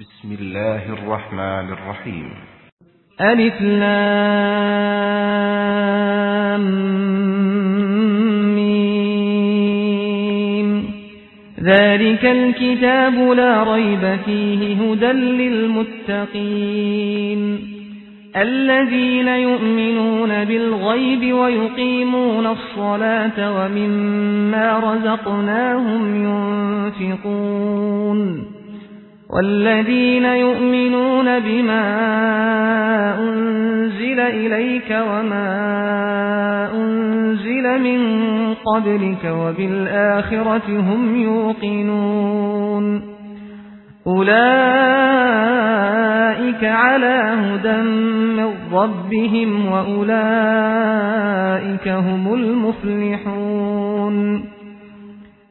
بسم الله الرحمن الرحيم ألف لام ميم ذلك الكتاب لا ريب فيه هدى للمتقين الذين يؤمنون بالغيب ويقيمون الصلاة ومما رزقناهم ينفقون والذين يؤمنون بما أنزل إليك وما أنزل من قبلك وبالآخرة هم يوقنون أولئك على هدى من ربهم وأولئك هم المفلحون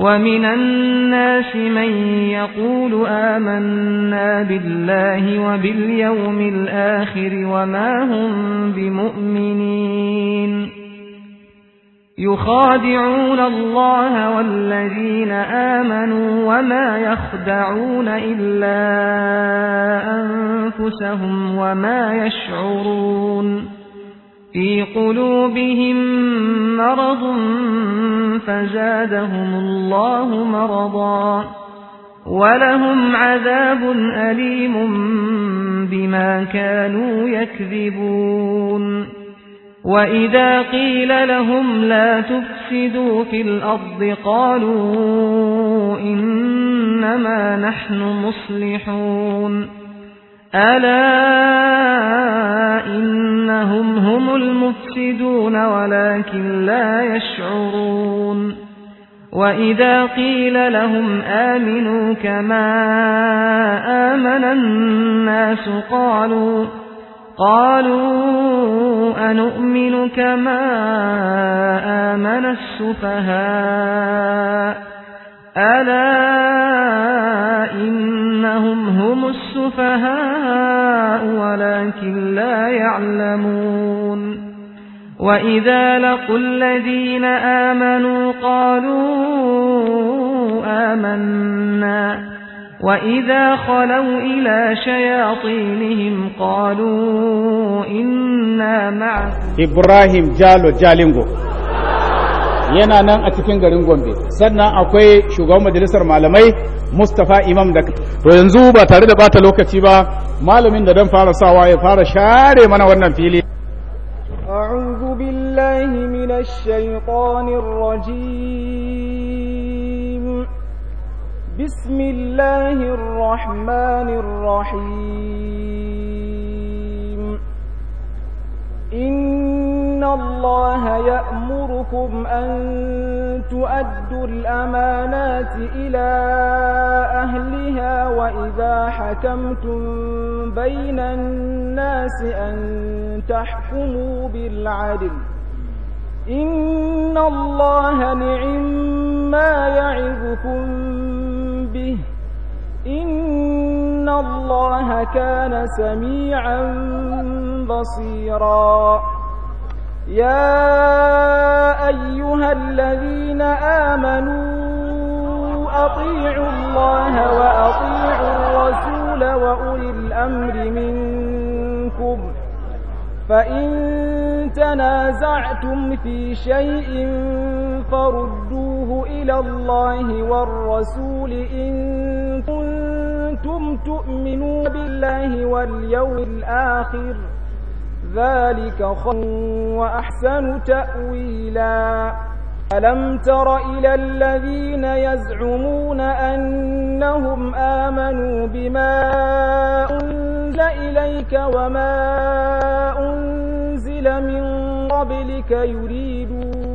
ومن الناس من يقول آمنا بالله وباليوم الآخر وما هم بمؤمنين يخادعون الله والذين آمنوا وما يخدعون إلا أنفسهم وما يشعرون في قلوبهم مرض فزادهم الله مرضا ولهم عذاب أليم بما كانوا يكذبون وإذا قيل لهم لا تفسدوا في الأرض قالوا إنما نحن مصلحون ألا إنهم هم المفسدون ولكن لا يشعرون وإذا قيل لهم آمنوا كما آمن الناس قالوا قالوا أنؤمن كما آمن السفهاء ألا إنهم هم السفهاء ولكن لا يعلمون وإذا لقوا الذين آمنوا قالوا آمنا وإذا خلوا إلى شياطينهم قالوا إنا معكم إبراهيم جالو جالينغو yana nan a cikin garin Gombe sannan akwai shugaban majalisar malamai Mustapha Imam da to yanzu ba tare da bata lokaci ba malamin da dan fara sawa ya fara share mana wannan fili أعوذ بالله من الشيطان الرجيم بسم الله الرحمن الرحيم إِنَّ اللَّهَ يَأْمُرُكُمْ أَن تُؤَدُّوا الْأَمَانَاتِ إِلَى أَهْلِهَا وَإِذَا حَكَمْتُم بَيْنَ النَّاسِ أَن تَحْكُمُوا بِالْعَدْلِ إِنَّ اللَّهَ نِعِمَّا يَعِظُكُم بِهِ إِنَّ اللَّهَ كَانَ سَمِيعًا بَصِيرًا يا أيها الذين آمنوا أطيعوا الله وأطيعوا الرسول وأولي الأمر منكم فإن تنازعتم في شيء فردوه إلى الله والرسول إن كنتم تؤمنون بالله واليوم الآخر ۖ ذلك خير وأحسن تأويلا ألم تر إلى الذين يزعمون أنهم آمنوا بما أنزل إليك وما أنزل من قبلك يريدون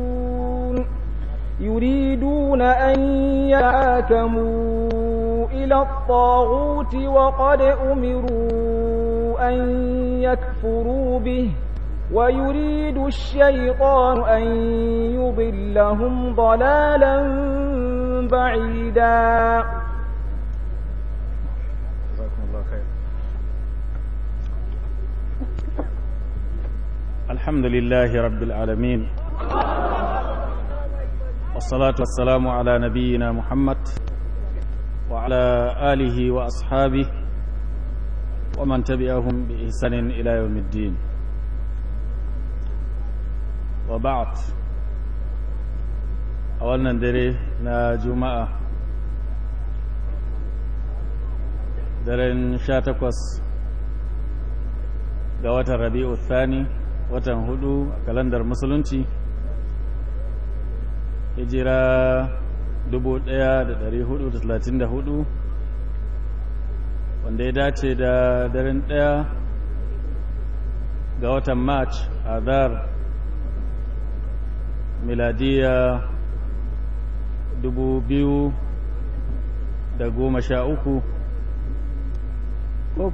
يريدون أن يحاكموا إلى الطاغوت وقد أمروا أن يكفروا به ويريد الشيطان أن يضلهم ضلالا بعيدا جزاكم الله خير الحمد لله رب العالمين والصلاة والسلام على نبينا محمد وعلى آله وأصحابه ومن تبعهم بإحسان إلى يوم الدين وبعد أولنا ندري نا جمعة daren sha takwas ga watan rabi'u thani watan hudu a kalandar musulunci hijira 1434 wanda ya dace da daren ɗaya ga watan march azar miladiya 2013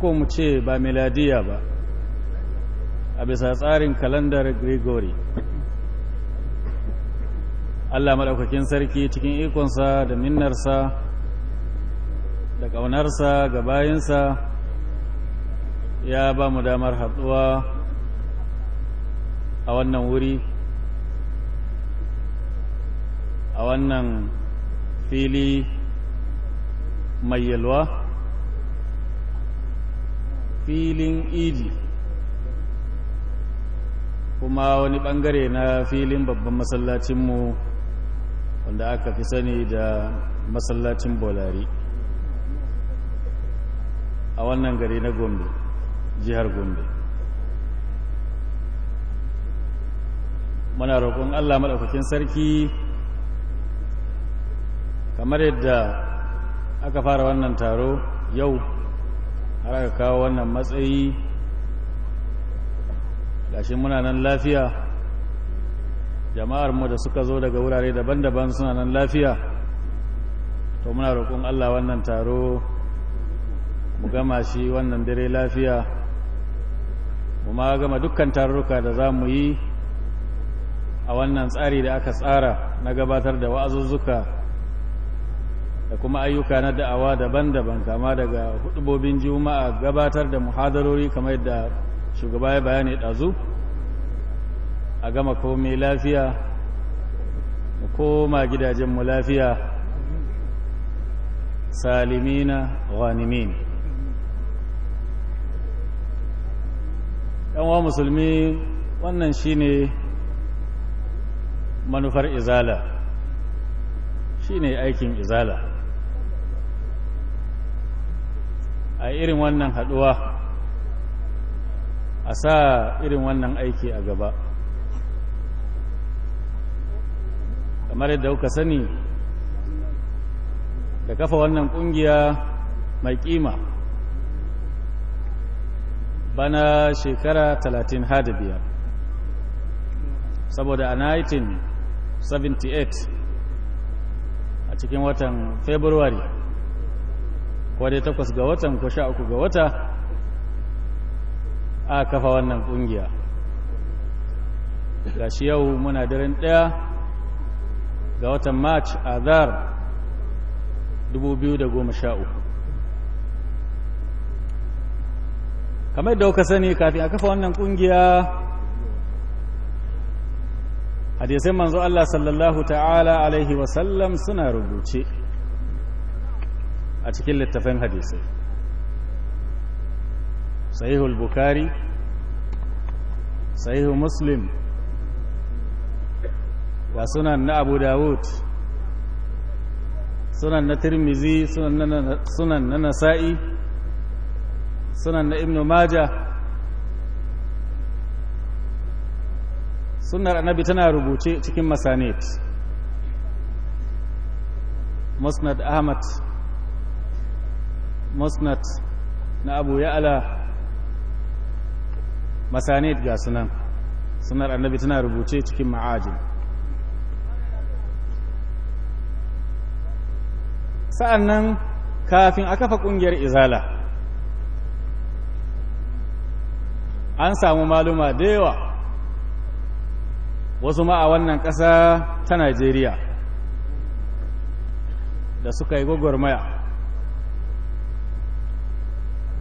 ko mu ce ba miladiya ba a bisa tsarin kalandar gregory Allah maɗaukakin sarki cikin ikonsa da minnarsa da ƙaunarsa ga bayansa ya ba mu damar haɗuwa a wannan wuri a wannan fili mai yalwa filin idi kuma wani ɓangare na filin babban masallacinmu wanda aka fi sani da masallacin bolari a wannan gari na gombe jihar gombe muna roƙon allah maɗaukakin sarki kamar yadda aka fara wannan taro yau har aka kawo wannan matsayi gashi muna nan lafiya jama'ar mu da suka zo daga wurare daban-daban suna nan lafiya to muna roƙon Allah wannan taro mu gama shi wannan dare lafiya mu ma gama dukkan tarurruka da za mu yi a wannan tsari da aka tsara na gabatar da wa'azuzzuka da kuma ayyuka na da'awa daban-daban kama daga hudubobin juma'a gabatar da muhadarori kamar yadda shugaba ya bayani ɗazu a gama komai lafiya mu koma gidajenmu lafiya salimina ghanimin wa musulmi wannan shine manufar izala shine aikin izala a irin wannan haduwa a sa irin wannan aiki a gaba kamar yadda kuka sani da kafa wannan kungiya mai kima bana shekara biyar saboda a 1978 a cikin watan february kwadai takwas ga watan ko sha uku ga wata a kafa wannan kungiya ga shi yau muna daren daya ga watan march azar 2013 kamar da kuka sani kafin a kafa wannan kungiya hadisai manzo Allah sallallahu ta'ala alaihi wasallam suna rubuce a cikin littafin hadisai sahihul bukari sahihul muslim ga sunan na abu dawud sunan na tirmizi sunan na nasa'i sunan na ibn maja sunan annabi tana rubuce cikin masanit musnad ahmad musnad na abu ya'ala masanet ga sunan sunan annabi tana rubuce cikin ma'ajin sa'an nan kafin a kafa ƙungiyar izala an samu maluma da yawa wasu ma a wannan ƙasa ta najeriya da suka yi gwagwarmaya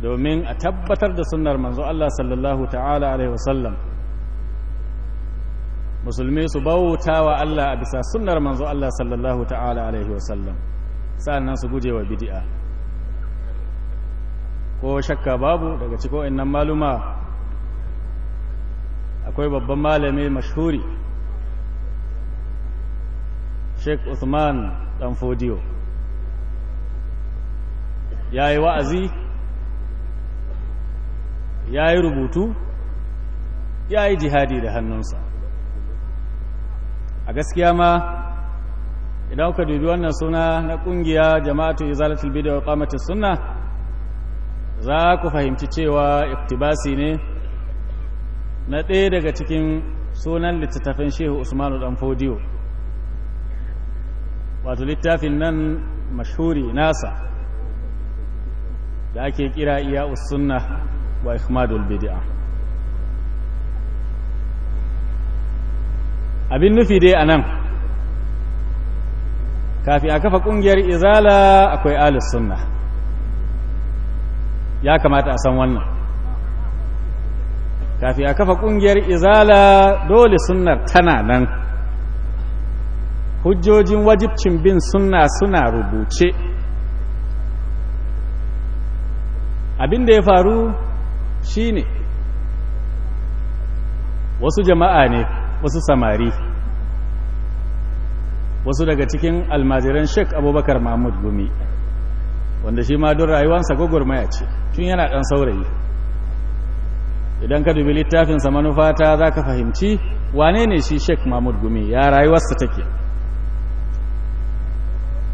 domin a tabbatar da sunnar manzo Allah sallallahu ta'ala alaihi wasallam musulmi su bauta wa Allah a bisa sunnar manzo Allah sallallahu ta'ala alaihi wasallam sa'annan su guje wa bidi'a ko shakka babu daga ciko nan maluma akwai babban malami mashhuri Sheikh Usman Danfodiyo ya yi wa'azi ya yi rubutu ya yi jihadi da hannunsa a gaskiya ma idan kuka dubi wannan suna na kungiya jama'atu izalatul bid'a wa qamatus sunna za ku fahimci cewa iktibasi ne na ɗaya daga cikin sunan littattafin shehu usman dan fodiyo wato littafin nan mashhuri nasa da ake kira iya usunna wa ihmadul bid'a abin nufi dai anan kafi a kafa kungiyar izala akwai alis sunna ya kamata a san wannan kafi a kafa kungiyar izala dole sunnar tana nan hujjojin wajibcin bin sunna suna rubuce abin da ya faru shine wasu jama'a ne wasu samari wasu daga cikin almajiran shek abubakar mahmud gumi wanda shi ma don rayuwansa gwagwarmaya ce tun yana ɗan saurayi idan ka dubi littafinsa manufata za ka fahimci wane ne shi shek mahmud gumi ya rayuwarsa take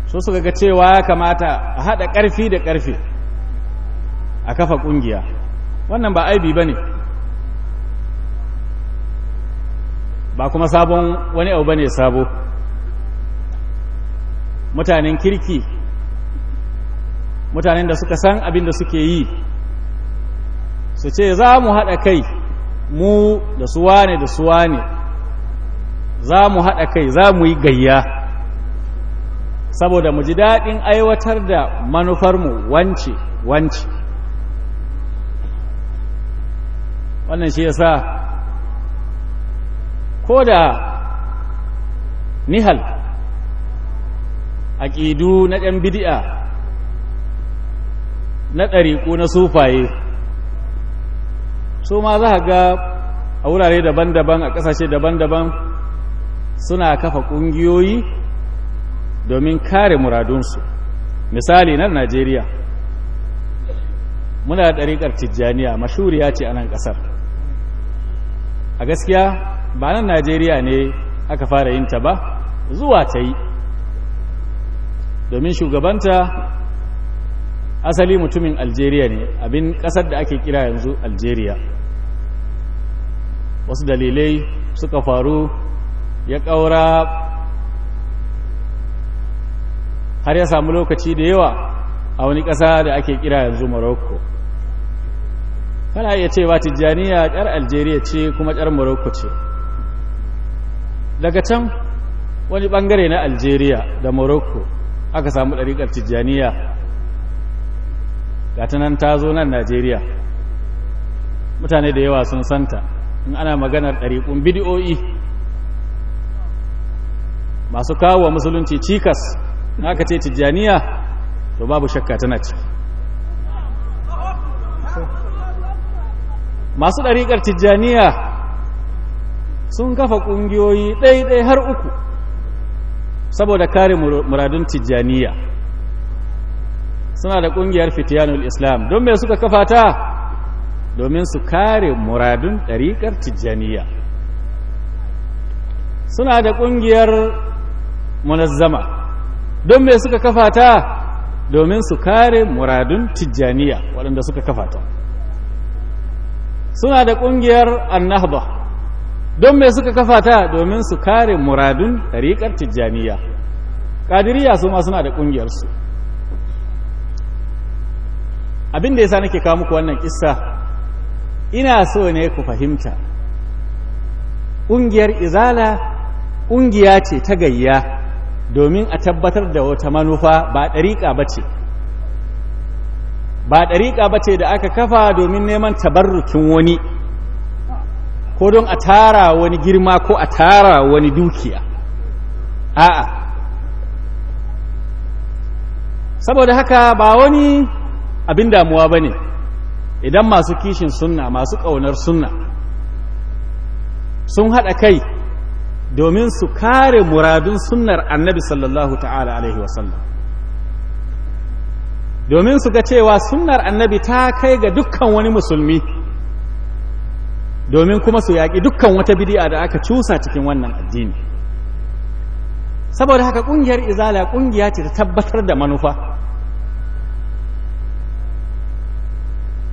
so suka ga cewa ya kamata a haɗa ƙarfi da ƙarfi a kafa ƙungiya wannan ba aibi ba ne ba kuma sabon wani abu ba ne sabo mutanen kirki mutanen da suka san abin da suke yi su ce za mu haɗa kai mu da suwa ne da suwa ne za mu haɗa kai za mu yi gayya saboda mu ji daɗin aiwatar da manufarmu wance wance wannan shi yasa ko da nihal aƙidu na ɗan bidi'a na ɗariƙo na sufaye su ma za ga a wurare daban-daban a ƙasashe daban-daban suna kafa ƙungiyoyi domin kare muradunsu misali na najeriya muna da ɗariƙar tijjaniya mashuriya ce a nan ƙasar a gaskiya ba nan najeriya ne aka fara yin ta ba zuwa ta yi domin shugabanta asali mutumin algeria ne abin kasar da ake kira yanzu algeria wasu dalilai suka faru ya ƙaura har ya samu lokaci da yawa a wani ƙasa da ake kira yanzu morocco kana iya ce cewa tijjaniya ƙar algeria ce kuma ƙar morocco ce daga can wani bangare na algeria da morocco aka samu ɗariƙar tijjaniya ga nan ta zo nan najeriya mutane da yawa sun santa in ana maganar ɗariƙun bidiyoyi masu kawo wa musulunci cikas na aka ce tijjaniya to babu shakka tana ciki masu ɗariƙar tijjaniya sun kafa ƙungiyoyi ɗai-ɗai har uku saboda kare muradun tijjaniya suna da ƙungiyar fitiyanul islam don me suka kafa ta domin su kare muradun ɗariƙar tijjaniya suna da ƙungiyar munazzama don me suka kafa ta domin su kare muradun tijjaniya waɗanda suka kafa ta suna da ƙungiyar annahba don me suka kafa ta domin su kare muradun tariƙar tijjaniya ƙadiriya su ma suna da ƙungiyarsu abin da ya yasa nake kawo muku wannan ƙisa ina so ne ku fahimta ƙungiyar izala ƙungiya ce ta gayya domin a tabbatar da wata manufa ba ɗariƙa ba ce ba ɗariƙa ba ce da aka kafa domin neman tabarrukin wani ko don a tara wani girma ko a tara wani dukiya a'a saboda haka ba wani abin damuwa ba ne idan masu kishin sunna masu ƙaunar sunna sun haɗa kai domin su kare muradun sunnar annabi sallallahu ta'ala alaihi wasallam domin su ga cewa sunnar annabi ta kai ga dukkan wani musulmi domin kuma su yaƙi dukkan wata bidi'a da aka cusa cikin wannan addini saboda haka ƙungiyar izala ƙungiya ce ta tabbatar da manufa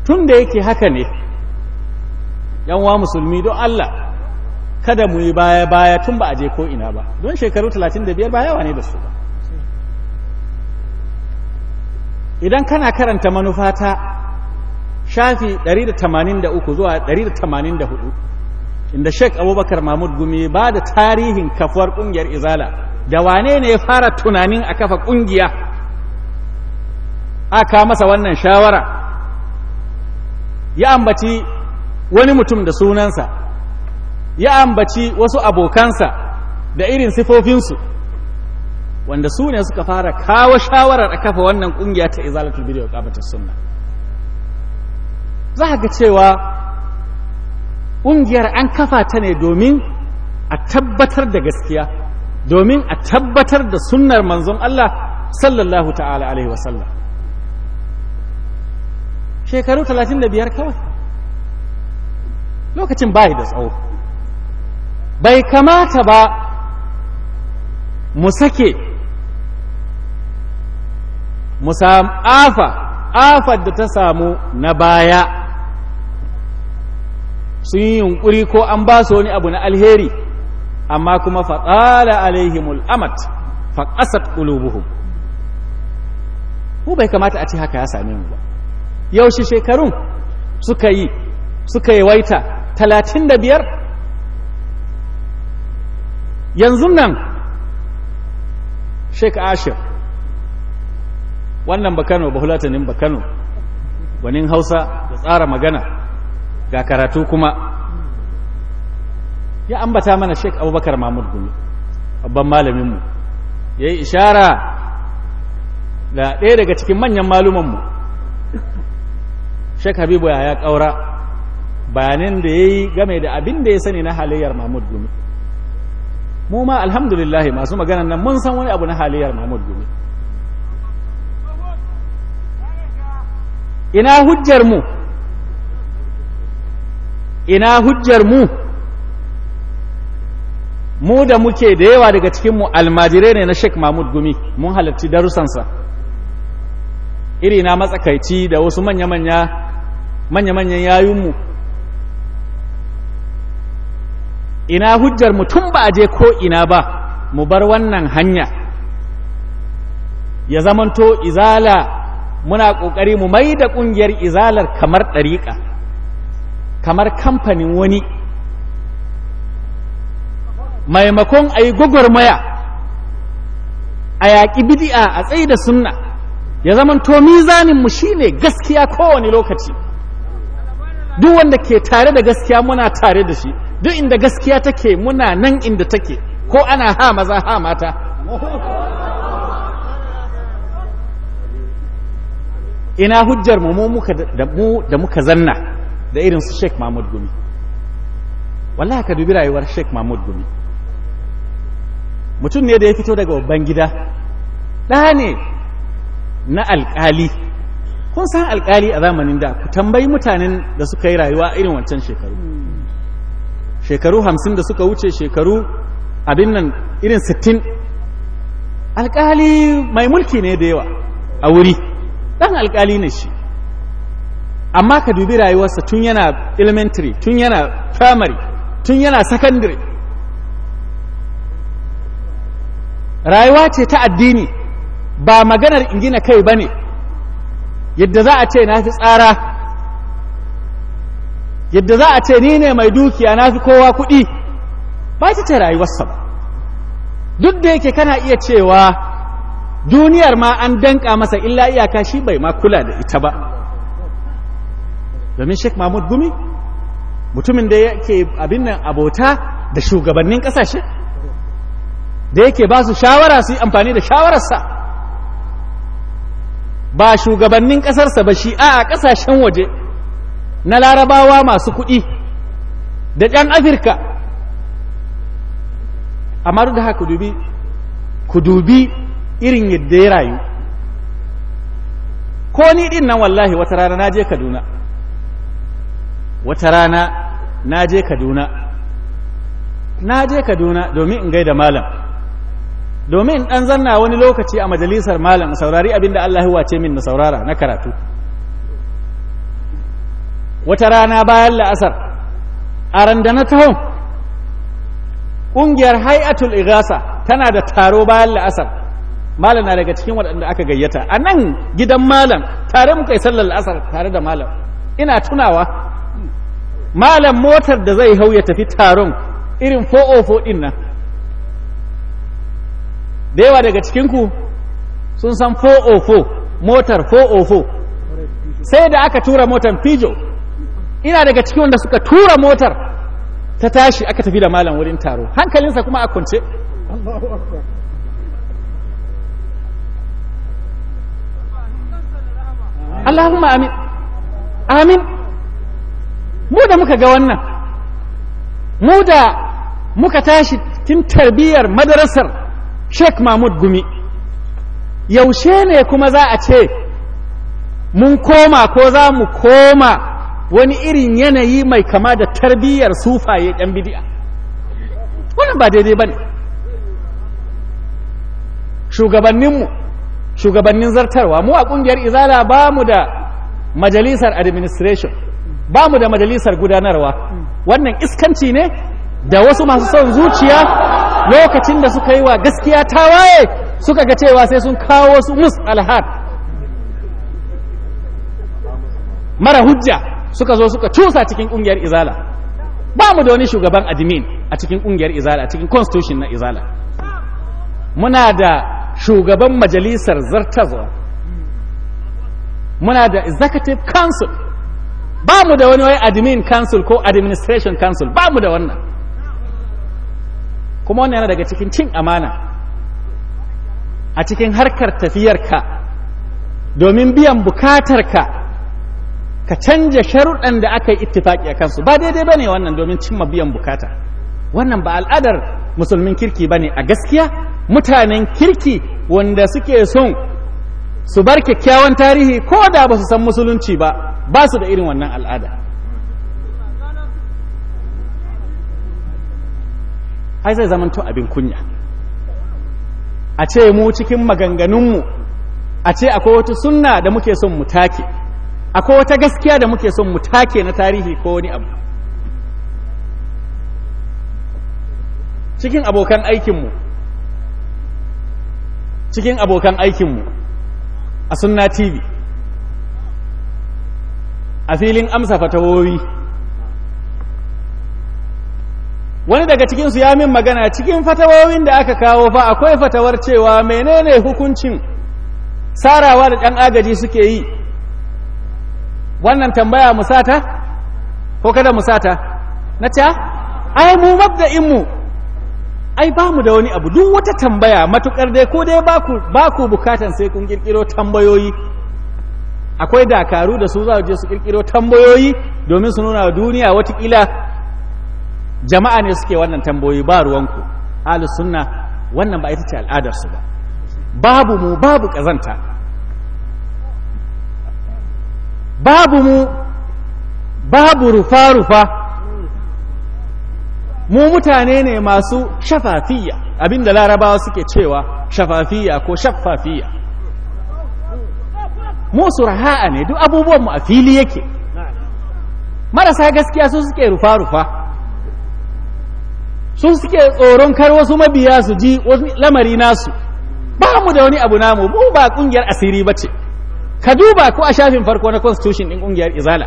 tun da yake haka ne yanwa musulmi don Allah kada mu yi baya-baya tun ba a je ko'ina ba don shekaru 35 ba yawa ne da su ba idan kana karanta manufa ta. shafi 183 zuwa 184 inda Sheikh Abubakar Mahmud Gumi ba da tarihin kafuwar kungiyar Izala da wane ne ya fara tunanin a kafa kungiya aka masa wannan shawara ya ambaci wani mutum da sunansa ya ambaci wasu abokansa da irin sifofinsu wanda su ne suka fara kawo shawarar a kafa wannan kungiya ta izalatul bidiyo kamatar sunna za ga cewa ƙungiyar an kafa ta ne domin a tabbatar da gaskiya domin a tabbatar da sunnar manzon Allah sallallahu ta'ala alaihi wasallam shekaru 35 kawai lokacin bai da tsawo bai kamata ba mu sake mu afa afar da ta samu na baya sun yi yunkuri ko an ba su wani abu na alheri amma kuma faɗala alaihimul amat faƙasat ƙulubuhum mu bai kamata a ce haka ya same mu ba yaushe shekarun suka yi suka yi waita talatin da biyar yanzu nan sheik ashir wannan bakano bahulatanin bakano wani hausa da tsara magana ga karatu kuma ya ambata mana shek Abubakar Mahmud Gumi babban malaminmu. Ya yi ishara da ɗaya daga cikin manyan malumanmu mu Habibu ya kaura bayanin da ya yi game da abin da ya sani na halayyar Mahmud Gumi mu ma alhamdulillah masu magana nan mun san wani abu na halayyar Mahmud Gumi ina hujjar mu ina hujjar mu mu da muke da yawa daga cikinmu almajirai ne na Sheikh Mahmud Gumi mun halarci darussansa iri na matsakaici da wasu manya-manya manyan yayunmu ina hujjar mu tun ba a je ko ina ba mu bar wannan hanya ya zamanto izala muna ƙoƙari mu mai da ƙungiyar izalar kamar ɗariƙa kamar kamfanin wani maimakon a yi gwagwarmaya a yaƙi bidi'a a tsaye da sunna ya zaman to mizaninmu ne gaskiya kowane lokaci duk wanda ke tare da gaskiya muna tare da shi duk inda gaskiya take muna nan inda take ko ana ha maza ha mata ina hujjar mu da muka zanna da irin su Sheikh Mahmud Gumi wallahi ka dubi rayuwar Sheikh Mahmud Gumi mutum ne da ya fito daga babban gida da ne na alkali kun san alƙali a zamanin da ku tambayi mutanen da suka yi rayuwa irin wancan shekaru shekaru hamsin da suka wuce shekaru abin nan irin sittin alkali mai mulki ne da yawa a wuri ɗan alkali ne shi amma ka dubi rayuwarsa tun yana elementary tun yana primary tun yana secondary rayuwa ce ta addini ba maganar in kai ba ne yadda za a ce na fi tsara yadda za a ce ni ne mai dukiya na fi kowa kuɗi ba ta ce rayuwarsa ba duk da yake kana iya cewa duniyar ma an danka masa illa iyaka shi bai ma kula da ita ba domin sheik mahmud gumi mutumin da yake abin nan abota da shugabannin kasashe da yake ba su shawara su yi amfani da shawararsa ba shugabannin ƙasarsa ba shi a ƙasashen waje na larabawa masu kuɗi da ƴan afirka amma da haka dubi ku dubi irin yadda ya rayu ko ni ɗin nan wallahi wata rana na je kaduna wata rana na je kaduna na je kaduna domin in gaida malam domin in ɗan zanna wani lokaci a majalisar malam saurari abinda Allah Allah wace min na saurara na karatu wata rana bayan la'asar a na taho ƙungiyar hayatul igasa tana da taro bayan la'asar malam na daga cikin waɗanda aka gayyata a nan gidan malam tare muka yi sallar la'asar tare da malam ina tunawa malam motar da zai hau ya tafi taron irin 404 din nan da yawa daga cikinku sun san 404 motar 404 sai da aka tura motar fijo ina daga cikin wanda suka tura motar ta tashi aka tafi da malam wurin taro hankalinsa kuma a kunce Allahumma amin amin mu da muka ga wannan mu da muka tashi tun tarbiyyar madarasar sheikh mahmud gumi yaushe ne kuma za a ce mun koma ko za mu koma wani irin yanayi mai kama da tarbiyyar sufaye ɗan bidi'a wannan ba daidai ba ne shugabanninmu shugabannin zartarwa mu a ƙungiyar izala ba mu da majalisar administration ba mu da majalisar gudanarwa wannan iskanci ne da wasu masu son zuciya lokacin da suka yi wa gaskiya ta waye suka ga cewa sai sun kawo wasu mus alhad mara hujja suka zo suka cusa cikin kungiyar izala ba mu da wani shugaban admin a cikin kungiyar izala a cikin constitution na izala muna da shugaban majalisar zartazwa muna da executive council ba mu da wani wai admin council ko administration council ba mu da wannan kuma wannan yana daga cikin cin amana a cikin harkar tafiyarka domin biyan bukatarka ka canja sharuɗan da aka yi ittifaki a kansu ba daidai ba ne wannan domin cimma biyan bukata wannan ba al'adar musulmin kirki ba ne a gaskiya mutanen kirki wanda suke son su bar kyakkyawan tarihi ko da ba su san musulunci ba ba su da irin wannan al'ada ai zai zamanto abin kunya a ce mu cikin maganganunmu a ce akwai wata sunna da muke son mu take akwai wata gaskiya da muke son mu take na tarihi ko wani abu cikin abokan aikinmu cikin abokan aikinmu a sunna tv a filin amsa fatawowi wani daga cikinsu ya min magana cikin fatawowin da aka kawo fa akwai fatawar cewa menene hukuncin sarawa da ɗan agaji suke yi wannan tambaya musata ko kada musata na ca ai mu mabda'inmu ai ba mu da wani abu duk wata tambaya matukar dai ko dai ba ku bukatan sai kun kirkiro tambayoyi akwai dakaru da su za je su kirkiro tambayoyi domin su nuna duniya watakila jama'a ne suke wannan tambayoyi ba ruwanku ahlus sunna wannan ba ita ce al'adarsu ba babu mu babu kazanta babu mu babu rufa-rufa mu mutane ne masu shafafiya abinda larabawa suke cewa shafafiya ko shafafiya mu raha'a ne duk abubuwan mu a fili yake marasa gaskiya su suke rufa-rufa su suke tsoron kar wasu mabiya su ji lamari nasu ba mu da wani abu namu mu ba kungiyar asiri ba ce ka duba ko a shafin farko na constitution din kungiyar izala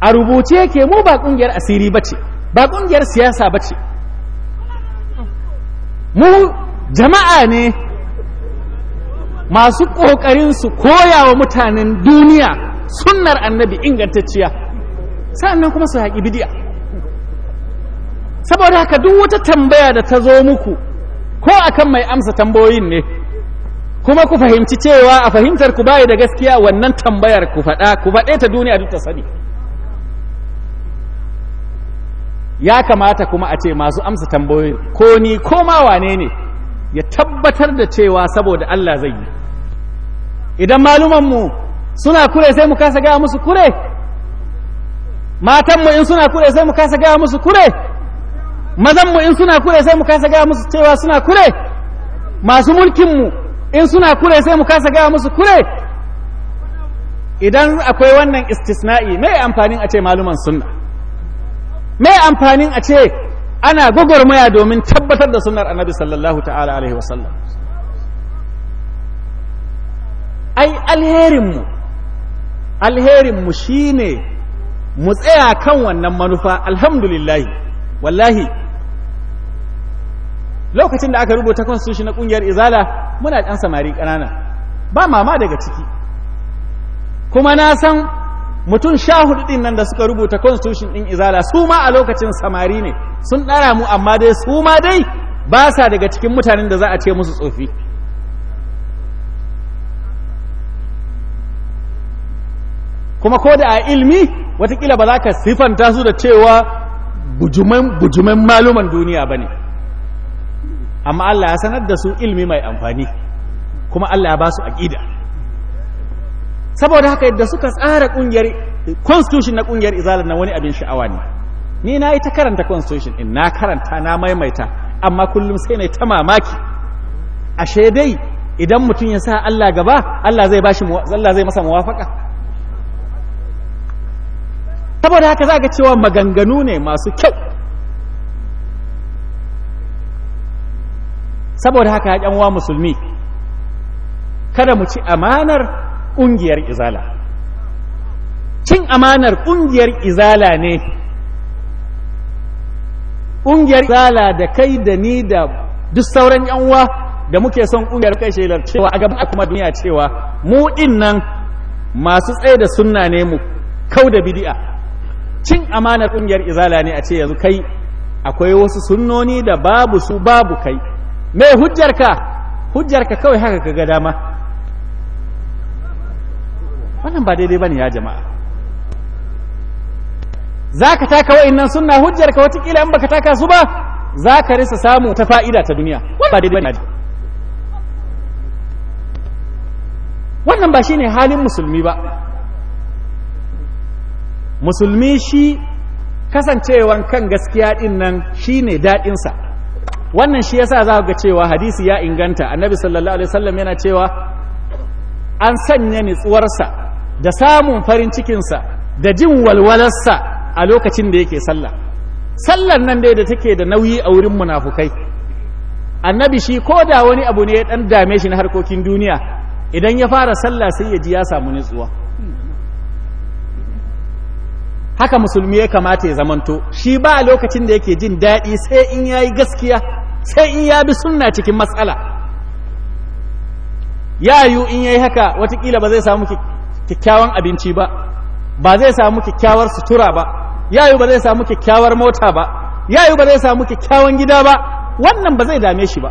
a rubuce yake mu ba kungiyar asiri ba ce ba ƙungiyar siyasa ba ce mu jama'a ne masu ƙoƙarin su koya wa mutanen duniya sunnar annabi ingantacciya nan kuma su haƙi bidiya saboda haka duk wata tambaya da ta zo muku ko akan mai amsa tambayoyin ne kuma ku fahimci cewa a fahimtar ku bayi da gaskiya wannan tambayar ku faɗa ku faɗe ta duniya duk ta sani ya kamata kuma a ce masu amsa tambayoyi ko ni ko ma wane ne ya tabbatar da cewa saboda Allah zai yi idan malumanmu suna kure sai mu kasa gaya musu kure matanmu in suna kure sai mu kasa gaya musu kure mazanmu in suna kure sai mu kasa gaya musu cewa suna kure masu mulkinmu in suna kure sai mu kasa gaya musu kure idan akwai wannan istisna'i mai amfanin a ce maluman sunna mai amfanin a ce ana gwagwarmaya domin tabbatar da sunar annabi sallallahu ta'ala alaihi wasallam ai alherinmu alherinmu shi ne mu tsaya kan wannan manufa alhamdulillahi wallahi lokacin da aka rubuta sushi na kungiyar izala muna ɗan samari ƙanana ba mama daga ciki kuma na san mutum sha hudu din nan da suka rubuta constitution din izala su ma a lokacin samari ne sun ɗara mu amma dai su ma dai ba sa daga cikin mutanen da za a ce musu tsofi kuma ko da a ilmi watakila ba za ka sifanta su da cewa bujumen maluman duniya ba ne amma Allah ya sanar da su ilmi mai amfani kuma Allah ya ba su aƙida saboda haka yadda suka tsara kungiyar constitution na kungiyar izalar na wani abin sha'awa ne ni na yi ta karanta constitution in na karanta na maimaita amma kullum sai na yi ta mamaki ashe dai idan mutum ya sa Allah gaba Allah zai bashi Allah zai masa muwafaka saboda haka za ga cewa maganganu ne masu kyau saboda haka ya musulmi kada mu ci amanar ƙungiyar izala cin amanar ƙungiyar izala ne ƙungiyar izala da kai da ni da duk sauran yanwa da muke son ƙungiyar kai shelar cewa a gaban kuma duniya cewa mu ɗin nan masu tsaye da sunna ne mu kau da bidi'a cin amanar ƙungiyar izala ne a ce yanzu kai akwai wasu sunnoni da babu su babu kai me hujjarka hujjarka kawai haka ka ga dama wannan ba daidai bane ya jama'a zaka taka wa'annan sunna hujjar ka watakila kila in baka taka su ba zaka risa samu ta fa'ida ta duniya wannan ba daidai ne wannan ba shine halin musulmi ba musulmi shi kasancewan kan gaskiya din nan shine dadin sa wannan shi yasa za ga cewa hadisi ya inganta annabi sallallahu alaihi wasallam yana cewa an sanya nitsuwarsa da samun farin cikinsa da jin walwalarsa a lokacin da yake sallah sallan nan dai da take da nauyi a wurin munafukai annabi shi ko da wani abu ne ya dan dame shi na harkokin duniya idan ya fara sallah sai ya ji ya samu nutsuwa haka musulmi ya kamata ya zamanto shi ba a lokacin da yake jin daɗi sai in ya yi gaskiya sai in ya bi sunna cikin matsala ya yiwu in ya yi haka watakila ba zai samu kyakkyawan abinci ba ba zai samu kyakkyawar sutura ba yayu ba zai samu kyakkyawar mota ba yayu ba zai samu kyakkyawan gida ba wannan ba zai dame shi ba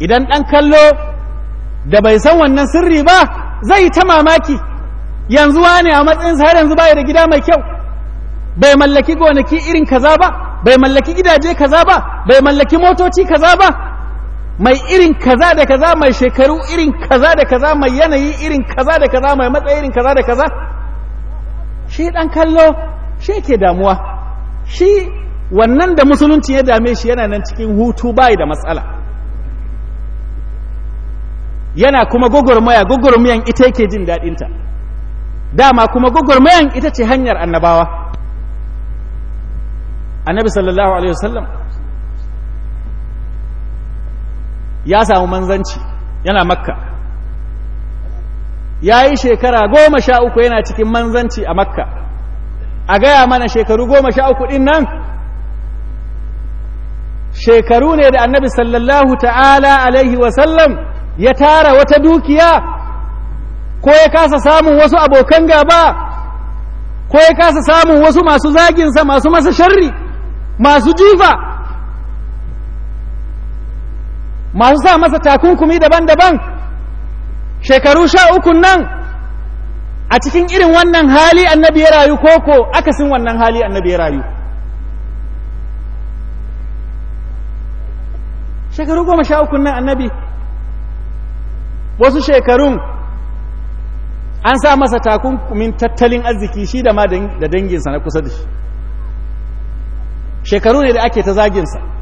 idan ɗan kallo da bai san wannan sirri ba zai yi ta mamaki yanzu wane a matsayin har yanzu baya da gida mai kyau bai mallaki gonaki irin kaza ba bai mallaki gidaje kaza ba bai mallaki motoci kaza ba mai irin kaza da kaza mai shekaru irin kaza da kaza mai yanayi irin kaza da kaza mai matsayi irin kaza da kaza shi dan kallo shi ke damuwa shi wannan da musulunci ya dame shi yana nan cikin hutu bai da matsala yana kuma gogormaya gogormayan ita yake jin daɗinta dama kuma gogormayan ita ce hanyar annabawa annabi sallallahu alaihi wasallam ya samu manzanci yana makka ya yi shekara goma sha uku yana cikin manzanci a makka a gaya mana shekaru goma sha uku ɗin nan shekaru ne da annabi sallallahu ta'ala alaihi wasallam ya tara wata dukiya ko ya kasa samun wasu abokan gaba ko ya kasa samun wasu masu zaginsa masu masa sharri masu jifa masu sa masa takunkumi daban-daban shekaru sha uku nan a cikin irin wannan hali annabi ya rayu koko akasin wannan hali annabi ya rayu shekaru goma sha uku nan annabi wasu shekarun an sa masa takunkumin tattalin arziki shi da ma da danginsa na kusa da shi shekaru ne da ake ta zaginsa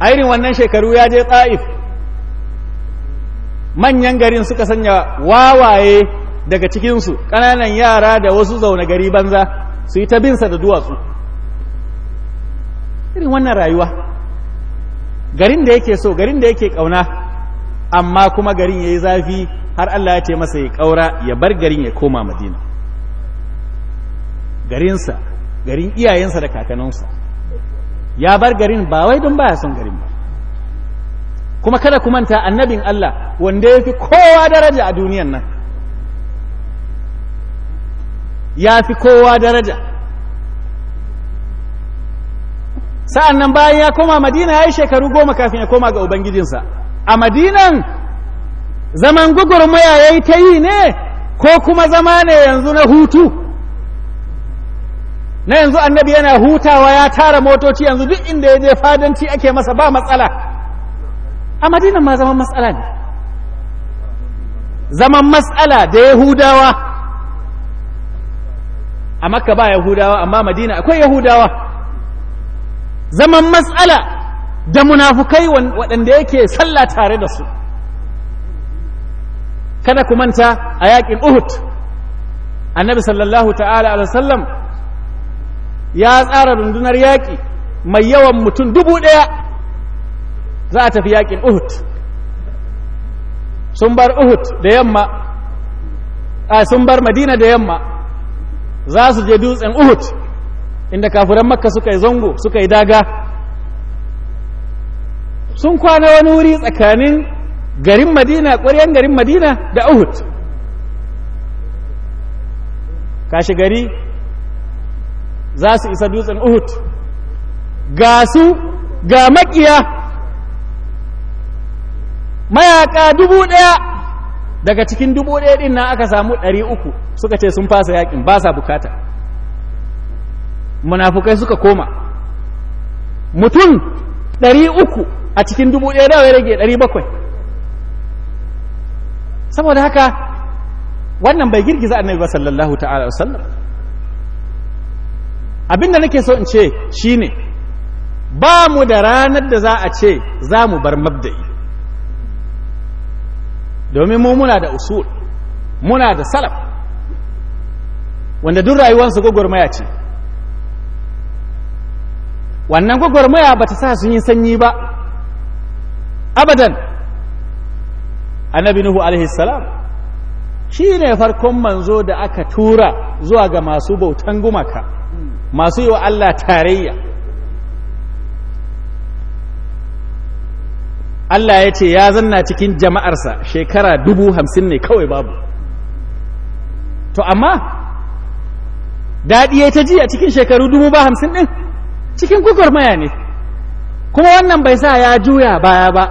a irin wannan shekaru ya je tsa'if manyan garin suka sanya wawaye daga cikinsu ƙananan yara da wasu zaune gari banza su yi ta binsa da duwatsu irin wannan rayuwa garin da yake so garin da yake ƙauna amma kuma garin ya yi zafi har Allah ya ce masa ya ƙaura ya bar garin ya koma madina garinsa garin iyayensa da kakanninsa ya bar garin ba wai don baya son garin ba kuma kada ku manta annabin Allah wanda ya fi kowa daraja a duniyan nan ya fi kowa daraja sa'an nan bayan ya koma madina ya yi shekaru goma kafin ya koma ga ubangijinsa a madinan zaman gugurmaya ya yi ta yi ne ko kuma zama ne yanzu na hutu na yanzu annabi yana hutawa ya tara motoci yanzu duk inda ya je fadanci ake masa ba matsala a madinan ma zaman matsala ne zaman matsala da yahudawa a makka ba yahudawa amma madina akwai yahudawa zaman matsala da munafukai waɗanda yake sallah tare da su kada ku manta a yaƙin uhud annabi sallallahu ta'ala alaihi wasallam ya tsara rundunar yaƙi mai yawan mutum dubu ɗaya za a tafi yaƙin uhud sun bar uhud da yamma a sun bar madina da yamma za su je dutsen uhud inda kafuran makka suka yi zango suka yi daga sun kwana wani wuri tsakanin garin madina ƙwaryen garin madina da uhud kashi gari za su isa dutsen uhud ga su ga makiya mayaka dubu ɗaya daga cikin dubu ɗaya ɗin na aka samu ɗari uku suka ce sun fasa yakin ba sa bukata munafukai suka koma mutum ɗari uku a cikin dubu ɗaya dawa ya rage ɗari bakwai saboda haka wannan bai girgiza annabi ba sallallahu ta'ala wasallam Abin da nake so in ce shine ba mu da ranar da za a ce za mu bar mabda'i domin mu muna da usul muna da salaf wanda duk rayuwarsu gwagwarmaya ce wannan gwagwarmaya ba ta sa sun yi sanyi ba abadan annabi nuhu alaihi salam shi ne farkon manzo da aka tura zuwa ga masu bautan gumaka masu yi wa Allah tarayya Allah ya ce ya zanna cikin jama'arsa shekara dubu hamsin ne kawai babu to amma daɗi ya ta ji a cikin shekaru dubu ba hamsin ɗin cikin maya ne kuma wannan bai sa ya juya baya ba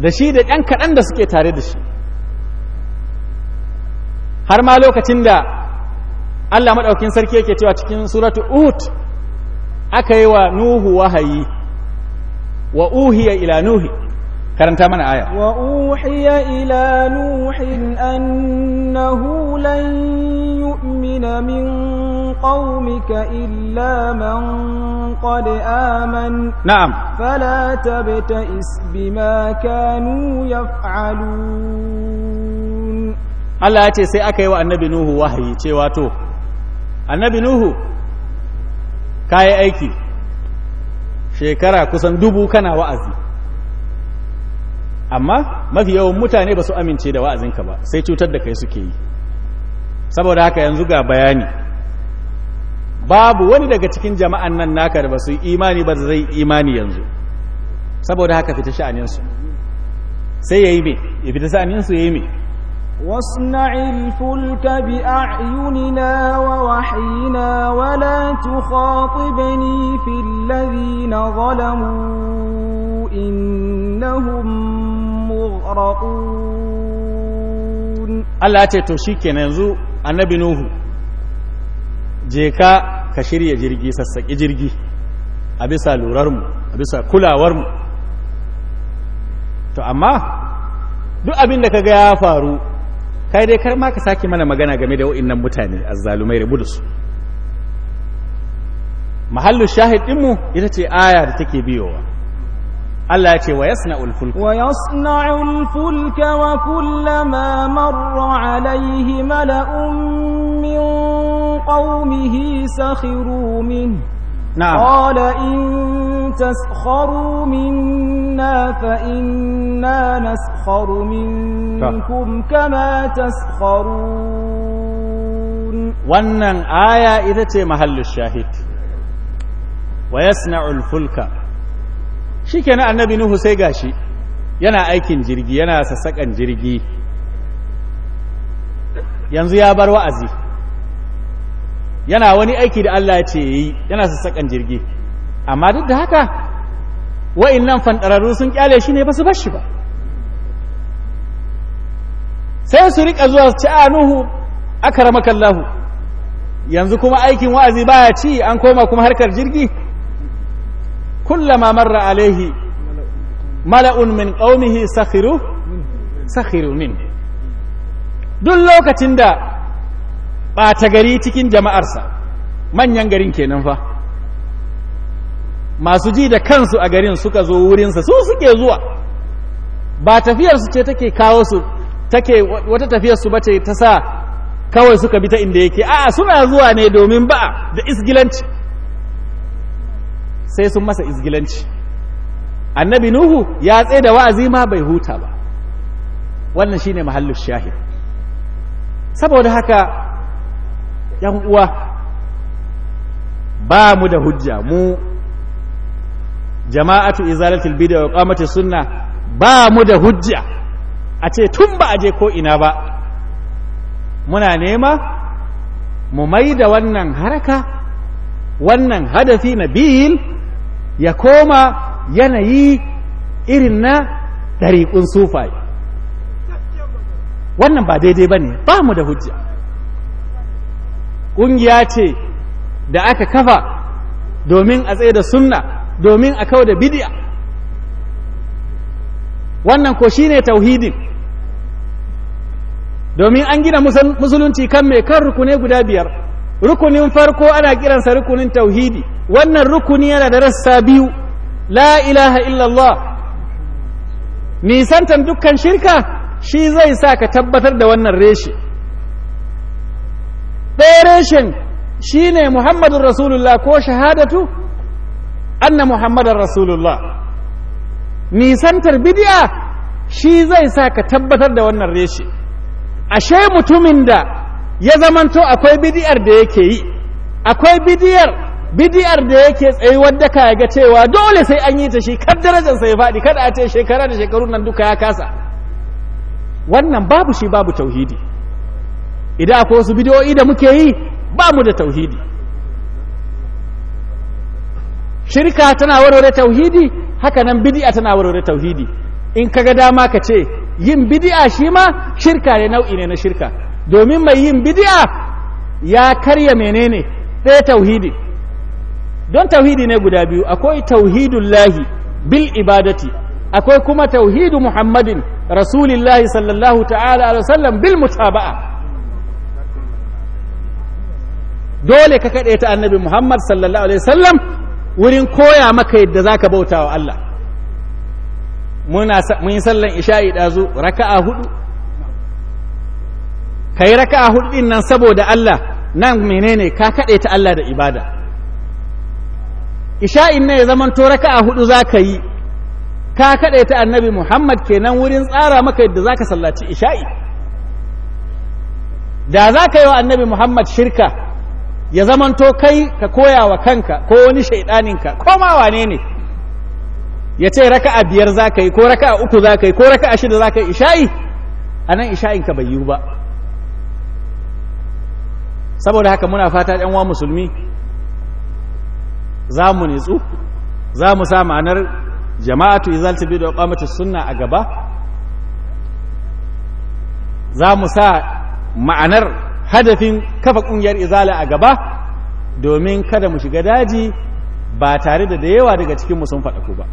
da shi da ɗan kaɗan da suke tare da shi har ma lokacin da Allah maɗaukin sarki yake cewa cikin suratu ut aka yi wa nuhu wahayi wa uhiya ila nuhi karanta mana aya wa uhiya ila nuhin annahu lan yu'mina min qaumika illa man qad aman na'am fala is bima kanu yaf'alun Allah ya ce sai aka yi wa annabi nuhu wahayi cewa to annabi nuhu kayi aiki shekara kusan dubu kana wa'azi amma mafi yawan mutane ba su amince da wa'azinka ba sai cutar da kai suke yi saboda haka yanzu ga bayani babu wani daga cikin jama'an nan naka da ba su imani ba zai imani yanzu saboda haka fita sha'aninsu sai ya yi me ya fita sha'aninsu ya yi me واصنع الفلك بأعيننا ووحينا ولا تخاطبني في الذين ظلموا إنهم مغرقون الله أتيتو شيكي ننزو النبي نوه جيكا كشري جرجي سسك جرجي أبسا لورارم أبسا كلا ورم تو أما duk abin da kaga ya faru kai dai kar ma ka sake mana magana game da wa'annan mutane azzalumai rabu da su mahallu shahid dinmu ita ce aya da take biyowa Allah ya ce wa yasna'ul fulka wa yasna'ul fulka wa kullama marra alayhi mala'un min qawmihi sakhiru minhu نعم قال إن تسخروا منا فإنا نسخر منكم كما تسخرون wannan aya ita ce mahallin shahid wayas yasna'ul fulka shikenan annabi nuhu sai gashi yana aikin jirgi yana sassakan jirgi yanzu ya bar wa'azi yana wani aiki da Allah ya ce yi yana sassakan jirgi amma duk da haka wa'in nan fanɗararru sun kyale shi ne ba su bashi ba sai su riƙa zuwa su ci a nuhu aka yanzu kuma aikin wa'azi baya ci an koma kuma harkar jirgi kullama marra alaihi mala'un min qaumihi sakhiru min duk lokacin da ɓata gari cikin jama'arsa manyan garin kenan fa masu ji da kansu a garin suka zo wurinsa su suke zuwa ba tafiyarsu ce take kawo su take wata tafiyarsu ba ce ta sa kawai suka bi ta inda yake a'a suna zuwa ne domin ba da isgilanci sai sun masa isgilanci annabi nuhu ya tsaye da wa'azi ma bai huta ba wannan shine mahallin shahid saboda haka yan uwa ba mu da hujja mu jama'atu izalatul bid'a wa qamati sunna ba mu da hujja a ce tun ba a je ko ina ba muna nema mu mai da wannan haraka wannan hadafi na biyil ya koma yanayi irin na ɗariƙun sufaye wannan ba daidai ba ne ba mu da hujja ƙungiya ce da aka kafa domin a tsaye da sunna domin a kawo da bidiya wannan ko shine tauhidin domin an gina musulunci kan mai kan rukune guda biyar rukunin farko ana kiransa rukunin tauhidi wannan rukuni yana da rassa biyu la ilaha illallah nisantan dukkan shirka shi zai sa ka tabbatar da wannan reshe ɗaya reshen shi ne muhammadun rasulullah ko shahadatu anna muhammadun rasulullah nisantar bidiya shi zai sa ka tabbatar da wannan reshe ashe mutumin da ya zamanto akwai bidiyar da yake yi akwai bidiyar bidiyar da yake tsaye wadda ka ga cewa dole sai an yi ta shi kar darajar sai faɗi kada a ce shekara da shekaru nan duka ya kasa wannan babu shi babu tauhidi idan akwai wasu bidiyoyi da muke yi ba mu da tauhidi shirka tana warware tauhidi haka nan bidi'a tana warware tauhidi in kaga dama ka ce yin bidi'a shi ma shirka ne nau'i ne na shirka domin mai yin bidi'a ya karya menene ɗaya tauhidi don tauhidi ne guda biyu akwai tauhidun lahi bil ibadati akwai kuma tauhidu muhammadin rasulillahi sallallahu ta'ala alaihi wasallam bil mutaba'a dole ka kaɗe ta annabi Muhammad sallallahu alaihi wasallam wurin koya maka yadda za ka bauta wa Allah Mun yi sallan isha'i ɗazu raka'a hudu Ka yi raka'a hudu din nan saboda Allah nan menene ka kaɗe ta Allah da ibada isha'in ne ya zaman to raka'a hudu ka yi ka kaɗe ta annabi Muhammad kenan wurin tsara maka yadda za ka sallaci isha'i da za ka yi wa annabi Muhammad shirka ya zamanto kai ka koya wa kanka ko wani shaidaninka koma wane ne ya ce raka a biyar za ka yi ko raka a uku za ka yi ko raka a shida za ka yi isha'i a nan isha'inka bai yiwu ba saboda haka muna fata ɗanwa musulmi za mu nitsu za mu sa ma'anar jama'atu izalta bi da ƙwamata sunna a gaba za mu sa ma'anar hadafin kafa ƙungiyar izala a gaba domin kada mu shiga daji ba tare da da yawa daga cikinmu sun faɗa ku ba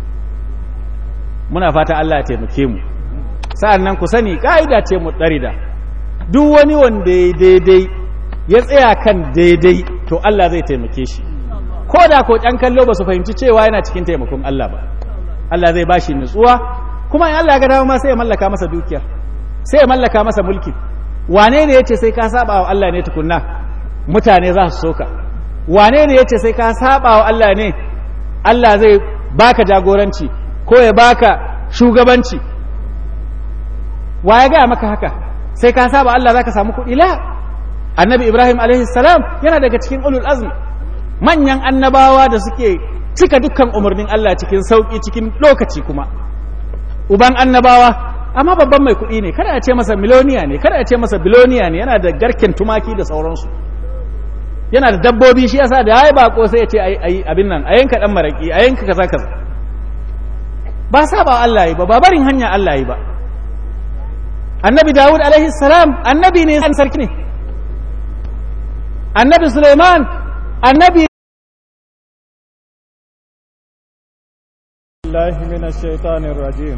muna fata Allah ya taimake mu sa'an nan ku sani ƙa'ida ce mu da. duk wani wanda ya daidai ya tsaya kan daidai to Allah zai taimake shi ko da ko ɗan kallo ba su fahimci cewa yana cikin taimakon Allah ba Allah zai ba shi nutsuwa kuma in Allah ya ga dama ma sai ya mallaka masa dukiya sai ya mallaka masa mulki wane ne ce sai ka saba wa Allah ne tukunna mutane za su soka wane ne ce sai ka saba wa Allah ne Allah zai baka jagoranci ko ya baka shugabanci wa ya gaya maka haka sai ka saba Allah za ka samu kuɗi la annabi Ibrahim alaihi salam yana daga cikin ulul azm manyan annabawa da suke cika dukkan umarnin Allah cikin sauƙi cikin lokaci kuma uban annabawa amma babban mai kuɗi ne kada a ce masa miloniya ne kada a ce masa biloniya ne yana da garken tumaki da sauransu yana da dabbobi shi yasa da yayi bako sai ya ce ai abin nan a yanka dan maraki a yanka kaza kaza ba saba Allah yi ba ba barin hanya Allah yi ba annabi daud alaihi salam annabi ne san sarki ne annabi Sulaiman annabi الله من الشيطان الرجيم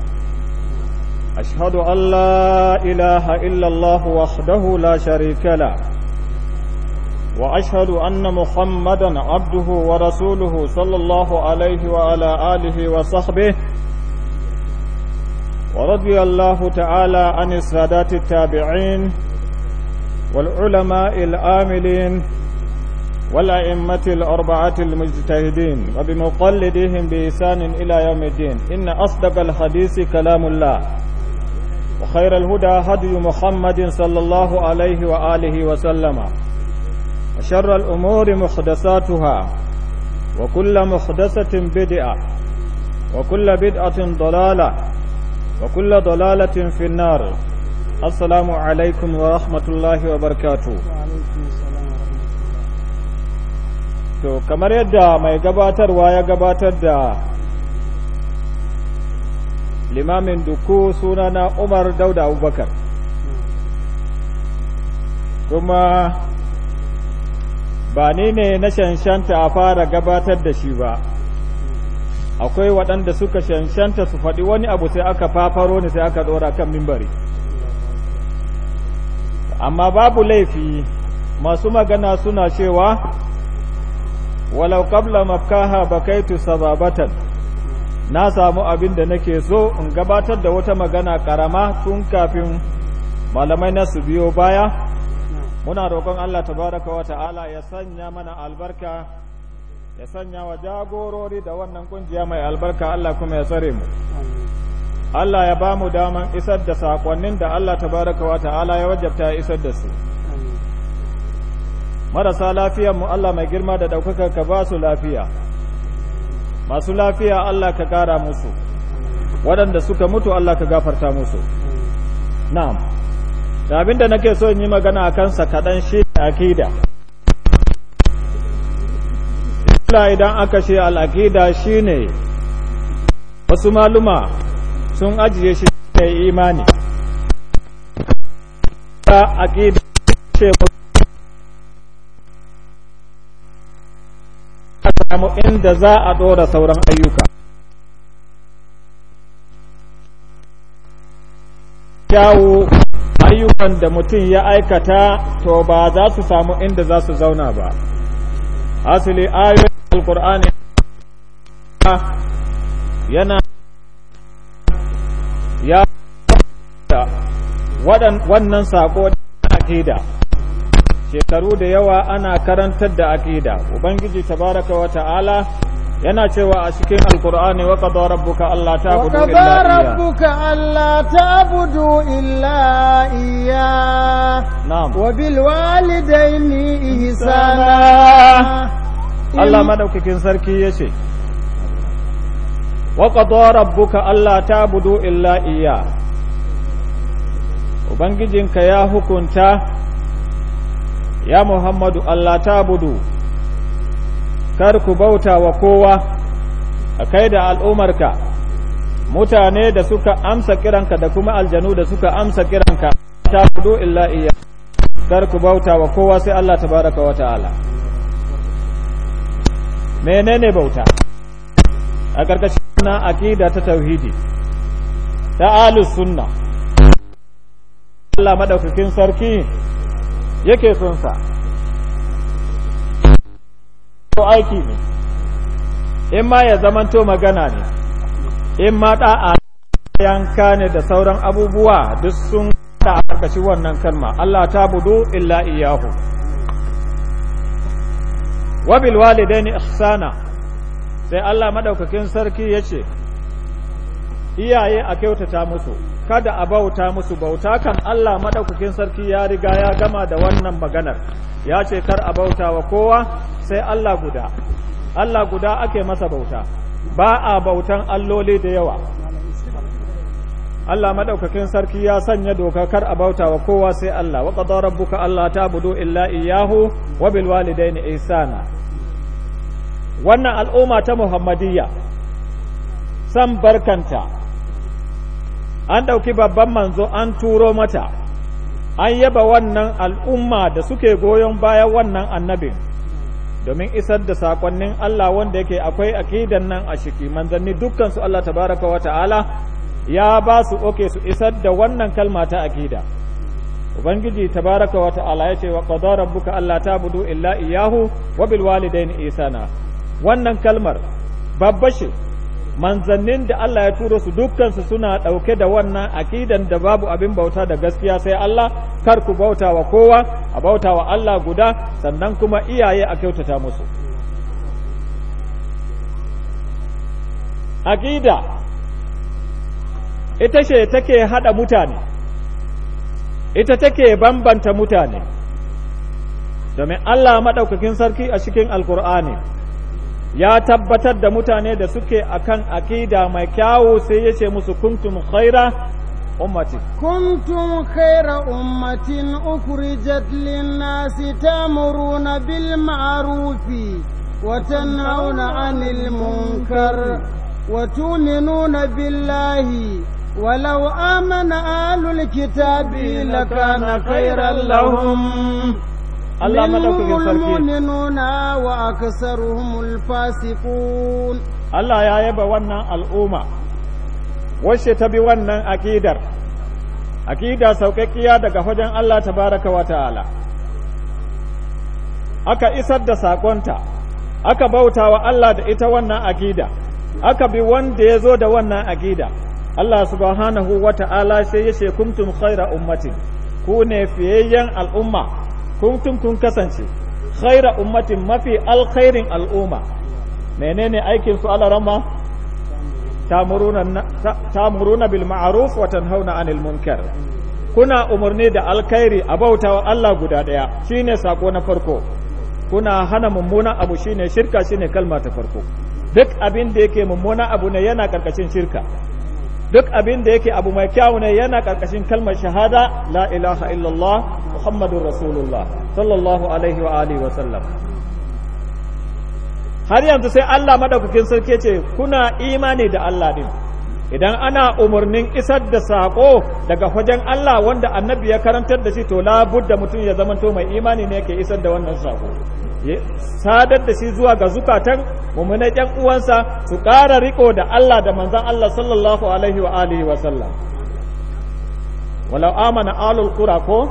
أشهد أن لا إله إلا الله وحده لا شريك له وأشهد أن محمدا عبده ورسوله صلى الله عليه وعلى آله وصحبه ورضي الله تعالى عن السادات التابعين والعلماء الآملين والأئمة الأربعة المجتهدين وبمقلدهم بإحسان إلى يوم الدين إن أصدق الحديث كلام الله وخير الهدى هدي محمد صلى الله عليه وآله وسلم وشر الأمور محدثاتها وكل محدثة بدعة وكل بدعة ضلالة وكل ضلالة في النار السلام عليكم ورحمة الله وبركاته to kamar yadda mai gabatarwa ya gabatar da limamin duku sunana umar dauda abubakar kuma ba ni ne na shanshanta a fara gabatar da shi ba akwai waɗanda suka shanshanta su faɗi wani abu sai aka fafaro ne sai aka ɗora kan mimbari amma babu laifi masu magana suna cewa walau qabla makaha bakaitu sababatan na samu abin da nake so in gabatar da wata magana karama tun kafin malamai na su biyo baya muna roƙon Allah tabaraka wa ta'ala ya sanya mana albarka ya sanya wa jagorori da wannan kungiya mai albarka Allah kuma ya tsare mu Allah ya ba mu daman isar da sakonnin da Allah tabaraka wa ta'ala ya wajabta ya isar da su marasa lafiyar mu Allah mai girma da ɗaukaka ka ba su lafiya masu lafiya Allah ka kara musu waɗanda suka mutu Allah ka gafarta musu na'am da abinda nake so in yi magana a kansa kaɗan shi akida Allah idan aka shi al'akida shi ne wasu maluma sun ajiye shi ne imani ta akida ce samu inda za a ɗora sauran ayyuka kyawu ayyukan da mutum ya aikata to ba za su samu inda za su zauna ba asali ayoyin alkur'ani yana ya wannan saƙo da aƙida shekaru da yawa ana karantar da aqida ubangiji tabaraka wa ta'ala yana cewa a cikin alqur'ani wa qad rabbuka alla ta'budu illa iyyah wa qad rabbuka alla ta'budu illa iyyah na'am wa bil walidayni ihsana Allah madaukakin sarki yace wa qad rabbuka alla ta'budu illa iyyah ubangijinka ya hukunta ya muhammadu allah ta budu kar ku bauta wa kowa a kai da al'umarka mutane da suka amsa kiranka da kuma aljanu da suka amsa kiranka ta budu illa iya kar ku bauta wa kowa sai allah ta baraka wa ta'ala menene bauta a ƙarƙashin na aƙida ta tauhidi ta ahlus sunna Allah madaukakin sarki yake son sa ko aiki ne in ma ya zamanto magana ne in ma a yanka ne da sauran abubuwa duk sun da a wannan kalma Allah ta budu illa iyahu wa bil walidaini ihsana sai Allah madaukakin sarki yace iyaye a kyautata musu kada a bauta musu bauta kan Allah maɗaukakin sarki ya riga ya gama da wannan maganar ya ce kar a bauta wa kowa sai Allah guda Allah guda ake masa bauta ba a bautan alloli da yawa Allah maɗaukakin sarki ya sanya doka kar a bauta wa kowa sai Allah wa qadara rabbuka Allah ta'budu illa iyyahu wa bil walidayni ihsana wannan al'umma ta Muhammadiyya san barkanta an ɗauki babban manzo an turo mata an yaba wannan al'umma da suke goyon baya wannan annabin domin isar da sakonnin Allah wanda yake akwai aqidan nan a shiki manzanni dukkan su Allah tabaraka wa ta'ala ya ba su oke su isar da wannan kalma ta aqida ubangiji tabaraka wa ta'ala yace wa qada rabbuka alla ta'budu illa iyyahu wa bil walidayni ihsana wannan kalmar babba ce manzannin da Allah ya tura su dukkansu suna ɗauke da wannan akidan da babu abin bauta da gaskiya sai Allah kar ku bauta wa kowa a bauta wa Allah guda sannan kuma iyaye a kyautata musu akida ita ce take hada mutane ita take bambanta mutane domin Allah maɗaukakin sarki a cikin alkur'ani ya tabbatar da mutane da suke akan aƙida mai kyawu sai ya ce musu kuntum khaira ummati kuntum khaira ummatin ukhrijat lin-nasi tamuruna bil ma'rufi wa tanhauna 'anil munkar wa tu'minuna billahi walau amana أهل kitabi lakana خيرا lahum. Allah madaukakin sarki mu'minuna wa aksaruhumul fasiqun Allah ya yaba wannan al'umma wacce ta bi wannan akidar akida sauƙaƙƙiya daga wajen Allah tabaraka wa ta'ala aka isar da sakonta aka bauta wa Allah da ita wannan akida aka bi wanda ya zo da wannan akida Allah subhanahu wa ta'ala sai ya ce kuntum khaira ummatin ku ne fiyayyen al'umma kuntum kun kasance khaira ummatin mafi alkhairin al'umma menene aikin su rama tamuruna bil ma'ruf wa tanhauna anil munkar kuna umarni da alkhairi a bautawa Allah guda daya shine sako na farko kuna hana mummuna abu shine shirka shine kalma ta farko duk abin da yake mummuna abu ne yana karkashin shirka duk abin da yake abu mai kyau ne yana karkashin kalmar shahada la ilaha illallah muhammadur rasulullah sallallahu alaihi wa alihi wa sallam har yanzu sai Allah madaukakin sarki ce kuna imani da Allah din idan ana umarnin isar da sako daga wajen Allah wanda annabi ya karantar da shi to labudda mutum ya zamanto mai imani ne yake isar da wannan sako sadar da shi zuwa ga zukatan mummunai ƴan uwansa su ƙara riko da Allah da manzan Allah sallallahu alaihi wa alihi wa sallam walau amana alul qura ko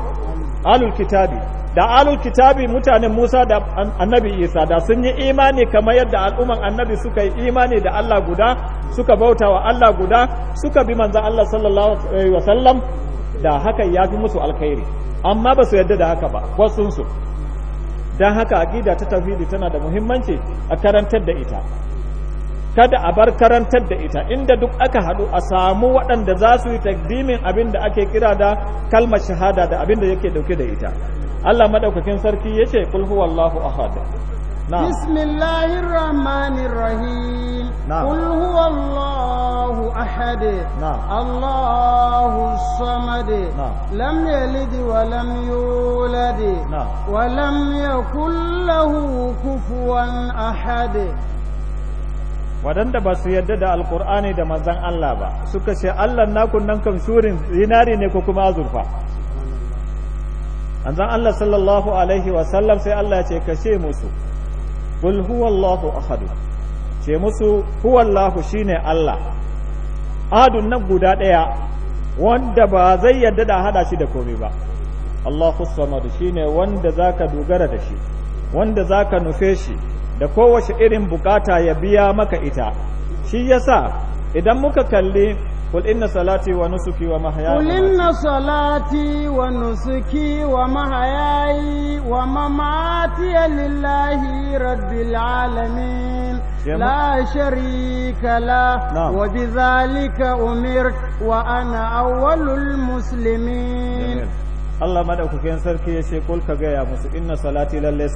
alul kitabi da alul kitabi mutanen Musa da annabi Isa da sun yi imani kamar yadda al'umman annabi suka yi imani da Allah guda suka bauta wa Allah guda suka bi manzan Allah sallallahu alaihi wa sallam da haka ya fi musu alkhairi amma ba su yadda da haka ba wasunsu don haka aƙida ta tauhidi tana da muhimmanci a karantar da ita kada a bar karantar da ita inda duk aka haɗu a samu waɗanda za su yi takdimin abin da ake kira da kalmar shahada da abin da yake dauke da ita Allah maɗaukakin sarki ya ce kul huwallahu ahad بسم الله الرحمن الرحيم قل هو الله أحد الله الصمد لم يلد ولم يولد ولم يكن له كفوا أحد waɗanda ba su yarda da alkur'ani da manzan Allah ba suka ce Allah na nan kam surin zinari ne ko kuma azurfa manzan Allah sallallahu alaihi wasallam sai Allah ya ce kashe musu qul huwallahu ahad ce musu huwallahu shine Allah adun nan guda daya wanda ba zai yadda da hada shi da komai ba Allahu samad shine wanda zaka dogara da shi wanda zaka nufe shi da kowace irin bukata ya biya maka ita shi yasa idan muka kalli قل إن صلاتي ونسكي ومحياي قل إن صلاتي ونسكي ومحياي ومماتي لله رب العالمين لا شريك له نعم. وبذلك أمرت وأنا أول المسلمين جميل. Allah madaukakin sarki ya ce kul ka gaya musu inna salati lalle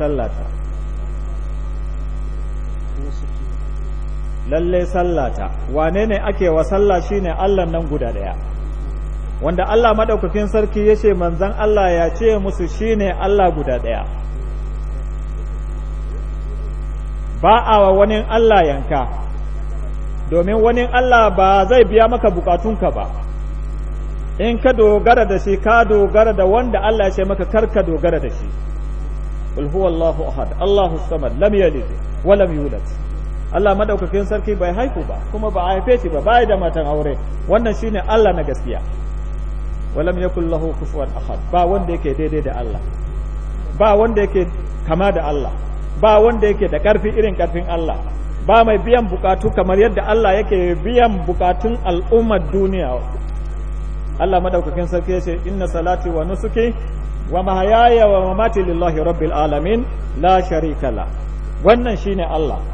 lalle sallata wane ne ake wa sallah shine Allah nan guda daya wanda Allah madaukakin sarki yace manzon Allah ya ce musu shine Allah guda daya ba a wa wani Allah yanka domin wani Allah ba zai biya maka bukatunka ba in ka dogara da shi ka dogara da wanda Allah ya ce maka karka dogara da shi qul huwallahu ahad Allahu samad lam yalid walam yulad Allah madaukakin sarki bai haiku ba kuma ba a haife shi ba bai da matan aure wannan shine Allah na gaskiya walam yakul lahu kufuwan ahad ba wanda yake daidai da Allah ba wanda yake kama da Allah ba wanda yake da karfi irin karfin Allah ba mai biyan bukatu kamar yadda Allah yake biyan bukatun al'ummar duniya Allah madaukakin sarki ya ce inna salati wa nusuki wa mahayaya wa mamati lillahi rabbil alamin la sharika la wannan shine Allah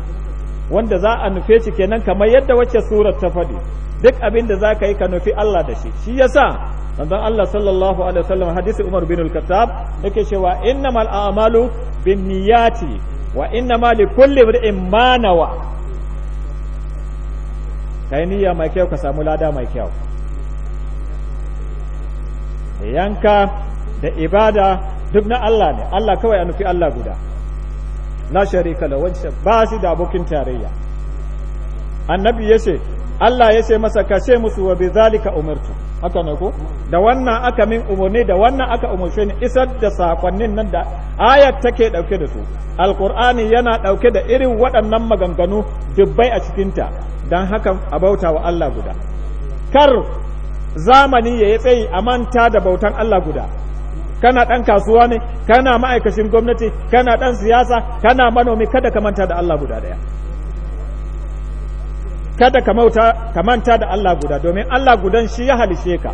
wanda za a nufe shi kenan kamar yadda wacce surar ta faɗi duk abin da za ka yi ka nufi Allah da shi shi yasa manzon Allah sallallahu alaihi wasallam hadisi Umar bin al-Khattab yake cewa innamal a'malu binniyati wa innama Kulli imrin ma nawa kai niyya mai kyau ka samu lada mai kyau yanka da ibada duk na Allah ne Allah kawai a nufi Allah guda na sharika la wancan ba shi da abokin tarayya annabi ya ce Allah ya ce masa ka ce musu wa bizalika umartu haka ne ko da wannan aka min umarni da wannan aka umarce ni isar da sakonnin nan da ayat take dauke da su alqur'ani yana dauke da irin waɗannan maganganu dubbai a cikinta dan haka a bauta wa Allah guda kar zamani ya yi tsayi a manta da bautan Allah guda kana dan kasuwa ne kana ma'aikacin gwamnati kana dan siyasa kana manomi kada ka manta da Allah guda daya kada ka mauta ka manta da Allah guda domin Allah gudan shi ya halishe ka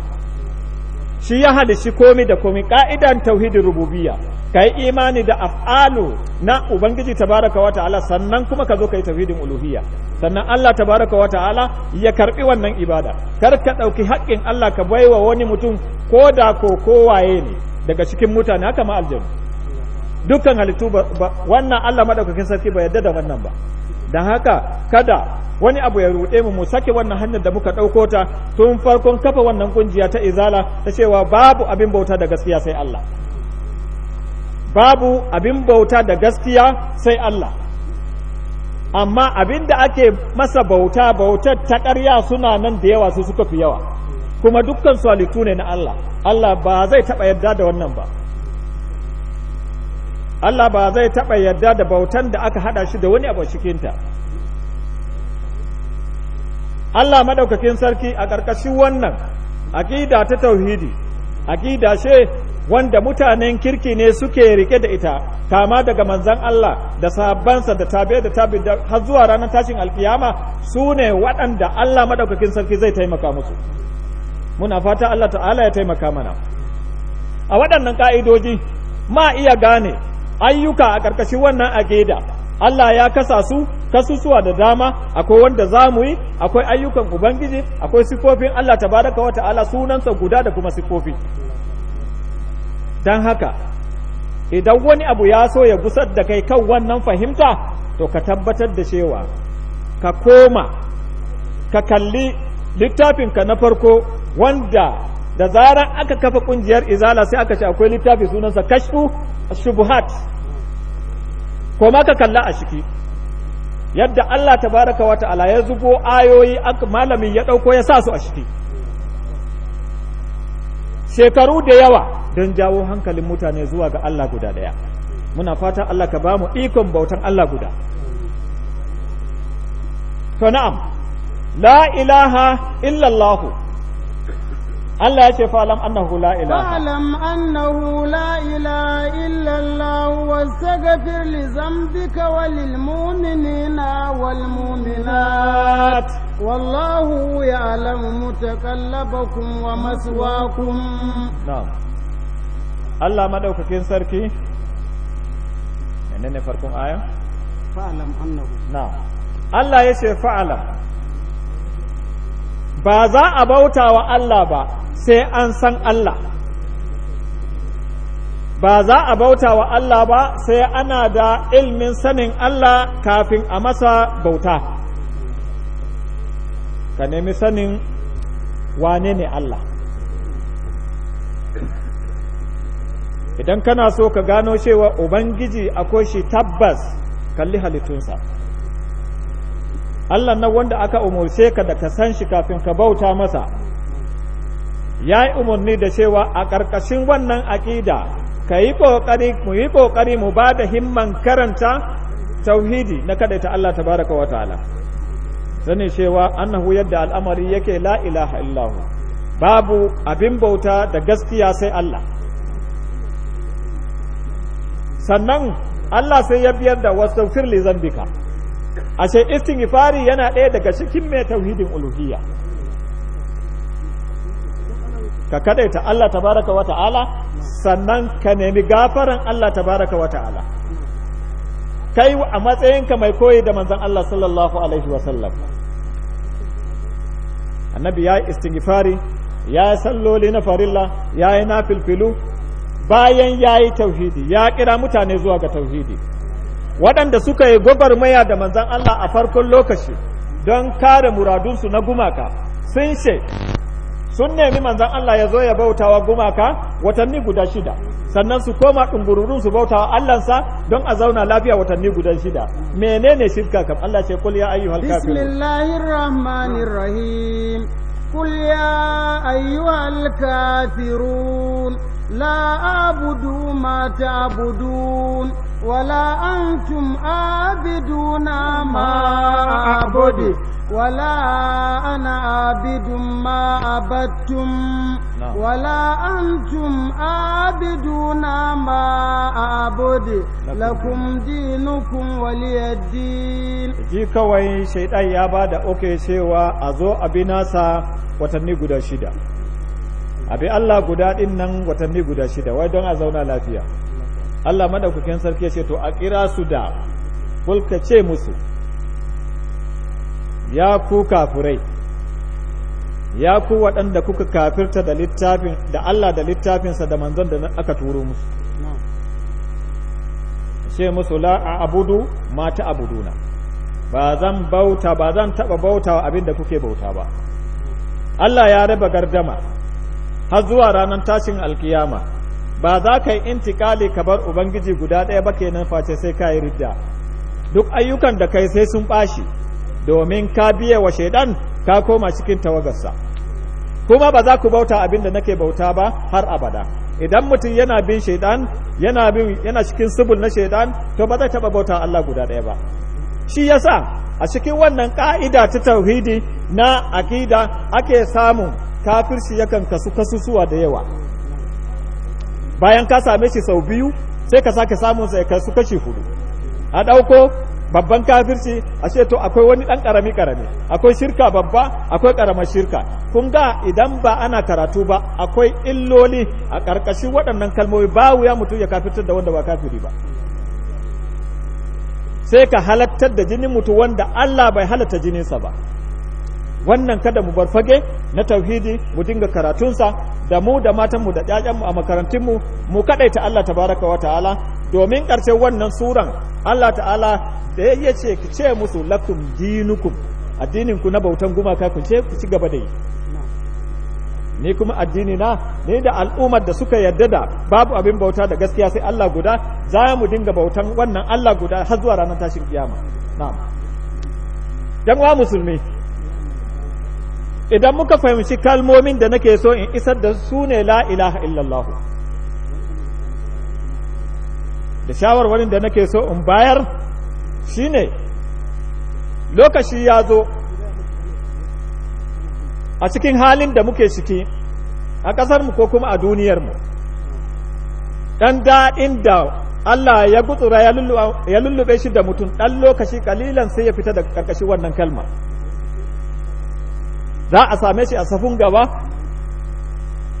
shi ya halishi komai da komai ka'idan tauhidin rububiyya kayi imani da af'alu na ubangiji tabaraka wa ta'ala sannan kuma ka zo ka tauhidin uluhiyya sannan Allah tabaraka wa ta'ala ya karbi wannan ibada kar ka ɗauki haƙƙin Allah ka baiwa wani mutum ko da ko kowaye ne daga cikin mutane haka ma aljanu dukkan halittu wannan Allah madaukakin sarki ba yadda da wannan ba dan haka kada wani abu ya rude mu mu sake wannan hanyar da muka ɗauko ta tun farkon kafa wannan kungiya ta izala ta cewa babu abin bauta da gaskiya sai Allah babu abin bauta da gaskiya sai Allah amma abin da ake masa bauta bautar ta ƙarya suna nan da yawa su suka fi yawa kuma dukkan su ne na Allah Allah ba zai taɓa yarda da wannan ba Allah ba zai taɓa yarda da bautan da aka haɗa shi da wani abu cikinta Allah maɗaukakin sarki a ƙarƙashin wannan aƙida ta tauhidi aƙida ce wanda mutanen kirki ne suke rike da ita kama daga manzan Allah da sabonsa da tabe da tabi da har zuwa ranar tashin alkiyama su ne waɗanda Allah maɗaukakin sarki zai taimaka musu muna fata Allah ta'ala ya taimaka mana a waɗannan ƙa'idoji ma iya gane ayyuka a ƙarƙashin wannan ageda Allah ya kasa su kasusuwa da dama akwai wanda za mu yi akwai ayyukan ubangiji akwai sifofin Allah Ta tabaraka wa ta'ala sunansa guda da kuma sifofi don haka idan wani abu ya so ya gusar da kai kan wannan fahimta to ka tabbatar da cewa ka koma ka kalli littafinka na farko wanda da zarar aka kafa kungiyar izala sai aka ce akwai littafi sunansa kashfu shubuhat ko ma ka kalla a ciki yadda Allah tabaraka wa ta'ala ya zubo ayoyi malamin ya ɗauko ya sa su a ciki shekaru da yawa don jawo hankalin mutane zuwa ga Allah guda daya muna fata Allah ka bamu ikon bautan Allah guda to na'am la ilaha illallahu Allah ya ce fa'alam annahu la ilaha fa'alam annahu la ilaha illallah wastaghfir li dhanbika wa lil mu'minina wal mu'minat wallahu ya'lamu mutaqallabakum wa maswaakum na'am Allah madaukakin sarki menene farkon aya fa'alam annahu na'am Allah ya ce fa'alam ba za a bauta wa Allah ba sai an san Allah ba za a bauta wa Allah ba sai ana da ilmin sanin Allah kafin a masa bauta ka nemi sanin wane ne Allah idan kana so ka gano cewa ubangiji akwai shi tabbas kalli halittunsa Allah na wanda aka umurce ka da ka san shi kafin ka bauta masa ya yi umarni da cewa a ƙarƙashin wannan aƙida ka yi ƙoƙari mu yi ƙoƙari mu ba da himman karanta tauhidi na ta Allah tabaraka wa ta'ala sani cewa annahu yadda al'amari yake la ilaha illahu babu abin bauta da gaskiya sai Allah sannan Allah sai ya biyar da wasu firli zambika ashe istighfari yana ɗaya daga cikin mai tauhidin uluhiyya ka kadaita Allah tabaraka wa ta'ala sannan ka nemi gafaran Allah tabaraka wa ta'ala kai a matsayinka mai koyi da manzon Allah sallallahu alaihi wa sallam annabi ya yi istighfari ya yi salloli na farilla ya yi na filfilu bayan ya yi tauhidi ya kira mutane zuwa ga tauhidi waɗanda suka yi gwagwarmaya da manzan Allah a farkon lokaci don kare muradunsu na gumaka sun she sun nemi manzan Allah ya zo ya bautawa gumaka watanni guda shida sannan su koma ɗungururun su bautawa Allahnsa don a zauna lafiya watanni guda shida menene shirka kam Allah ce kul ya ayyuhal kafirun bismillahir rahmanir rahim قل يا أيها الكافرون لا أعبد ما تعبدون ولا أنتم عابدون ما أعبد ولا أنا عابد ما عبدتم ولا أنتم عابدون ما أعبد لكم دينكم ولي الدين جي كوي شيطان يا بعد أوكي سيوا أزو أبي ناسا watanni guda shida abi Allah guda din nan watanni guda shida wai don a zauna lafiya Allah madaukakin sarki ya ce to a kira su da kulka ce musu ya ku kafirai ya ku waɗanda kuka kafirta da littafin da Allah da littafinsa da manzon da aka turo musu ce musu la a abudu mata ta abuduna ba zan bauta ba zan taɓa bauta abinda kuke bauta ba Allah ya raba gardama har zuwa ranar tashin alkiyama ba za ka yi intikali ka bar ubangiji guda ɗaya ba kenan face sai ka yi ridda duk ayyukan da kai sai sun bashi domin ka biye wa shaidan ka koma cikin tawagarsa kuma ba za ku bauta abin da nake bauta ba har abada idan mutum yana bin shaidan yana cikin subul na shaidan to ba zai taba bauta Allah guda ɗaya ba shi yasa a cikin wannan ƙa'ida ta tauhidi na akida ake samun kafirci yakan kasu kasusuwa da yawa bayan ka same shi sau biyu sai ka sake samun sai kasu kashi hudu a ɗauko babban kafirci a ce to akwai wani ɗan ƙarami ƙarami akwai shirka babba akwai ƙarama shirka kun ga idan ba ana karatu ba akwai illoli a ƙarƙashin waɗannan kalmomi ba wuya mutum ya kafirtar da wanda ba kafiri ba sai ka halattar da jinin mutu wanda Allah bai halatta jininsa ba wannan kada mu bar fage na tauhidi mu dinga karatunsa da mu da matanmu da mu a makarantunmu mu mu kadaita Allah tabaraka wa ta'ala domin karshe wannan suran Allah ta'ala da ya ce ki ce musu lakum dinukum addinin ku na bautan gumaka ku ce ku ci gaba da yi ni kuma addini na ne da al'ummar da suka yarda da babu abin bauta da gaskiya sai Allah guda za mu dinga bautan wannan Allah guda har zuwa ranar tashin kiyama na'am dan wa musulmi idan muka fahimci kalmomin da nake so in isar da su ne la ilaha illallah da shawarwarin da nake so in bayar shine lokaci ya zo a cikin halin da muke ciki a ƙasarmu ko kuma a duniyarmu ɗan daɗin da Allah ya gutsura ya lullube shi da mutum ɗan lokaci kalilan sai ya fita da ƙarƙashin wannan kalma za a same shi a safun gaba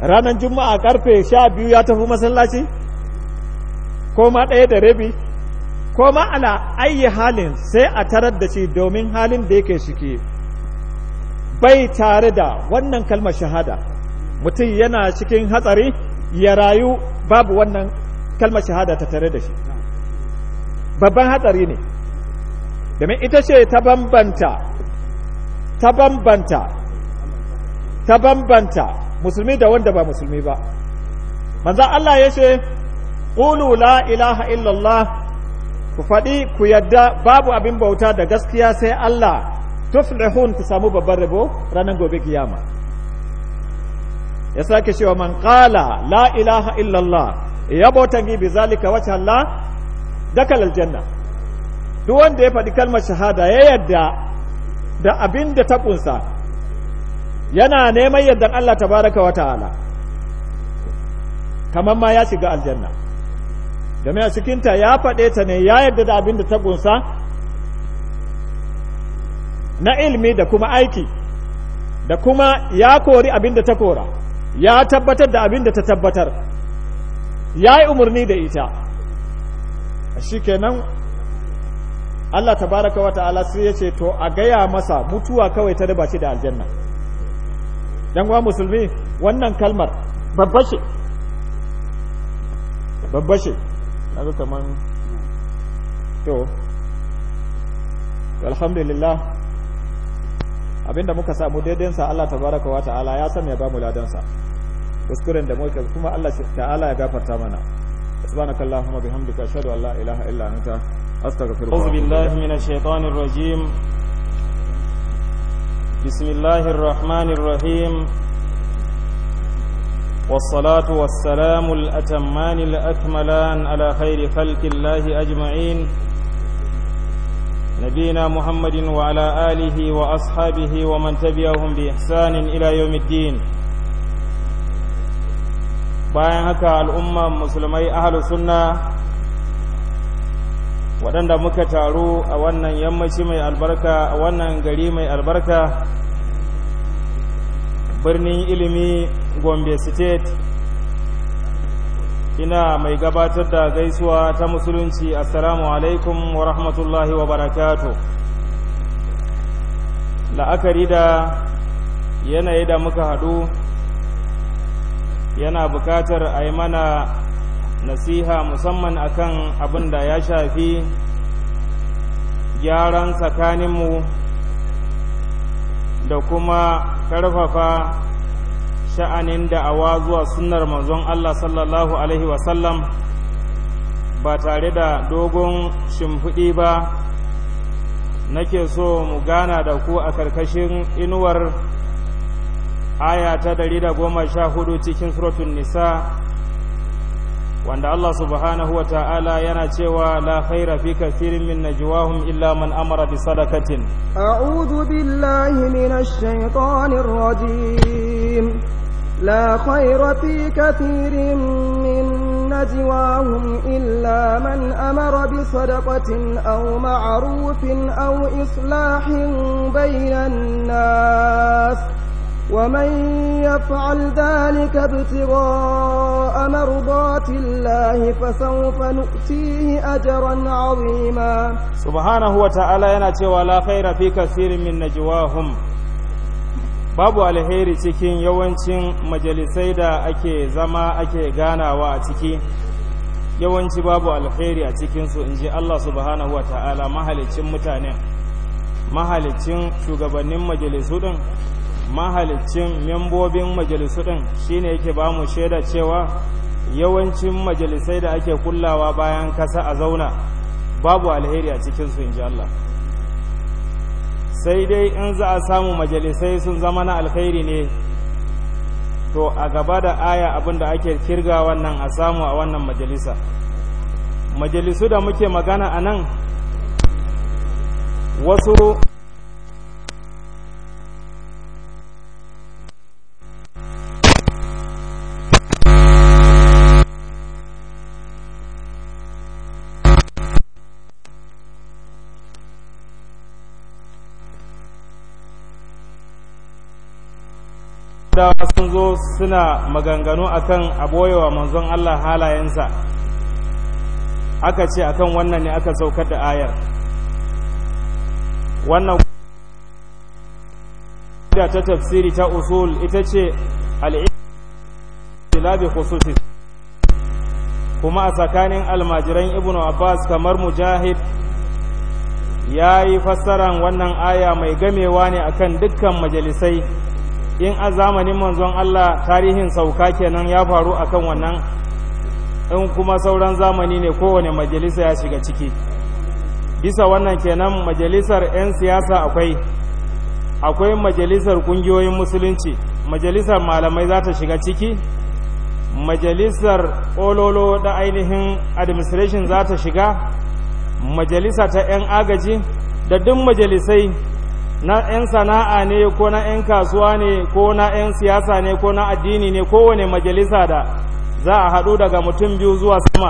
ranar juma'a karfe sha biyu ya tafi masallaci ko ma ɗaya da rabi ko ma ala ayi halin sai a tarar da shi domin halin da yake shike bai tare da wannan kalmar shahada mutum yana cikin hatsari ya rayu babu wannan kalmar shahada ta tare da shi babban hatsari ne domin ita ce ta bambanta ta bambanta ta bambanta musulmi da wanda ba musulmi ba manza Allah ya ce ƙulu la ilaha illallah ku faɗi ku yadda babu abin bauta da gaskiya sai Allah tuflihun ku samu babban rabo ranar gobe kiyama ya sake cewa man kala la ilaha illallah ya botangi bi zalika wacce Allah dakal aljanna duk wanda ya faɗi kalmar shahada ya yadda da abin da ta kunsa yana neman yadda Allah tabaraka wa ta'ala kamar ma ya shiga aljanna game a cikinta ya faɗe ta ne ya yadda da abin da ta kunsa na ilmi da kuma aiki da kuma ya kori abinda ta kora ya tabbatar da abinda ta tabbatar ya yi umarni da ita shi kenan Allah tabaraka wa ta'ala sai ya ce to a gaya masa mutuwa kawai ta riba shi da aljanna yan uwa musulmi wannan kalmar babba shi babba ce kaman to alhamdulillah abinda muka samu sa Allah tabaraka wa ta'ala ya san ya ba mu ladan sa kuskuren da muka kuma Allah ta'ala ya gafarta mana subhanaka allahumma bihamdika ashhadu an la ilaha illa anta astaghfiruka wa atubu billahi minash shaitanir rajim bismillahir rahmanir rahim والصلاة والسلام الأتمان الأكملان على خير خلق الله أجمعين نبينا محمد وعلى آله وأصحابه ومن تبعهم بإحسان إلى يوم الدين bayan haka al'ummar musulmai ahalu sunna waɗanda muka taru a wannan yammaci mai albarka a wannan gari mai albarka birnin ilimi gombe state ina mai gabatar da gaisuwa ta musulunci assalamu alaikum wa rahmatullahi wa barakatu la'akari da yanayi da muka haɗu yana buƙatar a yi mana nasiha musamman akan abin da ya shafi gyaran tsakaninmu da kuma ƙarfafa sha'anin da'awa zuwa sunnar manzon Allah sallallahu alaihi wasallam ba tare da dogon shimfiɗi ba nake so mu gana da ku a karkashin inuwar aya ta dari da goma sha hudu cikin suratun nisa wanda Allah subhanahu wa ta'ala yana cewa la khaira fi kathirin min najwahum illa man amara bi sadakatin a'udhu billahi minash shaitanir rajim لا خير في كثير من نجواهم إلا من أمر بصدقة أو معروف أو إصلاح بين الناس ومن يفعل ذلك ابتغاء مرضات الله فسوف نؤتيه أجرا عظيما سبحانه وتعالى ينتهي ولا خير في كثير من نجواهم babu alheri cikin yawancin majalisai da ake zama ake ganawa a ciki yawanci babu alheri a cikinsu in ji Allah subhanahu wa ta'ala mahalicin mutane mahalicin shugabannin majalisu ɗin mahalicin membobin majalisu ɗin shine yake ba mu shaida cewa yawancin majalisai da ake kullawa bayan kasa a zauna babu alheri a cikinsu in ji Allah sai dai in za a samu majalisai sun zama na alkhairi ne to a gaba da aya abinda ake kirga wannan a samu a wannan majalisa majalisu da muke magana a nan wasu yahudawa sun zo suna maganganu akan aboyewa manzon Allah halayensa aka ce akan wannan ne aka saukar da ayar wannan da ta tafsiri ta usul ita ce al'ilabi khususi kuma a tsakanin almajiran ibnu abbas kamar mujahid ya yi fassaran wannan aya mai gamewa ne akan dukkan majalisai in a zamanin manzon Allah tarihin sauka kenan ya faru akan wannan in kuma sauran zamani ne kowane majalisa ya shiga ciki bisa wannan kenan majalisar 'yan siyasa akwai akwai majalisar kungiyoyin musulunci majalisar malamai za ta shiga ciki majalisar ololo da ainihin administration za ta shiga majalisa ta 'yan agaji da duk majalisai na 'yan sana'a ne ko na 'yan kasuwa ne ko na 'yan siyasa ne ko na addini ne kowane majalisa da za a haɗu daga mutum biyu zuwa sama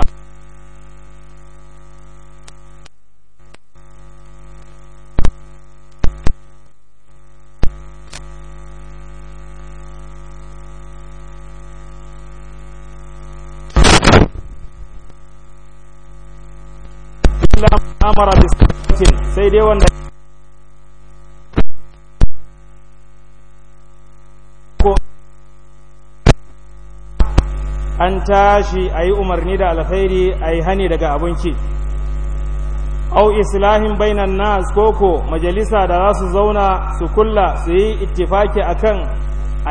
amara sai dai wanda an tashi a yi umarni da alkhairi a yi hani daga abinci au islahin bainan nas koko majalisa da za su zauna su kulla su yi ittifaki akan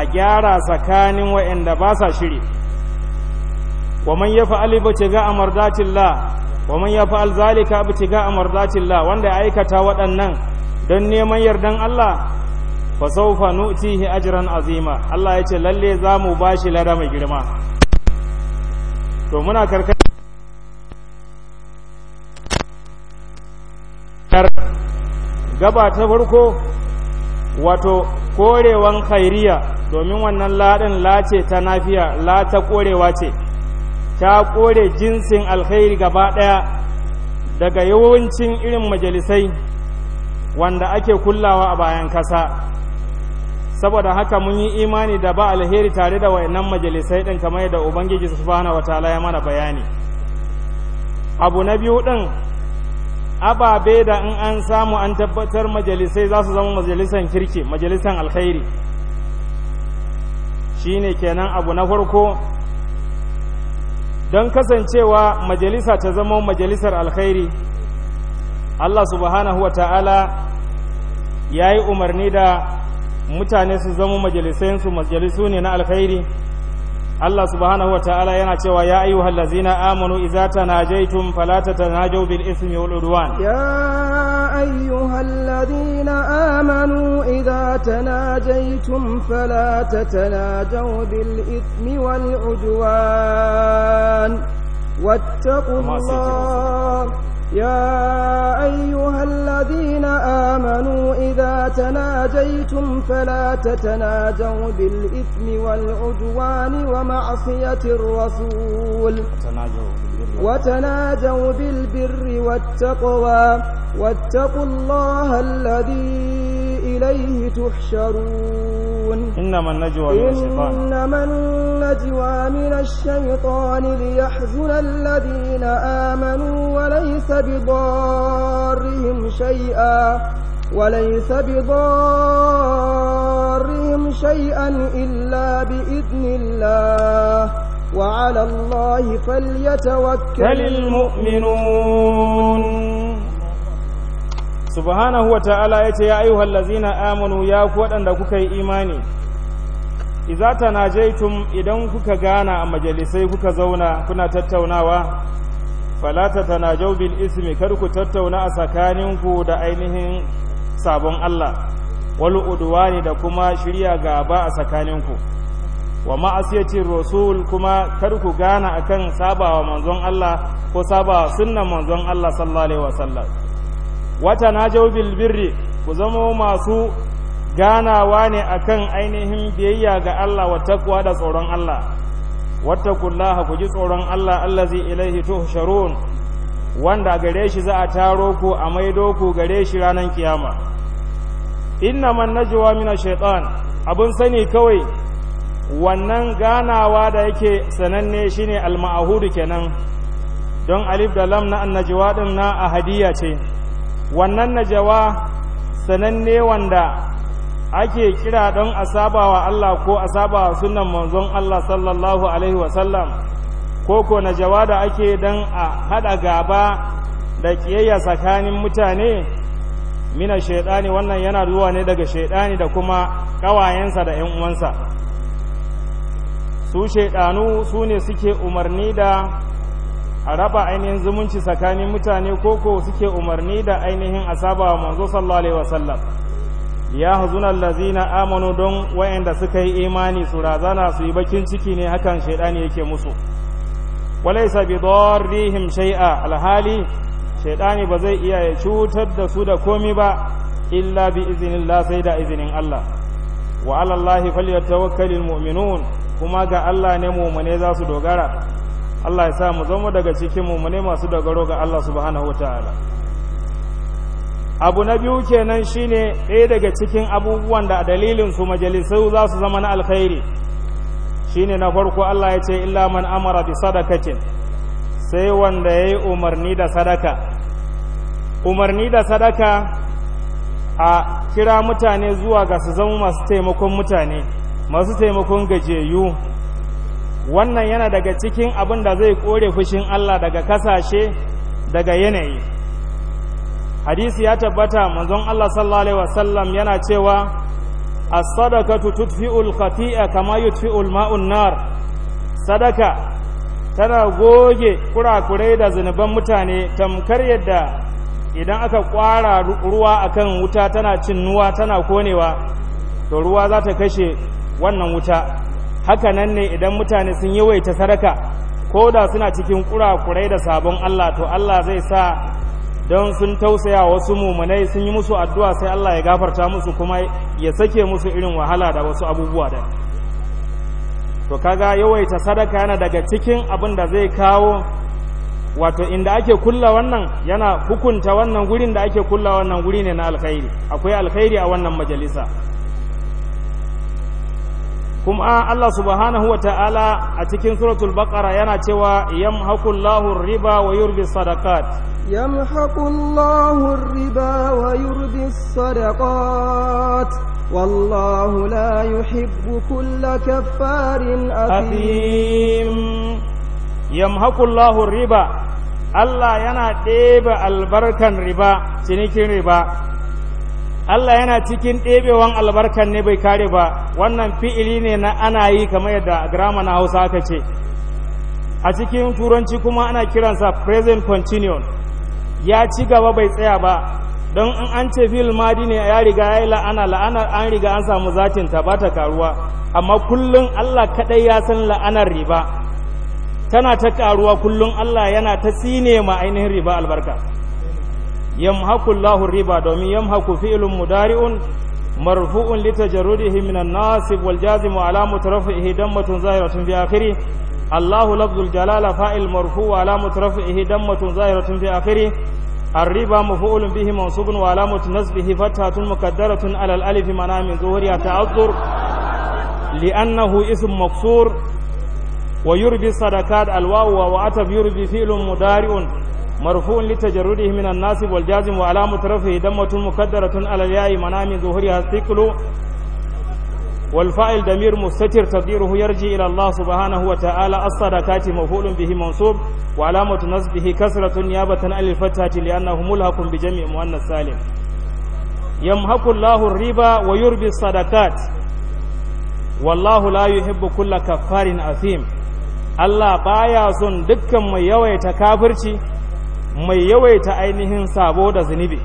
a gyara tsakanin waɗanda ba sa shiri wa man yafa alibati ga amardatillah wa man yafa alzalika abtiga amardatillah wanda ya aikata waɗannan don neman yardan Allah fa sawfa nu'tihi ajran azima Allah ya ce lalle zamu bashi lada mai girma to muna karkatar gaba ta farko wato korewan khairiya domin wannan ladin lace ta nafiya la ta korewa ce ta kore jinsin alkhairi gaba ɗaya daga yawancin irin majalisai wanda ake kullawa a bayan kasa saboda haka mun yi imani da ba alheri tare da wayannan majalisai din kamar yadda ubangiji subhanahu wataala ya mana bayani abu na biyu din ababe da in an samu an tabbatar majalisai za su zama majalisan kirki majalisan alkhairi shine kenan abu na farko don kasancewa majalisa ta zama majalisar alkhairi Allah subhanahu wa ta'ala ya yi umarni da mutane su zama majalisansu majalisu ne na alkhairi Allah subhanahu wa ta'ala yana cewa ya ayu hallazina amanu idza tanajaytum fala tatanajaw bil ismi wal udwan ya ayyuhallazina amanu idza tanajaytum fala tatanajaw bil ismi wal udwan wattaqullaha يا أيها الذين آمنوا إذا تناجيتم فلا تتناجوا بالإثم والعدوان ومعصية الرسول وتناجوا بالبر والتقوى واتقوا الله الذي إليه تحشرون إنما النجوى من الشيطان إنما النجوى من الشيطان ليحزن الذين آمنوا وليس بضارهم شيئا وليس بضارهم شيئا إلا بإذن الله وعلى الله فليتوكل المؤمنون subhanahu wa ta'ala ya ce ya ayyuhal lazina amanu ya ku waɗanda kuka yi imani izata najaitum idan kuka gana a majalisai kuka zauna kuna tattaunawa falata tana bil ismi karku tattauna a tsakaninku da ainihin sabon Allah wani uduwa ne da kuma shirya gaba a tsakaninku wa ma'asiyacin rasul kuma karku ku a kan sabawa manzon Allah ko sabawa sunan manzon Allah sallallahu wasallam wata na bil birri ku zama masu ganawa ne a kan ainihin biyayya ga Allah wa takwa da tsoron Allah wattaqullaha ku ji tsoron Allah Allah allazi ilaihi tuhsharun wanda gare shi za a taro ku a maido ku gare shi ranar kiyama inna man najwa min ash-shaytan abun sani kawai wannan ganawa da yake sananne shine al-ma'hud kenan don alif da lam na annajwa din na ahadiya ce wannan najwa sananne wanda ake kira don a sabawa Allah ko a sabawa sunan manzon Allah sallallahu alaihi wasallam ko ko na jawada ake don a haɗa gaba da ƙiyayya tsakanin mutane mina shaiɗani wannan yana ruwa ne daga shaiɗani da kuma ƙawayensa da ‘yan uwansa su shaiɗanu su ne suke umarni da a raba ainihin zumunci tsakanin mutane ko ko suke umarni da ainihin a wa manzo sallallahu alaihi wasallam ya huzunan lazina amanu don wayanda suka yi imani su razana su yi bakin ciki ne hakan shaidani yake musu walaysa bidarrihim shai'a alhali shaidani ba zai iya ya cutar da su da komi ba illa bi iznillah sai da izinin Allah wa alallahi allahi falyatawakkalul kuma ga Allah ne mu'mine za su dogara Allah ya sa mu zama daga cikin mu'mine masu dogaro ga Allah subhanahu abu na biyu kenan shine ɗaya daga cikin abubuwan da dalilin su majalisai za su zama na alkhairi shine na farko Allah ya ce illa man amara bi sadakatin sai wanda yayi umarni da sadaka umarni da sadaka a kira mutane zuwa ga su zama masu taimakon mutane masu taimakon gajeyu wannan yana daga cikin abin da zai kore fushin Allah daga kasashe daga yanayi hadisi ya tabbata manzon Allah sallallahu alaihi wasallam yana cewa as-sadaqatu tudfi'ul khati'a kama yudfi'ul ma'un nar sadaka tana goge kurakurai da zunuban mutane tamkar yadda idan aka kwara ruwa akan wuta tana cin nuwa tana konewa to ruwa za ta kashe wannan wuta haka nan ne idan mutane sun yawaita sadaka ko da suna cikin kurakurai da sabon Allah to Allah zai sa don sun tausaya wasu mummunai sun yi musu addu'a sai Allah ya gafarta musu kuma ya sake musu irin wahala da wasu abubuwa da to kaga yawaita sadaka yana daga cikin abin da zai kawo wato inda ake kulla wannan yana hukunta wannan gurin da ake kulla wannan guri ne na alkhairi akwai alkhairi a wannan majalisa kuma Allah subhanahu wa ta'ala a cikin suratul baqara yana cewa yamhaqullahu riba wa yurbi sadaqat yamhaqullahu riba wa yurbi sadaqat wallahu la yuhibbu kulla kaffarin athim yamhaqullahu riba Allah yana ɗeba albarkan riba cinikin riba Allah yana cikin ɗebewan albarkan ne bai kare ba wannan fi'ili ne na ana yi kamar yadda grama na hausa aka ce a cikin turanci kuma ana kiransa present continuous ya ci gaba bai tsaya ba don in an ce fil madi ne ya riga ya yi la'ana la'anar an riga an samu zatin ta ba ta karuwa amma kullum Allah kaɗai ya san la'anar riba tana ta karuwa kullum Allah yana ta tsine ma ainihin riba albarka yamhaqu Allahu riba domin yamhaqu fi'lun mudari'un marfu'un litajarrudihi min an-nasib wal jazim wa alamatu raf'ihi dammatun zahiratun bi akhirih Allahu lafzul jalala fa'il marfu wa alamatu raf'ihi dammatun zahiratun bi akhirih الربا مفعول به منصوب وعلامة نصبه فتحة مقدرة على الألف منام من ظهورها تعذر لأنه اسم مكسور ويربي الصدقات الواو وأتب يربي فعل مضارع مرفوع لتجرده من الناصب والجازم وعلامة رفعه دمة مقدرة على الياء منام ظهورها الثقل والفاعل ضمير مستتر تقديره يرجع إلى الله سبحانه وتعالى الصدقات مفعول به منصوب وعلامة نصبه كسرة نيابة عن الفتحة لأنه ملحق بجميع مؤنث سالم يمحق الله الربا ويربي الصدقات والله لا يحب كل كفار أثيم Allah ba ya son dukkan mai yawaita kafirci mai yawaita ainihin sabo da zunubi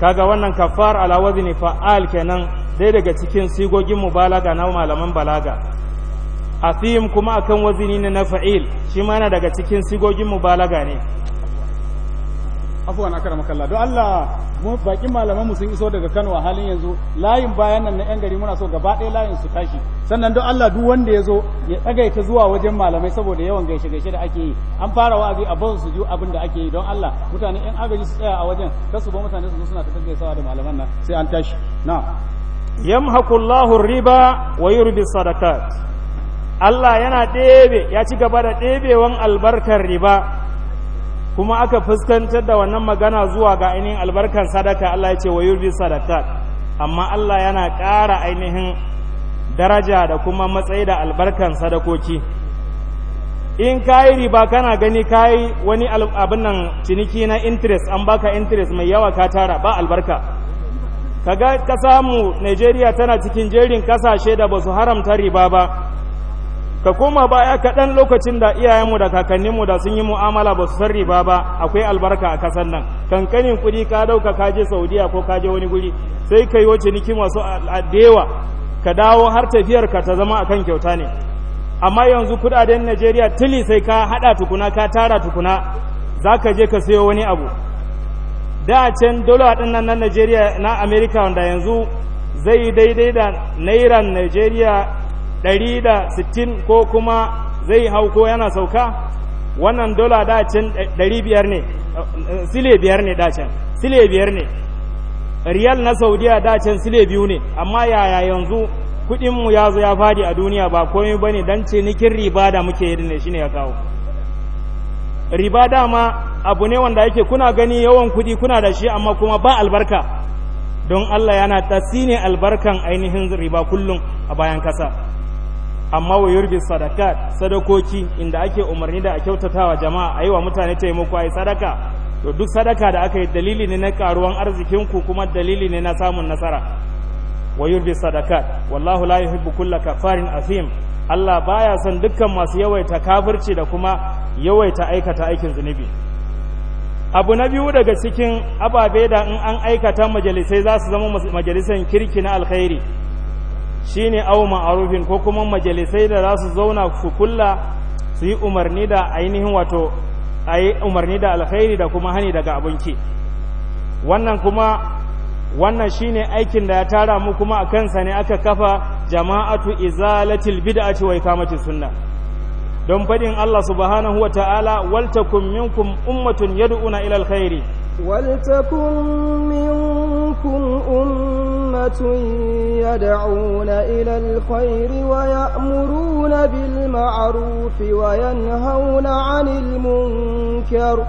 kaga wannan kafar ala wazni fa'al kenan dai daga cikin sigogin mubalaga na malaman balaga afim kuma akan wazini na fa'il shi ma daga cikin sigogin mubalaga ne afuwan akramaka kalla don Allah mu bakin malaman mu sun iso daga Kano a halin yanzu layin bayan nan na yan gari muna so gaba ɗaya layin su tashi sannan don Allah duk wanda ya zo ya tsagaita zuwa wajen malamai saboda yawan gaishe gaishe da ake yi an fara wa'azi a bazu su ji abin da ake yi don Allah mutane yan agaji su tsaya a wajen kar su ba mutane su zo suna ta tattaunawa da malaman nan sai an tashi na yamhaqu Allahu riba wa yurbi sadakat Allah yana ɗebe ya ci gaba da ɗebewan albarkar riba kuma aka fuskantar da wannan magana zuwa ga ainihin albarkan sadaka Allah ya ce wa yurbi sadaka, amma Allah yana ƙara ainihin daraja da kuma matsayi da albarkan sadakoki in kayi riba kana gani kayi wani abin nan ciniki na interest an baka interest mai yawa ka tara ba albarka kaga ka samu Najeriya tana cikin jerin kasashe da ba su haramta riba ba ka koma baya kaɗan lokacin da iyayenmu da kakanninmu da sun yi mu'amala ba su san ba ba akwai albarka a kasar nan kankanin kuɗi ka ɗauka ka je saudiya ko ka je wani guri sai ka yi wace niki masu adewa ka dawo har tafiyar ka ta zama akan kyauta ne amma yanzu kudaden najeriya tili sai ka haɗa tukuna ka tara tukuna za ka je ka sayo wani abu da can dola ɗin nan na najeriya na amerika wanda yanzu zai daidai da nairan najeriya ɗari da sittin ko kuma zai hau ko yana sauka wannan dola dacin 500 ne sile biyar ne dacin sile biyar ne riyal na saudiya dacin sile biyu ne amma yaya yanzu kudinmu ya zo ya fadi a duniya ba komai ba ne don cinikin riba da muke yi ne shi ne ya kawo riba dama abu ne wanda yake kuna gani yawan kudi kuna da shi amma kuma ba albarka don Allah yana ne albarkan ainihin riba kullum a bayan kasa amma wa yurbi sadaka sadakoki inda ake umarni da a kyautatawa jama'a a yi wa mutane taimako a yi sadaka to duk sadaka da aka yi dalili ne na karuwan arzikinku kuma dalili ne na samun nasara wa yurbi sadaka wallahu la yuhibbu kulla kafarin afim. Allah baya son dukkan masu yawaita kafirci da kuma yawaita aikata aikin zunubi abu na biyu daga cikin ababe da in an aikata majalisai za su zama majalisan kirki na alkhairi Shi shine au ma'arufin ko kuma majalisai da za su zauna su kulla su yi umarni da ainihin wato a yi umarni da alkhairi da kuma hani daga abinci wannan kuma wannan shine aikin da ya tara mu kuma a kansa ne aka kafa jama'atu izalatil bid'ati wa iqamati sunna don faɗin Allah subhanahu wa ta'ala wal minkum ummatun yad'una ila alkhairi ولتكن منكم أمة يدعون إلى الخير ويأمرون بالمعروف وينهون عن المنكر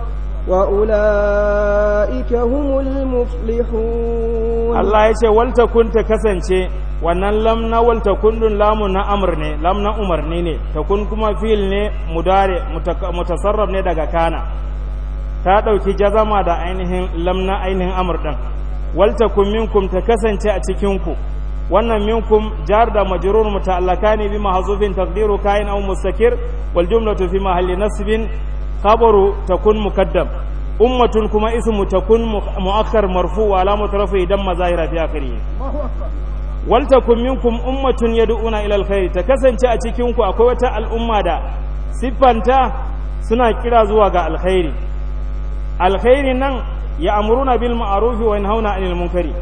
وأولئك هم المفلحون الله يشي ولتكن تكسنشي wannan lam na walta kullun lamu na amr ne lam na umarni ne takun kuma fil ne mudare mutasarraf ne daga kana ta ɗauki jazama da ainihin lamna ainihin amur ɗin waltakun minkum ta kasance a cikinku wannan minkum jar da majrur muta'allaka ne bi mahzufin taqdiru kayan aw mustakir wal jumlatu fi mahalli nasbin khabaru takun muqaddam ummatun kuma ismu takun muakkar marfu wa alamatu rafi idan mazahira fi akhirih wal takun minkum ummatun yad'una ila alkhair ta kasance a cikin ku akwai wata al'umma da siffanta suna kira zuwa ga alkhairi alkhairi nan ya amuruna bil ma'arufi wa yanhauna anil munkari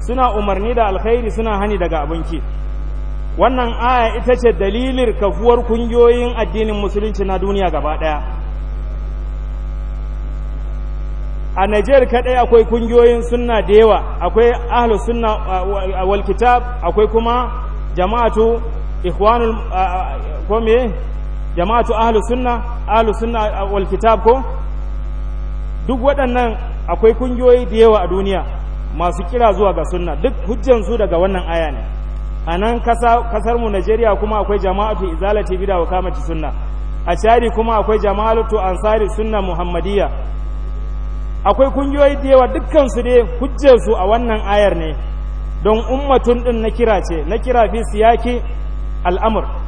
suna umarni da alkhairi suna hani daga abinci wannan aya ita ce dalilin kafuwar kungiyoyin addinin musulunci na duniya gaba daya a najer kadai akwai kungiyoyin sunna da yawa akwai ahlus sunna wal kitab akwai kuma jama'atu ikhwanul ko me jama'atu ahlus sunna ahlus sunna wal kitab ko duk waɗannan akwai kungiyoyi da yawa a duniya masu kira zuwa ga sunna duk hujjansu daga wannan aya ne a nan kasar mu Najeriya kuma akwai jama'atu izalati bid'a wa kamati sunna a shari kuma akwai jama'atu ansari sunna muhammadiyya akwai kungiyoyi da yawa dukkan su dai hujjansu a wannan ayar ne don ummatun din na kira ce na kira fi siyaki al'amur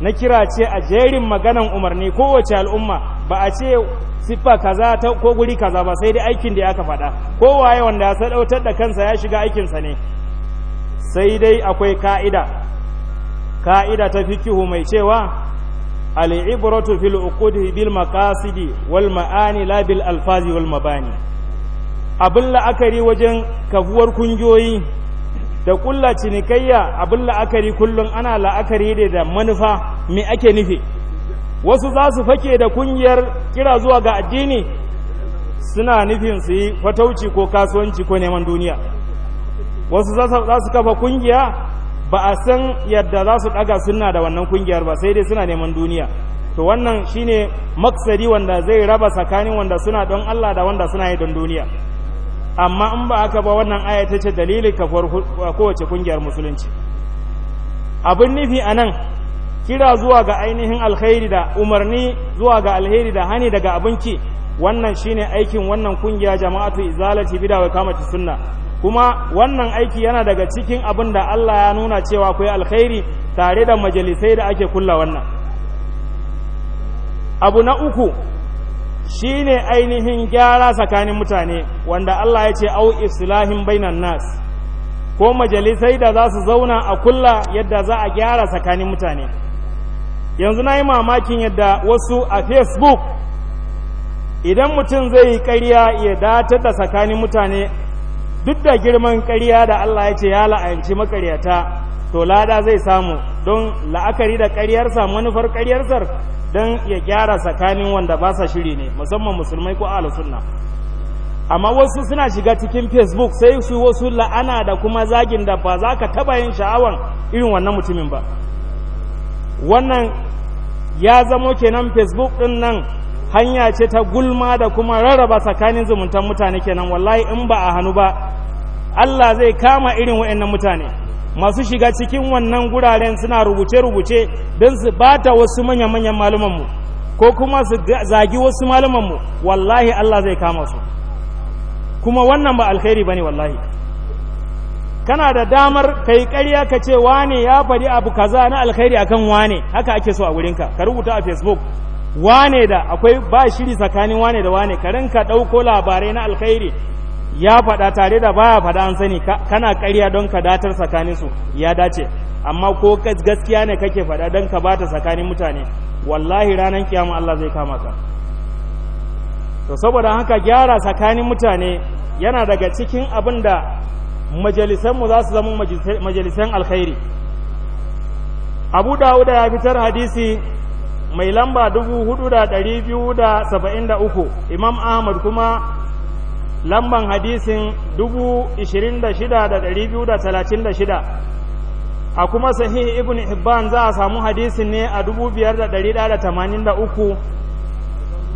na kira ce a jerin maganan umarni kowace al'umma ba a ce siffa kaza ta ko guri kaza ba sai dai aikin da aka faɗa kowaye wanda ya sadautar da kansa ya shiga aikinsa ne sai dai akwai ka'ida ka'ida ta kihu mai cewa al'ibratu fil Ukudu, bil maqasidi wal ma'ani la alfazi wal mabani abin la'akari wajen kafuwar kungiyoyi da kulla cinikayya abin la'akari kullum ana la'akari da da manufa me ake nufi wasu za su fake da kungiyar kira zuwa ga addini suna nufin su yi fatauci ko kasuwanci ko neman duniya wasu za su kafa kungiya ba a san yadda za su ɗaga suna da wannan kungiyar ba sai dai suna neman duniya to wannan shine maksari wanda zai raba tsakanin wanda suna don Allah da wanda suna yi don duniya amma in ba aka ba wannan aya ta ce dalilin kafuwar kowace kungiyar musulunci abin nufi a nan kira zuwa ga ainihin alkhairi da umarni zuwa ga alheri da hani daga abinci wannan shine aikin wannan kungiya jama'atu izalati bida wa kamati sunna kuma wannan aiki yana daga cikin abin da Allah ya nuna cewa akwai alkhairi tare da majalisai da ake kulla wannan abu na uku Shi ne ainihin gyara tsakanin mutane wanda Allah ya ce au islahin bainan nas ko majalisai da za su zauna a kulla yadda za a gyara tsakanin mutane yanzu na yi mamakin yadda wasu a facebook idan mutum zai yi ƙarya ya datar da tsakanin mutane duk da girman ƙarya da Allah ya ce ya la'anci makaryata to lada zai samu don la'akari da ƙaryarsa manufar ƙaryarsa don ya gyara tsakanin wanda ba sa shiri ne musamman musulmai ko ala sunna amma wasu suna shiga cikin facebook sai su wasu la'ana da kuma zagin da ba za ka taba yin sha'awan irin wannan mutumin ba wannan ya zamo kenan facebook ɗin nan hanya ce ta gulma da kuma rarraba tsakanin zumuntan mutane kenan wallahi in ba a hannu ba allah zai kama irin wa'annan mutane masu shiga cikin wannan guraren suna rubuce-rubuce don su bata wasu manyan manyan malumanmu ko kuma su zagi wasu malumanmu wallahi Allah zai kama su kuma wannan ba alkhairi ba ne wallahi kana da damar kai ƙarya ka ce wane ya faɗi abu kaza na alkhairi akan wane haka ake so a wurinka ka rubuta a facebook wane da akwai ba shiri tsakanin wane da wane ka rinka ɗauko labarai na alkhairi ya faɗa tare da baya faɗa an sani kana ƙarya don ka datar tsakanin su ya dace amma ko gaskiya ne kake faɗa don ka bata tsakanin mutane wallahi ranar kiyama Allah zai kama ka to saboda haka gyara tsakanin mutane yana daga cikin abin da mu za su zama majalisan alkhairi abu dawuda ya fitar hadisi mai lamba 4273 imam ahmad kuma lamban hadisin 26236 a kuma sahih ibn hibban za a samu hadisin ne a 5183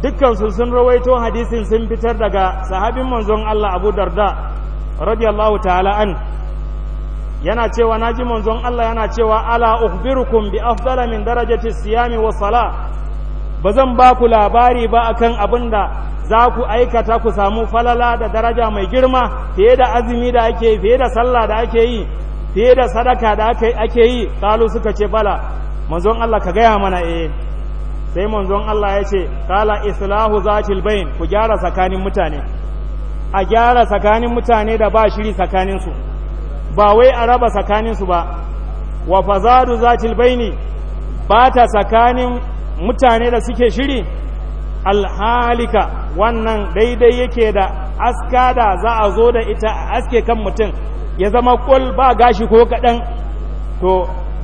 dukkansu sun rawaito hadisin sun fitar daga sahabin manzon Allah Abu Darda radiyallahu ta'ala an yana cewa na ji manzon Allah yana cewa ala ukhbirukum bi afdala min darajati siyami wa sala ba zan ba ku labari ba a kan abin da za ku aikata ku samu falala da daraja mai girma fiye da azumi da ake yi fiye da sallah da ake yi fiye da sadaka da ake yi kalu suka ce bala manzon Allah ka gaya mana eh sai manzon Allah ya ce kala islahu zatil bain ku gyara tsakanin mutane a gyara tsakanin mutane da ba shiri tsakanin su ba wai a raba tsakanin su ba wa fazadu zatil baini ba ta tsakanin mutane da suke shiri alhalika wannan daidai yake da aska da za a zo da ita a aske kan mutum ya zama kul ba gashi ko kaɗan to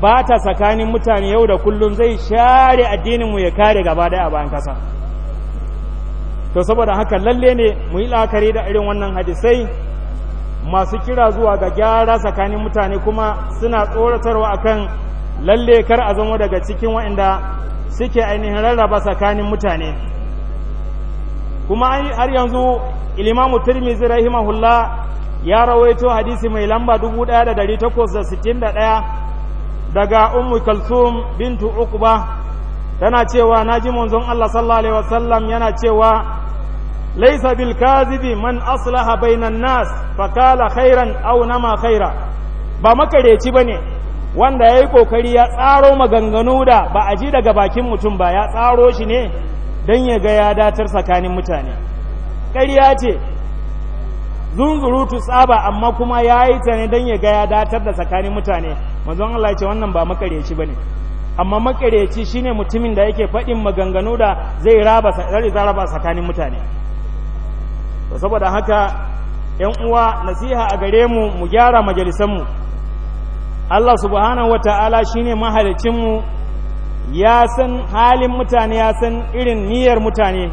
ba ta tsakanin mutane yau da kullum zai share addininmu ya kare gaba daya bayan kasa to saboda haka lalle ne mu yi la'akari da irin wannan hadisai masu kira zuwa ga gyara tsakanin mutane kuma suna tsoratarwa akan lalle kar a zama daga cikin waɗanda suke ainihin rarraba tsakanin mutane kuma har yanzu ilimamu turmizi hula ya rawaito hadisi mai lamba 1861 daga ummu kalsum bintu ba tana cewa na ji manzon Allah sallallahu alaihi wasallam yana cewa laisa bil kazibi man aslaha bainan nas fa kala khairan aw nama khaira ba makareci bane wanda ya yi ƙoƙari ya tsaro maganganu da ba a ji daga bakin mutum ba ya tsaro shi ne don ya ga ya datar tsakanin mutane ƙariya ce zunzurutu tsaba amma kuma ya yi ta ne don ya ga ya datar da tsakanin mutane manzon Allah ce wannan ba makareci ba ne amma makareci ne mutumin da yake faɗin maganganu da zai raba tsakanin mutane saboda haka 'yan uwa nasiha a gare mu mu gyara majalisanmu Allah subhanahu wa ta'ala shi ne mahalicinmu ya san halin mutane ya san irin niyyar mutane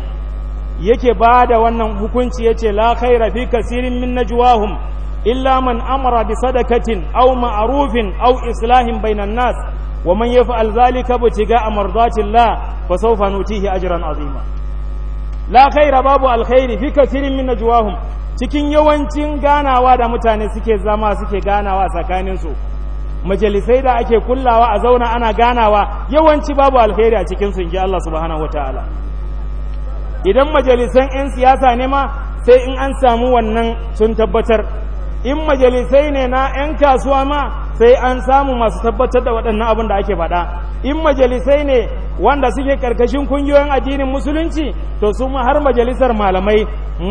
yake ba da wannan hukunci ya ce la khaira kasirin min najwahum illa man amara bi sadakatin aw ma'rufin au islahin bainan nas wa man yaf'al zalika butiga la fa sawfa nutihi ajran azima la babu alkhairi fi kasirin min najwahum cikin yawancin ganawa da mutane suke zama suke ganawa tsakaninsu majalisai da ake kullawa a zauna ana ganawa yawanci babu alheri a cikin sun ji Allah subhanahu wataala idan majalisan 'yan siyasa ne ma sai in an samu wannan sun tabbatar in majalisai ne na 'yan kasuwa ma sai an samu masu tabbatar da waɗannan abin da ake faɗa in majalisai ne wanda suke karkashin kungiyoyin addinin musulunci to su har majalisar malamai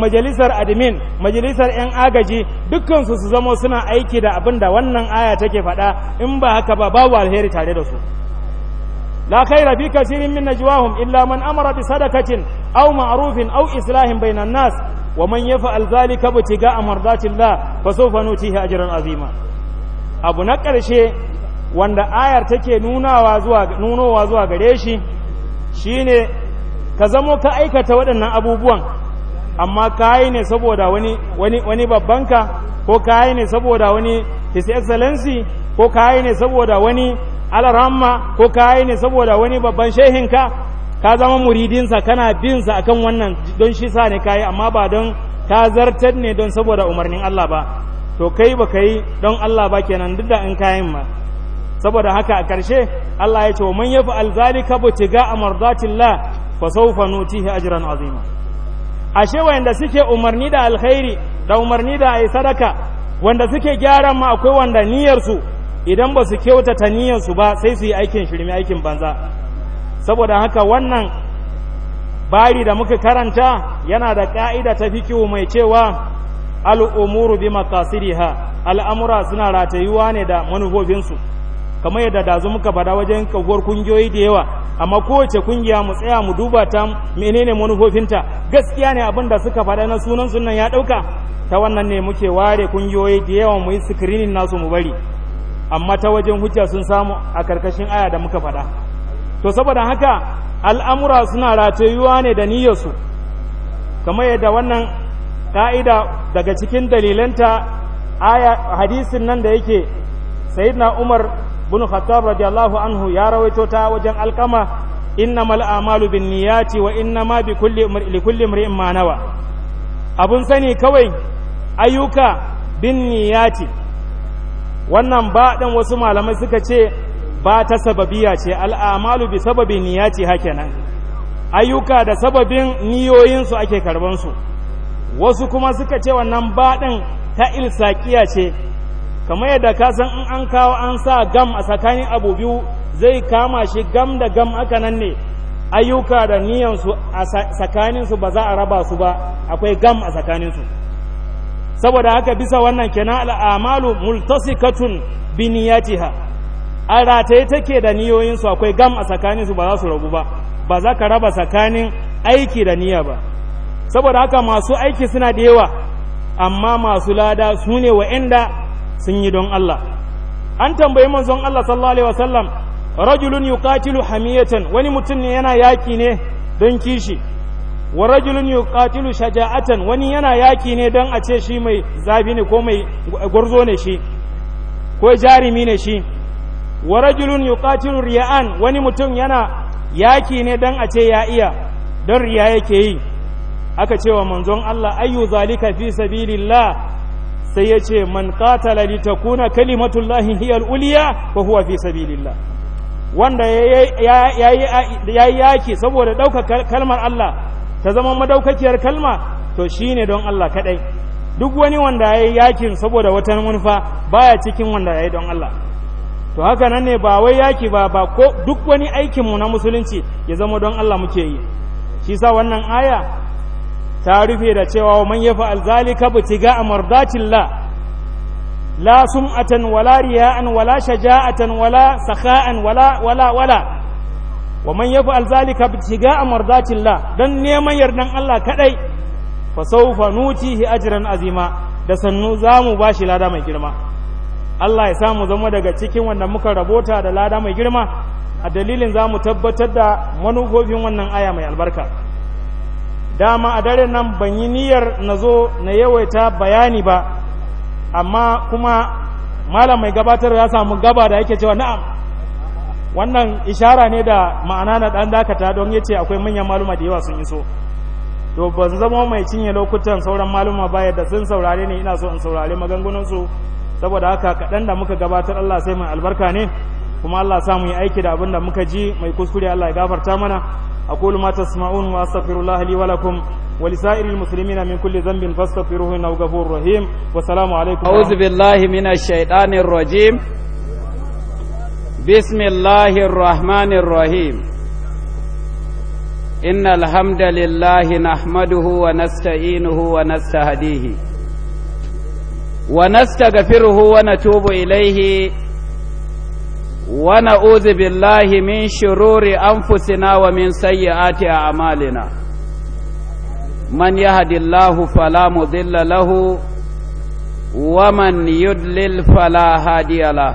majalisar admin majalisar 'yan agaji dukkansu su zama suna aiki da abin da wannan aya take faɗa in ba haka ba babu alheri tare da su لا خير في كثير من نجواهم إلا من أمر بصدقة أو معروف أو إصلاح بين الناس ومن يفعل ذلك ابتغاء مرضات الله فسوف نوتيه أجرا عظيما أبو نكر شيء وأن آية تكي نونو وازوا غريشي shine كزمو zamo ka أبو بوان أما amma kayi ne وني وني wani wani babbanka ko kayi ne saboda wani his excellency ko kayi ne saboda wani alaramma ko kayi ne saboda wani babban shehinka ka zama muridinsa kana binsa akan wannan don shi sa ne kayi amma ba don ka zartar ne don saboda umarnin Allah ba to kai ba kai don Allah ba kenan duk da in kayan ma saboda haka a ƙarshe Allah ya ce wa man yafi alzalika butiga amardatillah fa sawfa a ajran azima ashe wanda suke umarni da alkhairi da umarni da ai sadaka wanda suke gyaran ma akwai wanda niyyar su idan ba su kyautata niyyarsu ba sai su yi aikin shirme aikin banza saboda haka wannan bari da muka karanta yana da ka'ida ta fikihu mai cewa al'umuru bi makasiriha al'amura suna ratayuwa ne da manufofinsu kamar yadda dazu muka bada wajen kaguwar kungiyoyi da yawa amma kowace kungiya mu tsaya mu duba ta menene manufofinta gaskiya ne abin da suka faɗa na sunan sunan ya ɗauka ta wannan ne muke ware kungiyoyi da yawa mu yi sikirinin nasu mu bari amma ta wajen hujja sun samu a karkashin aya da muka faɗa to saboda haka al'amura suna ratayuwa ne da niyyarsu kamar yadda wannan ƙa'ida daga cikin dalilanta aya hadisin nan da yake sayyidina umar bin khattab radiyallahu anhu ya rawaito ta wajen alkama innamal a'malu bin niyyati wa ma bi kulli kulli ma nawa abun sani kawai ayyuka bin wannan ba ɗan wasu malamai suka ce ba ta sababiya ce al'amalu bi sababin niyya ce nan ayyuka da sababin niyoyinsu ake karbansu wasu kuma suka ce wannan ba ɗan ta ilsaƙiya ce kamar yadda ka san in an kawo an sa gam a tsakanin abu biyu zai kama shi gam da gam aka nan ne ayyuka da niyansu a tsakaninsu ba za a raba su ba akwai gam a tsakaninsu saboda haka bisa wannan kenan al'amalu multasikatun biniyatiha an rataye take da niyoyinsu akwai gam a tsakaninsu ba za su ragu ba ba za ka raba tsakanin aiki da niyya ba saboda haka masu aiki suna da yawa amma masu lada su ne wa'inda sun yi don Allah an tambayi manzon Allah sallallahu alaihi wasallam rajulun yuqatilu hamiyatan wani mutum ne yana yaki ne don kishi wa rajulun yuqatilu shaja'atan wani yana yaki ne dan a ce shi mai zabi ne ko mai gwarzo ne shi ko jarimi ne shi wa rajulun yuqatilu riya'an wani mutum yana yaki ne dan a ce ya iya don riya yake yi aka cewa manzon Allah ayyu zalika fi sabilillah sai ya ce man qatala li takuna kalimatullahi hiya al-ulya fa huwa fi sabilillah wanda yayi yaki saboda ɗaukar kalmar Allah ta zama madaukakiyar kalma to shi ne don Allah kaɗai duk wani wanda ya yi yakin saboda wata manufa baya cikin wanda ya yi don Allah to haka nan ne ba wai yaki ba ba ko duk wani aikinmu na musulunci ya zama don Allah muke yi shi sa wannan aya ta rufe da cewa wa man yafa alzalika butiga amardatillah la sum'atan wala riya'an wala shaja'atan wala sakha'an wala wala wala wa man yaf'al zalika ibtiga'a mardatillah dan neman yardan Allah kadai fa sawfa nutihi ajran azima da sannu zamu bashi lada mai girma Allah ya samu zama daga cikin wanda muka rabota da lada mai girma a dalilin zamu tabbatar da manufofin wannan aya mai albarka dama a dare nan ban yi niyyar na zo na yawaita bayani ba amma kuma malam mai gabatar ya samu gaba da yake cewa na'am wannan ishara ne da ma'ana na ɗan dakata don ya ce akwai manyan maluma da yawa sun yi so, to ban zama mai cinye lokutan sauran maluma ba da sun saurare ne ina so in saurare maganganunsu saboda haka kaɗan da muka gabatar Allah sai mai albarka ne kuma Allah sa mu yi aiki da abin da muka ji mai kuskure Allah ya gafarta mana aqulu ma tasma'un wa astaghfirullah li wa lakum wa li sa'iril muslimina min kulli dhanbin fastaghfiruhu innahu ghafurur rahim wa salamu alaikum a'udhu billahi minash shaitanir rajim بسم الله الرحمن الرحيم إن الحمد لله نحمده ونستعينه ونستهديه ونستغفره ونتوب إليه ونعوذ بالله من شرور أنفسنا ومن سيئات أعمالنا من يهد الله فلا مضل له ومن يدلل فلا هادي له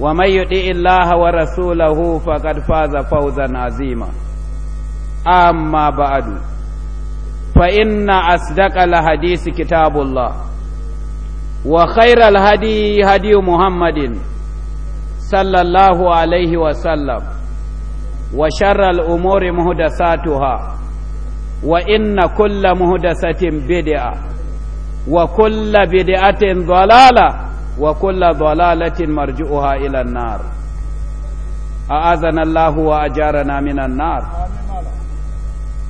ومن يطع الله ورسوله فقد فاز فوزا عظيما أما بعد فإن أصدق الحديث كتاب الله وخير الهدي هدي محمد صلى الله عليه وسلم وشر الأمور مهدساتها وإن كل مهدسة بدعة وكل بدعة ضلالة wa kulla dalalatin marji'uha ila an-nar a'azana Allah wa ajarana minan nar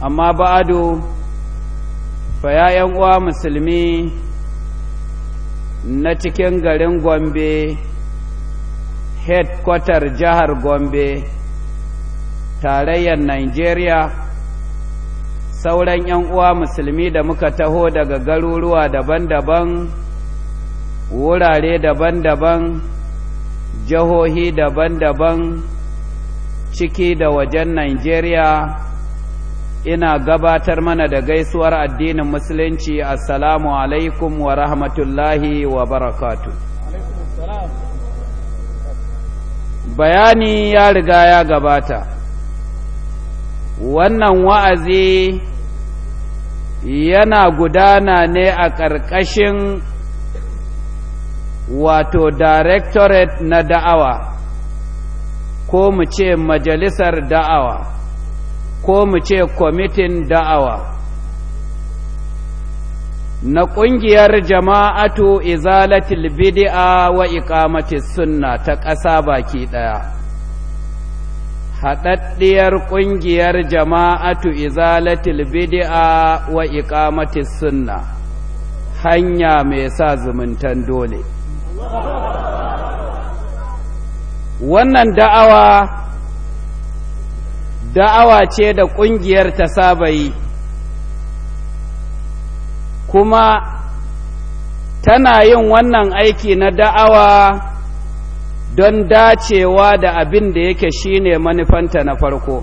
amma ba'adu fa ya 'yan uwa musulmi na cikin garin Gombe headquarter jihar Gombe tarayyar Nigeria sauran 'yan uwa musulmi da muka taho daga garuruwa daban-daban wurare daban-daban jihohi daban-daban ciki da wajen Najeriya ina gabatar mana da gaisuwar addinin musulunci assalamu alaikum wa rahmatullahi wa barakatu bayani ya riga ya gabata wannan wa'azi yana gudana ne a ƙarƙashin wato directorate na da'awa ko mu ce majalisar da'awa ko mu ce kwamitin da'awa na ƙungiyar jama'atu izalatul bid'a wa iqamati sunna ta ƙasa baki ɗaya haɗaɗɗiyar ƙungiyar jama'atu izalatul bid'a wa iqamati sunna hanya mai sa zumuntan dole wannan da'awa da'awa ce da ƙungiyar ta saba yi kuma tana yin wannan aiki na da'awa don dacewa da abin da yake shine manufanta na farko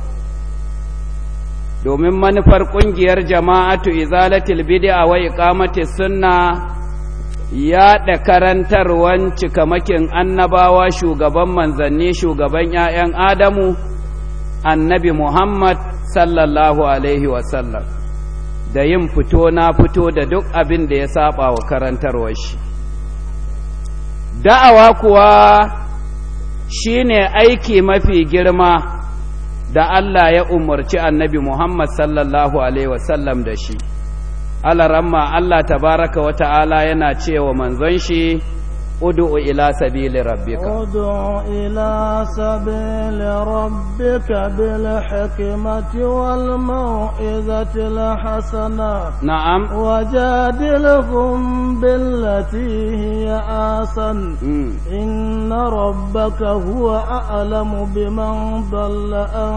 domin manufar ƙungiyar jama'atu izalatul bid'a wa iqamati sunna yaɗa karantarwan cikamakin annabawa shugaban manzanni shugaban ‘ya'yan Adamu, annabi Muhammad sallallahu Alaihi wasallam, da yin fito na fito da duk abin da ya saba wa karantarwar shi. Da'awa kuwa shi ne aiki mafi girma da Allah ya umarci annabi Muhammad sallallahu Alaihi wasallam da shi. alaramma Allah tabaraka wa ta'ala yana cewa manzon shi ud'u ila sabili rabbika ud'u ila sabili rabbika bil hikmati wal mau'izati al hasana na'am wajadilhum billati hiya asan hmm. inna rabbaka huwa a'lamu biman dalla an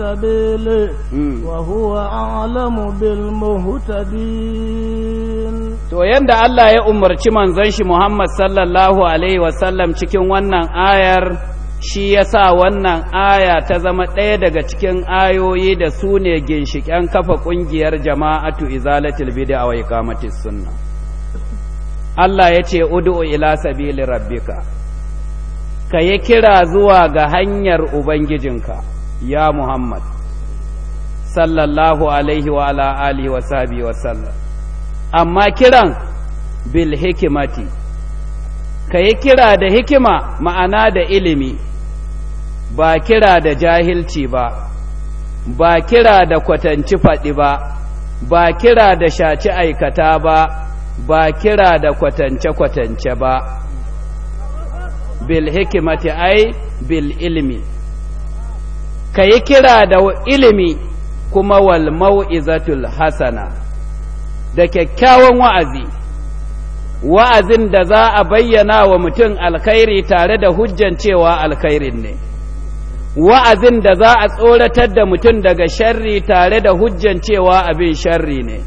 sabili hmm. wa huwa a'lamu bil muhtadin to yanda Allah ya umarci manzon shi Muhammad sallallahu sallallahu alaihi wasallam cikin wannan ayar shi ya sa wannan aya ta zama ɗaya daga cikin ayoyi da su ne ginshiƙen kafa ƙungiyar jama'atu izalatul bid'a wa iqamatis sunna Allah ya ce ud'u ila sabili rabbika ka yi kira zuwa ga hanyar ubangijinka ya Muhammad sallallahu alaihi wa ala alihi wa sahbihi wa sallam amma kiran bil hikimati ka yi kira da hikima ma'ana da ilimi ba kira da jahilci ba ba kira da kwatanci faɗi ba ba kira da shaci aikata ba ba kira da kwatance-kwatance ba bil hikimati ai bil ilimi ka yi kira da ilimi kuma wal mau'izatul hasana da kyakkyawan wa'azi wa'azin da za a bayyana wa mutum alkhairi tare da hujjan cewa alkhairin ne wa'azin da za a tsoratar da mutum daga sharri tare da hujjan cewa abin sharri ne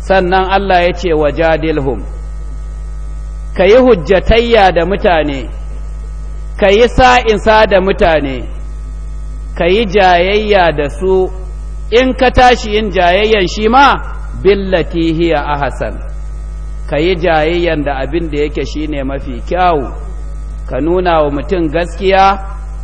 sannan Allah ya ce wa jadilhum ka yi hujjatayya da mutane ka yi sa'insa da mutane ka yi jayayya da su in ka tashi yin jayayyan shi ma billati hiya a ka yi jayayyan da abin da yake ne mafi kyawu ka nuna wa mutum gaskiya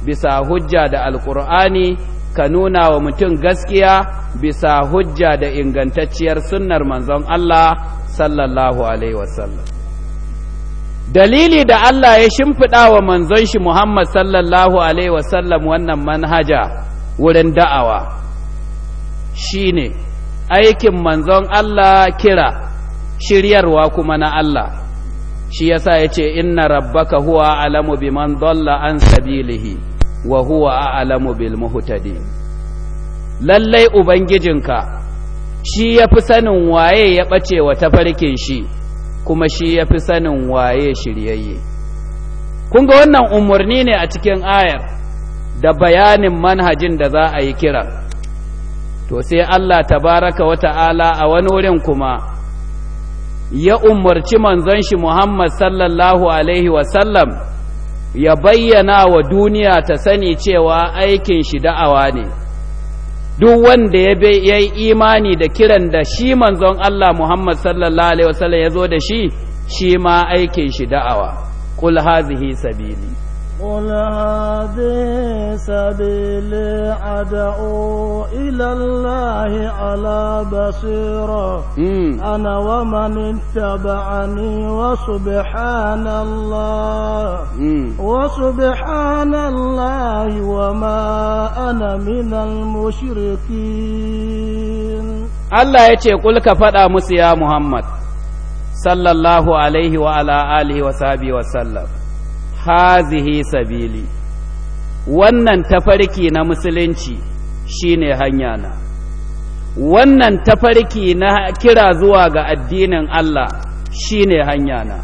bisa hujja da alkur'ani ka nuna wa mutum gaskiya bisa hujja da ingantacciyar sunnar manzon Allah sallallahu alaihi wasallam dalili da Allah ya shimfiɗa wa manzon shi Muhammad sallallahu alaihi wasallam wannan manhaja wurin da'awa shine aikin manzon Allah kira shiryarwa kuma na Allah shi yasa yace inna rabbaka huwa alamu biman dalla an sabilihi wa huwa a'lamu bil muhtadin lallai ubangijinka shi yafi sanin waye ya bace wa tafarkin shi kuma shi yafi sanin waye shiryayye kun ga wannan umarni ne a cikin ayar da bayanin manhajin da za a yi kira to sai Allah tabaraka wa ta'ala a wani wurin kuma ya umarci manzon shi Muhammad sallallahu alaihi wasallam ya bayyana wa duniya ta sani cewa aikin shi da'awa ne duk wanda ya yi imani da kiran da shi manzon Allah Muhammad sallallahu alaihi wasallam ya zo da shi shi ma aikin shi da'awa qul hazihi sabili قل هذه سبيلي أدعو إلى الله على بصيرة أنا ومن اتبعني وسبحان الله وسبحان الله وما أنا من المشركين الله يتقول كفتا مسيا محمد sallallahu alaihi wa ala alihi wa sahbihi wa sallam hazihi sabili wannan tafarki na musulunci shine hanya na wannan tafarki na kira zuwa ga addinin Allah shine hanya na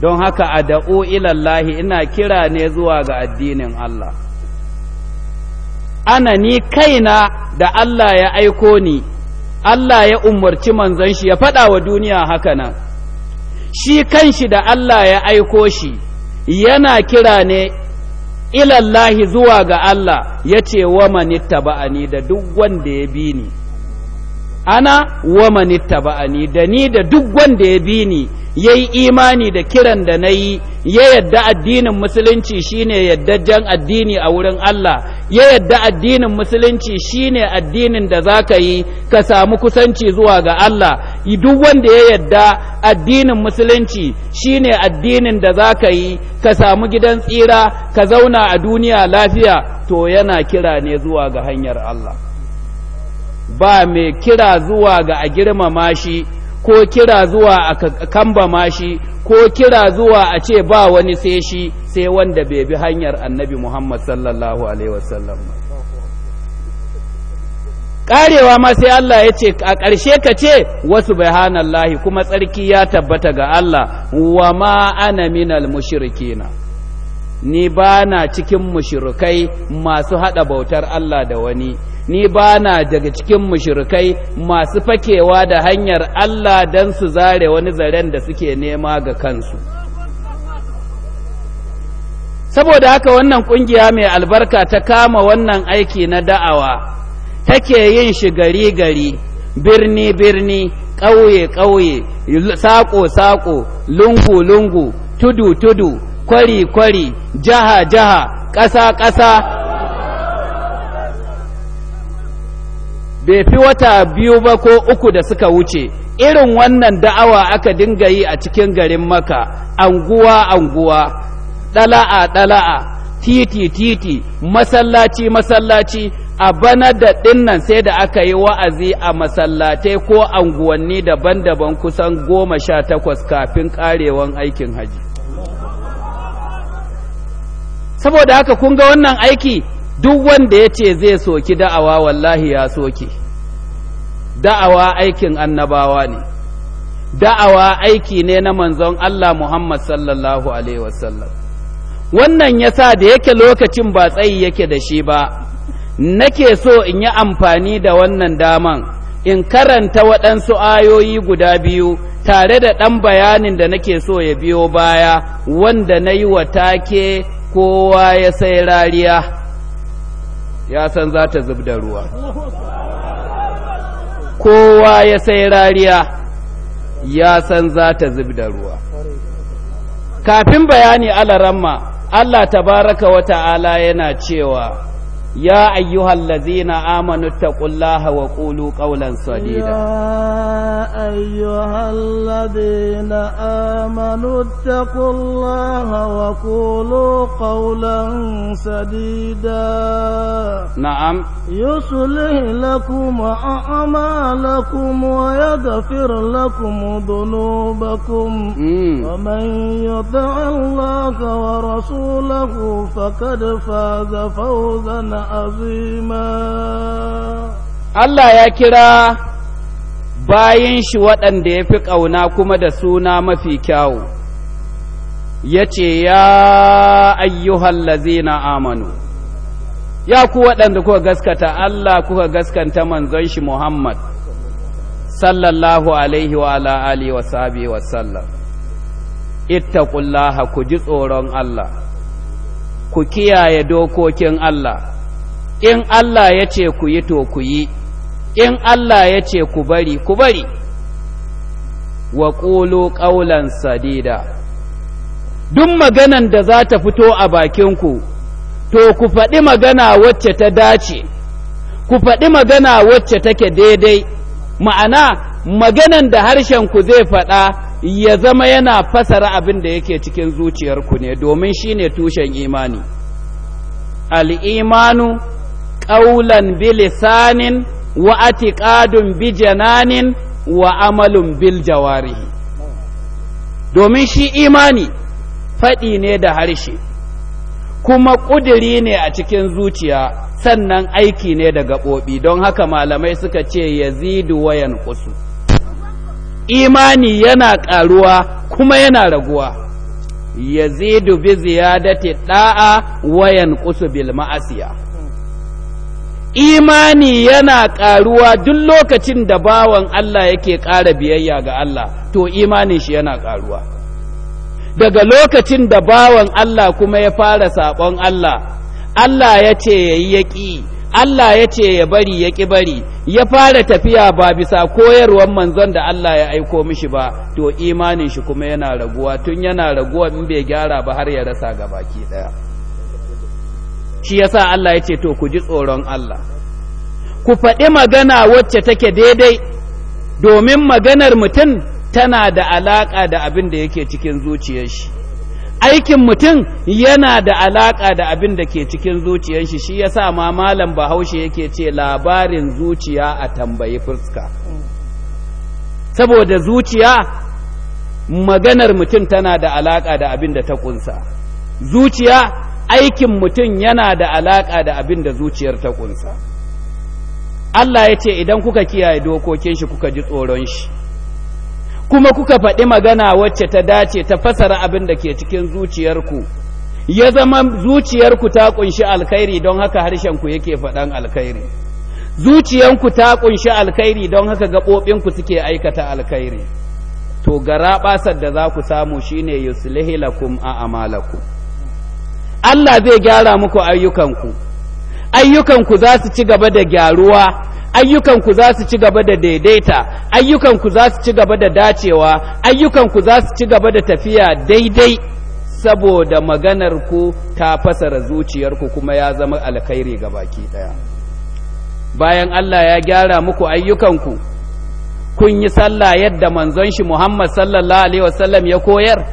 don haka a da'u ilallahi ina kira ne zuwa ga addinin Allah ana ni kaina da Allah ya aiko ni Allah ya umarci manzon shi ya faɗa wa duniya haka nan shi kanshi da Allah ya aiko shi yana kira ne ilallahi zuwa ga Allah ya ce wa manittaba'ani da duk wanda ya bi ni ana wa manittaba'ani da ni da duk wanda ya bi ni yayi imani da kiran da nayi ya yadda addinin musulunci shine jan addini a wurin Allah ya yadda addinin musulunci shine addinin da zaka yi ka samu kusanci zuwa ga Allah duk wanda ya yadda addinin musulunci shine addinin da zaka yi ka samu gidan tsira ka zauna a duniya lafiya to yana kira ne zuwa ga hanyar Allah ba mai kira zuwa ga a girmama shi ko kira zuwa a kambama shi ko kira zuwa a ce ba wani sai shi sai wanda bai bi hanyar annabi Muhammad sallallahu alaihi wasallam karewa ma sai Allah ya ce a ƙarshe ka ce wasu bahanallahi kuma tsarki ya tabbata ga Allah wa ma ana minal mushrikina ni ba na cikin mushrikai masu haɗa bautar Allah da wani ni ba na daga cikin mushrikai masu fakewa da hanyar Allah don su zare wani zaren da suke nema ga kansu saboda haka wannan ƙungiya mai albarka ta kama wannan aiki na da'awa take yin shi gari gari birni birni ƙauye ƙauye saƙo saƙo lungu lungu tudu tudu kwari-kwari jaha-jaha ƙasa-ƙasa bai fi wata biyu ba ko uku da suka wuce irin wannan da'awa aka dinga yi a cikin garin maka anguwa-anguwa ɗala'a-ɗala'a titi-titi masallaci-masallaci a bana da ɗinnan sai da aka yi wa'azi a masallatai ko anguwanni daban-daban kusan goma sha takwas kafin karewan aikin haji saboda haka kun ga wannan aiki duk wanda ya ce zai soki da'awa wallahi ya soke da'awa aikin annabawa ne da'awa aiki ne na manzon Allah Muhammad sallallahu alaihi wasallam wannan yasa da yake lokacin ba tsayi yake da shi ba nake so in yi amfani da wannan daman in karanta waɗansu ayoyi guda biyu tare da ɗan bayanin da nake so ya biyo baya wanda na yi wa take kowa ya sai rariya ya san za ta zub da ruwa kowa ya sai rariya ya san za ta zub da ruwa kafin bayani alaramma Allah tabaraka wata ala yana cewa يا أيها الذين آمنوا اتقوا الله وقولوا قولا سديدا يا أيها الذين آمنوا اتقوا الله وقولوا قولا سديدا نعم يصلح لكم أعمالكم ويغفر لكم ذنوبكم ومن يطع الله ورسوله فقد فاز فوزا Allah ya kira bayan shi waɗanda ya fi ƙauna kuma da suna mafi kyawu ya ce ya na amanu ya ku waɗanda kuka gaskata Allah kuka gaskanta manzon shi Muhammad sallallahu alaihi wa ala wa sallar wa sallam ittaqullaha ku ji tsoron Allah ku kiyaye dokokin Allah in Allah ya ce ku yi to ku yi in Allah ya ce ku bari ku bari wa ƙulu ƙaulan sadida duk maganan da za ta fito a bakinku to ku faɗi magana wacce ta dace ku faɗi magana wacce take daidai ma'ana maganan da harshenku zai faɗa ya zama yana fasara abin da yake cikin zuciyarku ne domin shi ne tushen imani al'imanu ƙaulan bilisanin wa atiqadun bi jananin wa amalun bil jawarihi domin shi imani faɗi ne da harshe kuma ƙudiri ne a cikin zuciya sannan aiki ne da gaɓoɓi don haka malamai suka ce yazidu wayan kusu imani yana ƙaruwa kuma yana raguwa yazidu bi ziyadati da'a wayan kusu bil ma'asiya imani yana ƙaruwa duk lokacin da bawan Allah yake ƙara biyayya ga Allah to imanin shi yana ƙaruwa daga lokacin da bawan Allah kuma ya fara saƙon Allah Allah ya ce ya yi yaƙi Allah ya ce ya bari ya ƙi bari ya fara tafiya ba bisa koyarwar manzon da Allah ya aiko mishi ba to imanin shi kuma yana raguwa tun yana raguwa in bai gyara ba har ya rasa ga baki ɗaya shi yasa Allah ya ce to ku ji tsoron Allah ku faɗi magana wacce take daidai domin maganar mutum tana da alaƙa da abin da yake cikin zuciyar shi aikin mutum yana da alaƙa da abin da ke cikin zuciyar shi shi yasa ma malam bahaushe yake ce labarin zuciya a tambayi fuska saboda zuciya maganar mutum tana da alaƙa da abin da ta ƙunsa zuciya aikin mutum yana da alaƙa da abin da zuciyar ta ƙunsa Allah ya ce idan kuka kiyaye dokokin shi kuka ji tsoron shi kuma kuka faɗi magana wacce ta dace ta fasara abin da ke cikin zuciyarku ya zama zuciyarku ta ƙunshi alkhairi don haka harshenku yake faɗan alkhairi zuciyanku ta ƙunshi alkhairi don haka gaɓoɓinku suke aikata alkhairi to gara da za ku samu shine yuslihi lakum a amalakum Allah zai gyara muku ayyukanku ayyukanku za su ci gaba da gyaruwa ayyukanku za su ci gaba da daidaita ayyukanku za su ci gaba da dacewa ayyukanku za su ci gaba da tafiya daidai saboda maganarku ku ta fasara zuciyarku kuma ya zama alkhairi ga baki ɗaya. bayan Allah ya gyara muku ayyukanku kun yi sallah yadda manzon shi Muhammad sallallahu alaihi wasallam ya koyar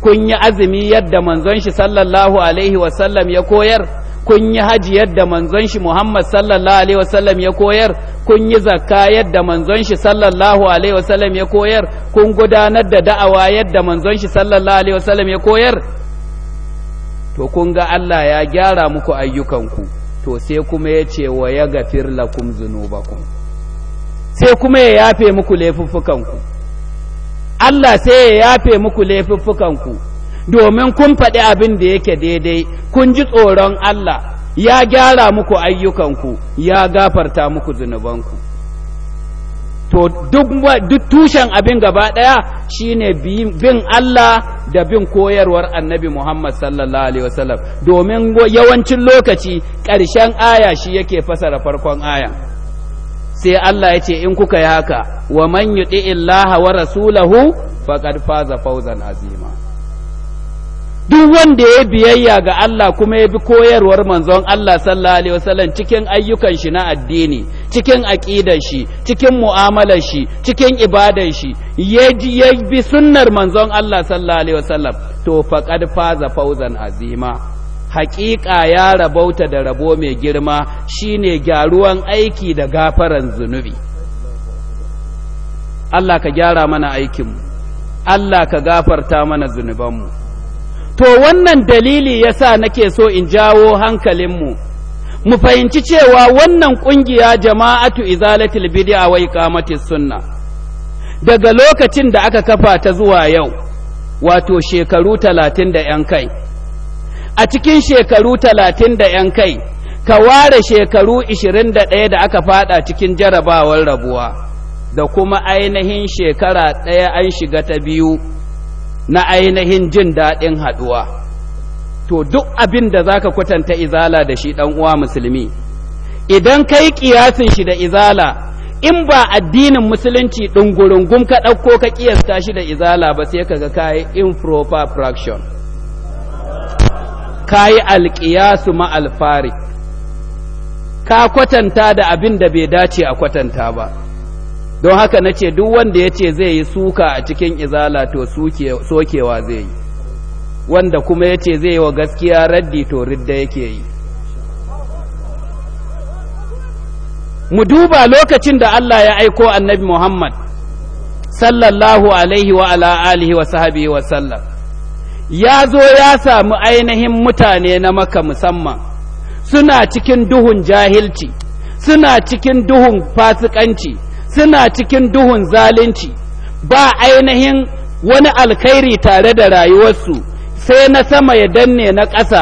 kun yi azumi yadda manzon shi sallallahu alaihi wasallam ya koyar kun yi haji yadda manzon shi Muhammad sallallahu alaihi wasallam ya koyar kun yi zakka yadda manzon shi sallallahu alaihi wasallam ya koyar kun gudanar da da'awa yadda manzon shi sallallahu alaihi wasallam ya koyar to kun ga Allah ya gyara muku ayyukanku to sai kuma ya ce wa ya gafir lakum zunubakum sai kuma ya yafe muku laifuffukanku Allah sai ya yafe muku laifuffukanku domin kun faɗi abin da yake daidai kun ji tsoron Allah ya gyara muku ayyukanku ya gafarta muku zunubanku to duk tushen abin gaba ɗaya shine bin Allah da bin koyarwar annabi Muhammad sallallahu alaihi wasallam domin yawancin lokaci ƙarshen aya shi yake fasara farkon aya. sai Allah ya ce in kuka yi haka wa man yudi illaha wa rasulahu faqad faza fawzan azima duk wanda ya biyayya ga Allah kuma ya bi koyarwar manzon Allah sallallahu alaihi wasallam cikin ayyukan shi na addini cikin aqidar shi cikin mu'amalar shi cikin ibadar shi ya bi sunnar manzon Allah sallallahu alaihi wasallam to faqad faza fawzan azima haƙiƙa ya rabauta da rabo mai girma shine gyaruwan aiki da gafaran zunubi Allah ka gyara mana aikinmu Allah ka gafarta mana zunubanmu to wannan dalili yasa nake so in jawo hankalinmu mu fahimci cewa wannan ƙungiya jama'atu izalatul bid'a wa iqamatis sunna daga lokacin da aka kafa ta zuwa yau wato shekaru talatin da 'yan kai a cikin shekaru talatin da ‘yan kai, ka ware shekaru ishirin da ɗaya da aka fada cikin jarabawar rabuwa, da kuma ainihin shekara ɗaya an shiga ta biyu na ainihin jin daɗin haɗuwa. To, duk abin da za ka kwatanta izala da shi ɗan uwa musulmi, idan ka yi ƙiyasin shi da izala, in ba addinin musulunci ɗungurungum ka ɗauko ka ƙiyasta shi da izala ba sai ka ga kayi improper fraction. ka yi ma ma'alfari ka kwatanta da abin da bai dace a kwatanta ba don haka na ce duk wanda ya ce zai yi suka a cikin izala to sokewa zai yi wanda kuma ya ce zai yi wa gaskiya raddi to ridda yake yi mu duba lokacin da Allah ya aiko annabi Muhammad sallallahu alaihi wa ala alihi wa sahabihi wa sallam ya zo ya samu ainihin mutane na maka musamman suna cikin duhun jahilci suna cikin duhun fasikanci suna cikin duhun zalunci ba ainihin wani alkhairi tare da rayuwarsu sai na sama ya danne na ƙasa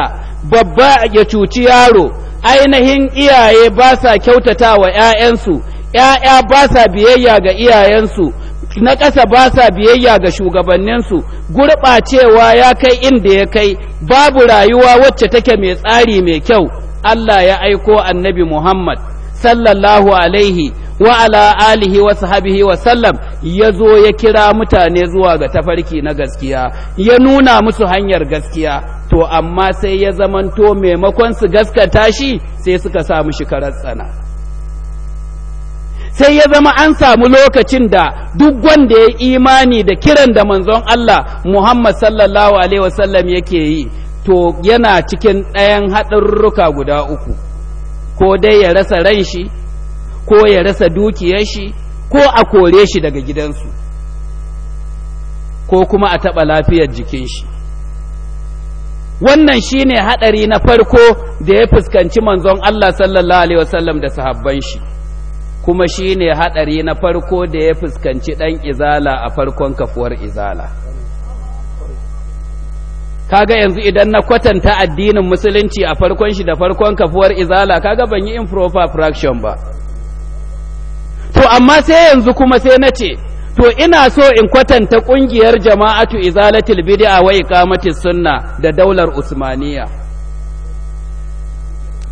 babba ya cuci yaro ainihin iyaye ba sa kyautata wa ‘ya'yansu ‘ya'ya ba sa biyayya ga iyayensu na ƙasa ba sa biyayya ga shugabanninsu gurɓacewa ya kai inda ya kai babu rayuwa wacce take mai tsari mai kyau Allah ya aiko annabi Muhammad sallallahu alaihi wa ala alihi wa sahabihi wa sallam ya zo ya kira mutane zuwa ga tafarki na gaskiya ya nuna musu hanyar gaskiya to amma sai ya zamanto maimakon su gaskata shi sai suka samu mushi karar tsana sai ya zama an samu lokacin da duk wanda ya imani da kiran da manzon Allah Muhammad sallallahu alaihi wasallam yake yi to yana cikin ɗayan haɗarurruka guda uku ko dai ya rasa ran shi ko ya rasa dukiyar shi ko a kore shi daga gidansu ko kuma a taɓa lafiyar jikin shi wannan shi ne haɗari na farko da ya fuskanci manzon Allah sallallahu alaihi wasallam da sahabban shi kuma shi ne haɗari na farko da ya fuskanci ɗan izala a farkon kafuwar izala kaga yanzu idan na kwatanta addinin musulunci a farkon shi da farkon kafuwar izala kaga ban yi improper fraction ba to amma sai yanzu kuma sai na ce to ina so in kwatanta ƙungiyar jama'atu izalatul bid'a wa iqamatis sunna da daular usmaniya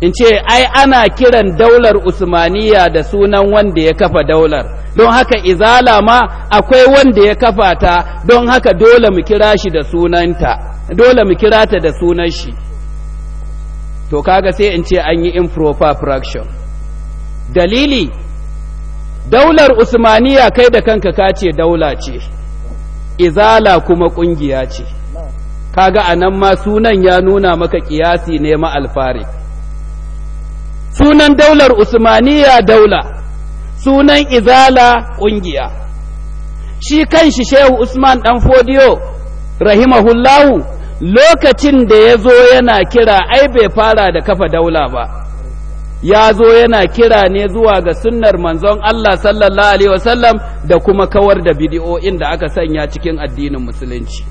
in ce ai ana kiran daular usmaniya da sunan wanda ya kafa daular don haka izala ma akwai wanda ya kafa ta don haka dole mu kira shi da sunanta dole mu kira ta da sunan shi to kaga sai in ce an yi improper fraction dalili daular usmaniya kai da kanka ka ce daula ce izala kuma kungiya ce kaga anan ma sunan ya nuna maka kiyasi ne ma alfarik sunan daular usmaniya daula sunan izala ƙungiya shi kanshi shehu usman ɗan fodiyo rahimahullahu lokacin da ya zo yana kira ai bai fara da kafa daula ba ya zo yana kira ne zuwa ga sunnar manzon Allah sallallahu alaihi wasallam da kuma kawar da bidiyo'in da aka sanya cikin addinin musulunci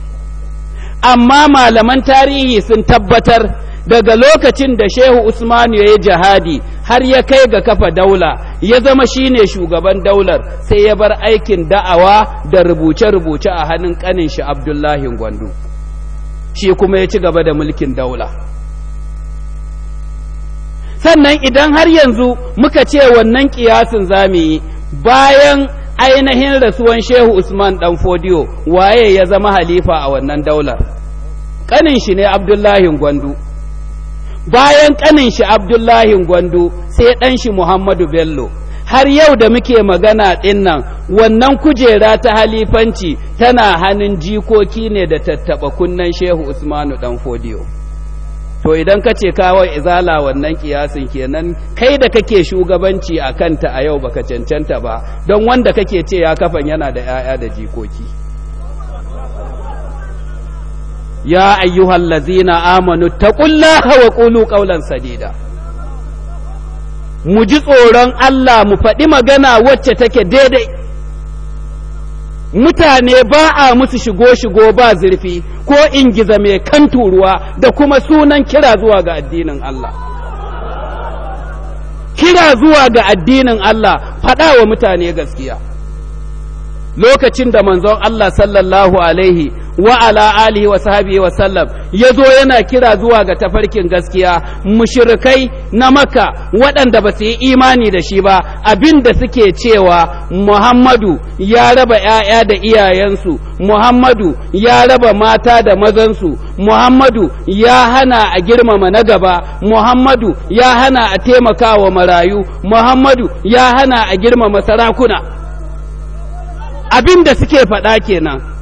amma malaman tarihi sun tabbatar daga lokacin da shehu usman ya yi jihadi har ya kai ga kafa daula ya zama shine shugaban daular sai ya bar aikin da'awa da rubuce-rubuce a hannun kanin shi abdullahi gwandu shi kuma ya ci gaba da mulkin daula sannan idan har yanzu muka ce wannan kiyasin zamu yi bayan ainihin rasuwan shehu usman dan fodiyo waye ya zama halifa a wannan daular kanin shi ne abdullahi gwandu bayan ƙanin shi abdullahi gwandu sai ɗan shi muhammadu bello har yau da muke magana ɗin nan wannan kujera ta halifanci tana hannun jikoki ne da tattaɓa kunnen shehu usmanu ɗan fodiyo to idan ka ce kawai izala wannan kiyasin kenan kai da kake shugabanci a kanta a yau baka cancanta ba don wanda kake ce ya kafan yana da 'ya'ya da jikoki ya أيها الذين amanu taqullaha الله وقولوا قولا sadida mu ji tsoron Allah mu faɗi magana wacce take daidai mutane ba a musu shigo-shigo ba zurfi ko ingiza mai kan turuwa da kuma sunan kira zuwa ga addinin Allah kira zuwa ga addinin Allah faɗa wa mutane gaskiya lokacin da manzon Allah sallallahu alaihi wa ala alihi wa sahbihi wa sallam yazo yana kira zuwa ga tafarkin gaskiya mushrikai na maka waɗanda ba su yi imani da shi ba Abin da suke cewa Muhammadu ya raba ‘ya'ya da iyayensu Muhammadu ya raba mata da mazansu Muhammadu ya hana a girmama na gaba Muhammadu ya hana a taimaka wa marayu Muhammadu ya hana a girmama sarakuna abinda suke faɗa kenan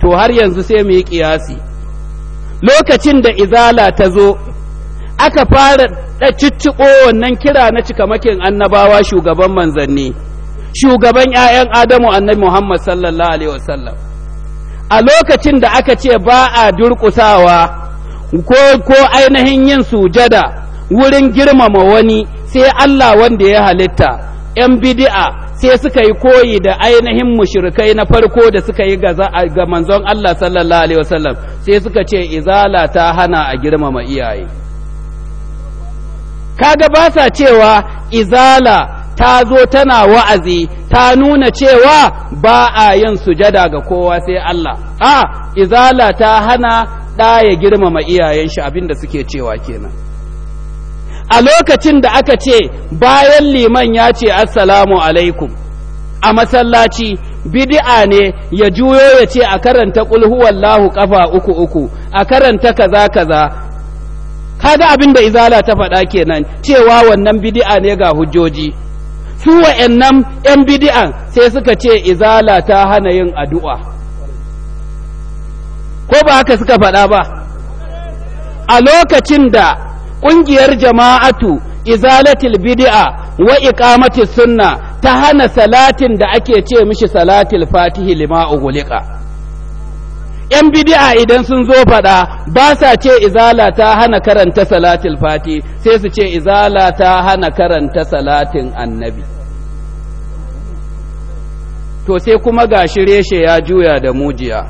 to har yanzu sai mu yi kiyasi lokacin da izala ta zo aka fara da cicciko wannan kira na cikamakin annabawa shugaban manzanni shugaban 'ya'yan adamu annabi muhammad sallallahu alaihi wasallam a lokacin da aka ce ba a durƙusawa ko, ko ainihin yin sujada wurin girmama wani sai allah wanda ya halitta 'yan bidi'a sai suka yi koyi da ainihin mushrikai na farko da suka yi ga manzon Allah sallallahu alaihi wasallam sai suka ce izala ta hana a girmama iyaye kaga ba sa cewa izala ta zo tana wa'azi ta nuna cewa ba a yin sujada ga kowa sai Allah a izala ta hana ɗaya girmama iyayen shi abinda suke cewa kenan a lokacin da aka ce bayan liman ya ce assalamu alaikum a masallaci bidi'a ne ya juyo ya ce a karanta qul huwallahu kafa uku uku a karanta kaza kaza kaga abin da izala ta faɗa kenan cewa wannan bid'a ne ga hujjoji su wa'annan yan bidi'a sai suka ce izala ta hana yin addu'a ko ba haka suka faɗa ba a lokacin da ƙungiyar jama'atu izalatil bid'a wa iqamati sunna ta hana salatin da ake ce mishi salatil fatihi lima ughliqa yan bid'a idan sun zo faɗa ba sa ce izala ta hana karanta salatil fati sai su ce izala ta hana karanta salatin annabi to sai kuma ga gashi reshe ya juya da mujiya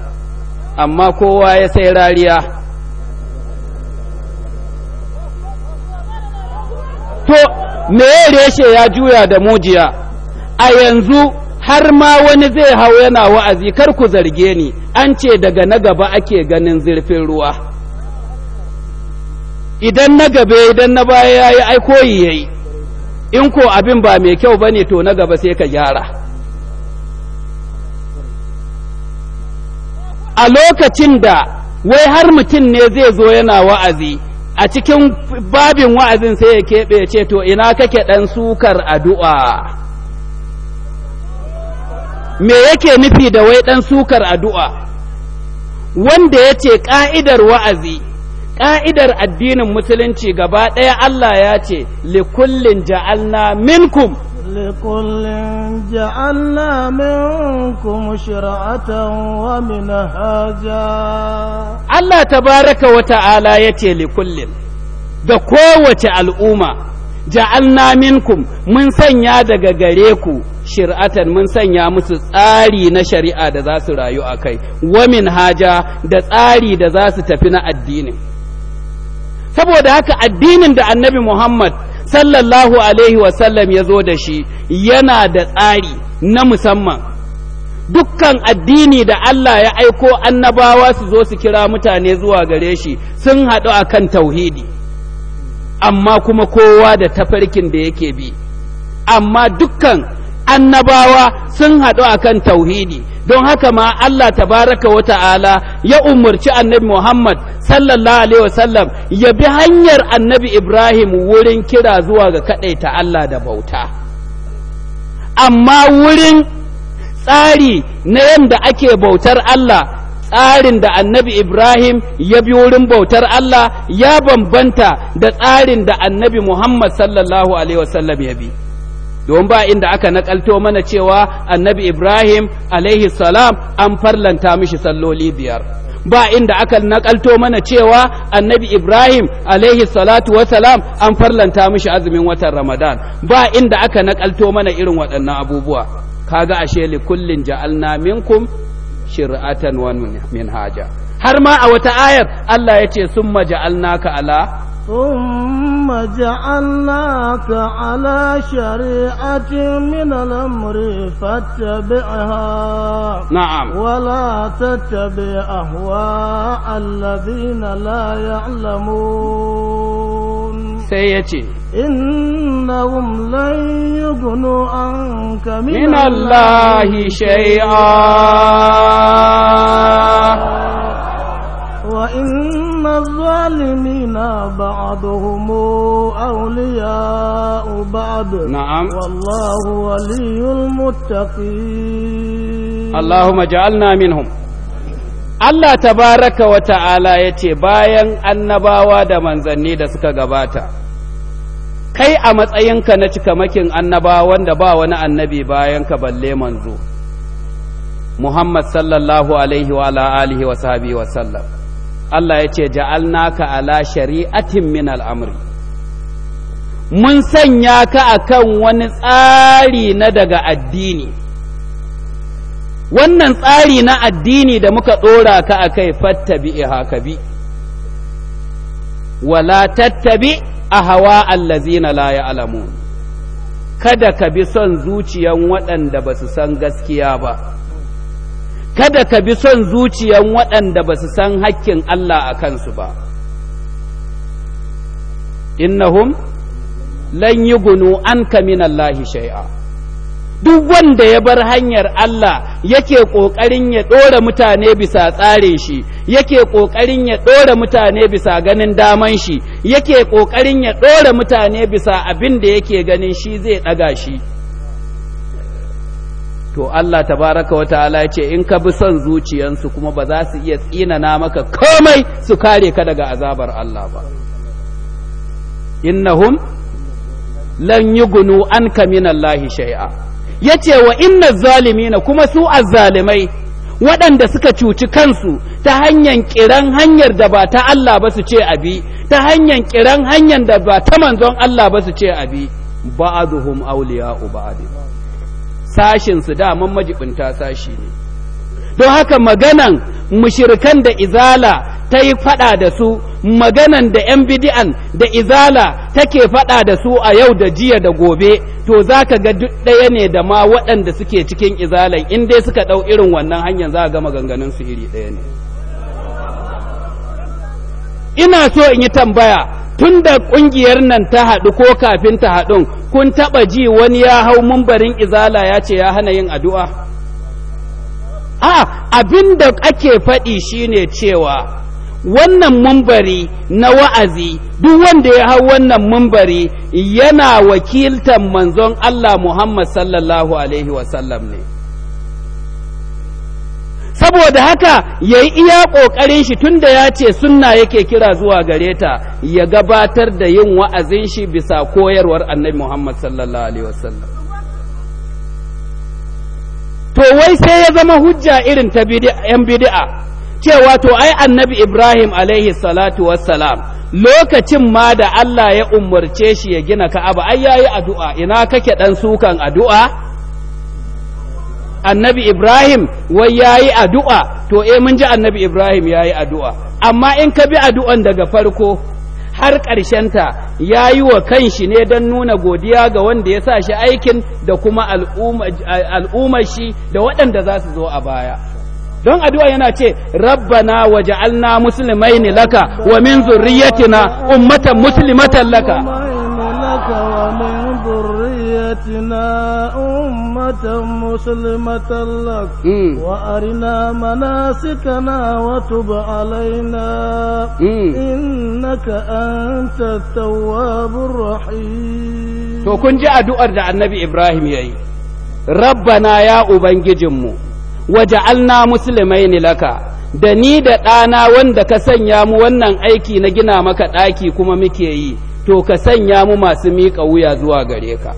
amma kowa ya sai rariya to me reshe ya juya da mujiya a yanzu har ma wani zai hau yana wa'azi kar ku zarge ni an ce daga na gaba ake ganin zurfin ruwa idan na gaba idan na baya ya yi koyi ya in ko abin ba mai kyau ba ne to na gaba sai ka gyara a lokacin da wai har mutum ne zai zo yana wa'azi a cikin babin wa'azin sai ya keɓe ya ce to ina kake ɗan sukar addu'a me yake nufi da wai ɗan sukar addu'a wanda ya ce ƙa'idar wa'azi ƙa'idar addinin musulunci gaba ɗaya Allah ya ce likullin ja'alna minkum لكل جعلنا منكم شرعة ومنهاجا الله تبارك وتعالى يتي لكل da kowace al'umma ja'alna minkum mun sanya daga gare ku shir'atan mun sanya musu tsari na shari'a da za su rayu a kai wamin haja da tsari da za su tafi na addinin saboda haka addinin da annabi Muhammad sallallahu alaihi wasallam ya zo da shi yana da tsari na musamman dukkan addini da Allah ya aiko annabawa su zo su kira mutane zuwa gare shi sun haɗu a kan tauhidi amma kuma kowa da tafarkin da yake bi amma dukkan annabawa sun haɗu kan tauhidi don haka ma Allah tabaraka wa ta'ala ya umarci annabi Muhammad sallallahu alaihi wasallam ya bi hanyar annabi Ibrahim wurin kira zuwa ga ta Allah da bauta amma wurin tsari na yadda ake bautar Allah tsarin da annabi Ibrahim ya bi wurin bautar Allah ya bambanta da tsarin da annabi Muhammad sallallahu alaihi wasallam ya bi. don ba inda aka nakalto mana cewa annabi Ibrahim alaihi salam an farlanta mishi salloli biyar ba inda aka nakalto mana cewa annabi Ibrahim alaihi salatu wasalam an farlanta mishi azumin watan Ramadan ba inda aka nakalto mana irin waɗannan abubuwa kaga ashe li kullin ja'alna minkum shir'atan wa minhaja har ma a wata ayar Allah ya ce summa ja'alnaka ala ثم جعلناك على شريعة من الأمر فاتبعها نعم ولا تتبع أهواء الذين لا يعلمون سيأتي إنهم لن يغنوا عنك من, من الله شيئا وإن إن الظالمين بعضهم أولياء بعض نعم والله ولي المتقين اللهم جعلنا منهم Allah ta baraka wa ta'ala ya ce bayan annabawa da manzanni da suka gabata, kai a matsayinka na cikamakin annabawa wanda ba wani annabi bayan ka balle manzo, Muhammad sallallahu alaihi wa alihi wa sahabi wa sallam. Allah ya ce ja'alnaka ala shari'atin min al'amri mun sanya ka akan wani tsari na daga addini wannan tsari na addini da muka ɗora ka a bi fattabi haka bi wala tattabi a hawa allazina la ya'lamun kada ka bi son zuciyan waɗanda ba su san gaskiya ba kada ka bi son zuciyan waɗanda ba su san hakkin Allah a kansu ba innahum lan gunu an min Allahi shai'a. duk wanda ya bar hanyar Allah yake ƙoƙarin ya ɗora mutane bisa tsarin shi yake ƙoƙarin ya ɗora mutane bisa ganin daman shi yake ƙoƙarin ya ɗora mutane bisa abin da yake ganin shi zai ɗaga shi to Allah tabaraka wa ta'ala ya ce in ka bi son zuciyansu kuma ba za su iya tsinana maka komai su kare ka daga azabar Allah ba innahum lan yugunu anka min Allah shay'a yace wa inna zalimina kuma su azzalimai waɗanda suka cuci kansu ta hanyar kiran hanyar da ba ta Allah ba su ce abi ta hanyar kiran hanyar da ba ta manzon Allah ba su ce abi ba'aduhum awliya'u ba'd Sashen sashinsu daman majibinta sashi ne don haka maganan mushirikan da izala ta yi faɗa da su maganan da 'yan bidi'an da izala take faɗa da su a yau da jiya da gobe to za ka ga duk ɗaya ne da ma waɗanda suke cikin izalan in dai suka ɗau irin wannan hanyar za a ga maganganun su iri ɗaya ne ina so in yi tambaya tun da ƙungiyar nan ta haɗu ko kafin ta haɗun kun taɓa ji wani ya hau mumbarin izala ya ce ya hana yin addu'a a abin da ake faɗi shine cewa wannan mumbari na wa'azi duk wanda ya hau wannan mumbari yana wakiltar manzon Allah Muhammad sallallahu alaihi wasallam ne saboda haka ya yi iya ƙoƙarin shi tunda ya ce sunna yake kira zuwa gare ta ya gabatar da yin wa'azin shi bisa koyarwar annabi Muhammad sallallahu alaihi wasallam to wai sai ya zama hujja irin ta yan bid'a cewa to ai annabi Ibrahim alaihi salatu wassalam lokacin ma da Allah ya umarce shi ya gina Ka'aba ai ya yi addu'a ina kake ɗan sukan addu'a annabi Ibrahim wai yayi addu'a to eh mun ji annabi Ibrahim yayi addu'a amma in ka bi addu'an daga farko har ta ya yi wa kanshi ne don nuna godiya ga wanda ya sa shi aikin da kuma al'ummar shi da waɗanda za su zo a baya don addu'a yana ce rabbana waja'alna musulmai laka wa min zurriyatina ummatan muslimatan laka امرأة مسلمة لك وأرنا to kun ji addu'ar da annabi Ibrahim ya yi, Rabbana ya Ubangijinmu, al'na musulmai ne laka, da ni da ɗana wanda ka sanya mu wannan aiki na gina maka ɗaki kuma muke yi, to ka sanya mu masu miƙa wuya zuwa gare ka.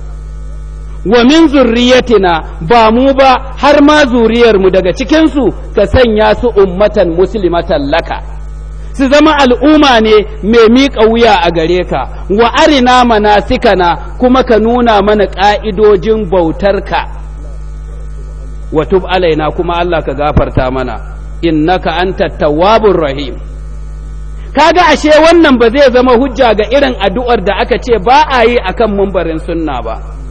wa min zurriyatina ba mu ba har ma zuriyarmu daga cikinsu ka sanya su ummatan muslimatan laka su zama al'umma ne mai mika wuya a gare ka wa arina manasikana kuma ka nuna mana ƙa'idojin bautarka wa tub alaina kuma Allah ka gafarta mana innaka anta tawwabur rahim kaga ashe wannan ba zai zama hujja ga irin addu'ar da aka ce ba a yi akan mumbarin sunna ba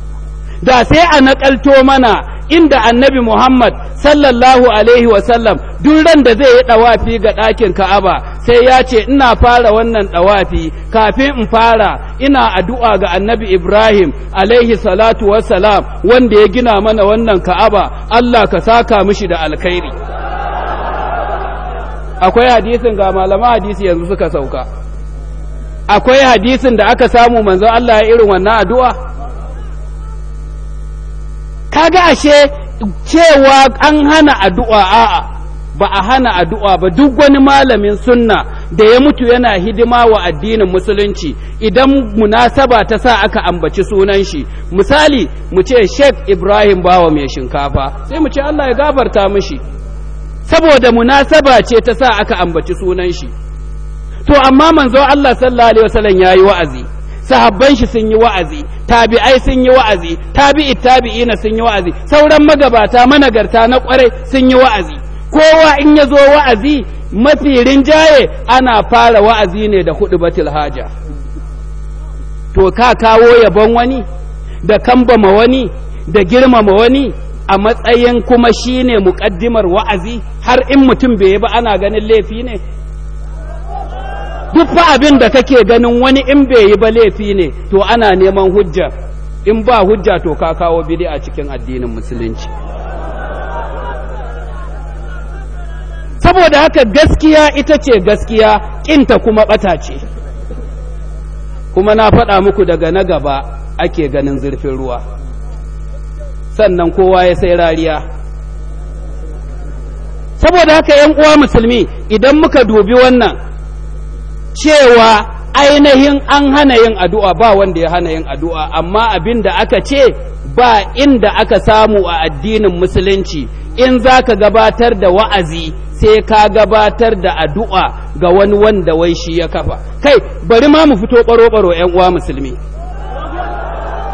da sai a nakalto mana inda annabi Muhammad sallallahu alaihi wasallam duk ran da zai yi ɗawafi ga ɗakin Ka'aba sai ya ce ina fara wannan ɗawafi kafin in fara ina addu'a ga annabi Ibrahim alaihi salatu salam, wanda ya gina mana wannan Ka'aba Allah ka saka mishi da alkhairi akwai hadisin ga malama hadisi yanzu suka sauka akwai hadisin da aka samu manzo Allah ya irin wannan addu'a kaga ashe cewa an hana addu'a a'a ba a hana addu'a ba duk wani malamin sunna da ya mutu yana hidima wa addinin musulunci idan munasaba ta sa aka ambaci sunan shi misali mu ce sheikh ibrahim bawa mai shinkafa sai mu ce allah ya gafarta mishi saboda munasaba ce ta sa aka ambaci sunan shi to amma manzo allah sallallahu alaihi wasallam ya wa'azi sahabban shi sun yi wa'azi tabi'ai sun yi wa'azi tabi'i tabi'ina sun yi wa'azi sauran magabata managarta na kwarai sun yi wa'azi kowa in ya zo wa'azi mafi rinjaye ana fara wa'azi ne da hudu batil haja to ka kawo yabon wani da kambama wani da girmama wani a matsayin kuma shine muƙaddimar wa'azi har in mutum bai yi ba ana ganin laifi ne duk fa abin da kake ganin wani in bai yi ba laifi ne to ana neman hujja in ba hujja to ka kawo bid'a cikin addinin musulunci saboda haka gaskiya ita ce gaskiya kinta kuma bata ce kuma na faɗa muku daga na gaba ake ganin zurfin ruwa sannan kowa ya sai rariya saboda haka yan uwa musulmi idan muka dubi wannan cewa ainihin an hana yin addu'a ba wanda ya hana yin addu'a amma abin da aka ce ba inda aka samu a addinin musulunci in za ka gabatar da wa'azi sai ka gabatar da addu'a ga wani wanda wai shi ya kafa kai bari ma mu fito ƙwaro-ƙwaro 'yan uwa musulmi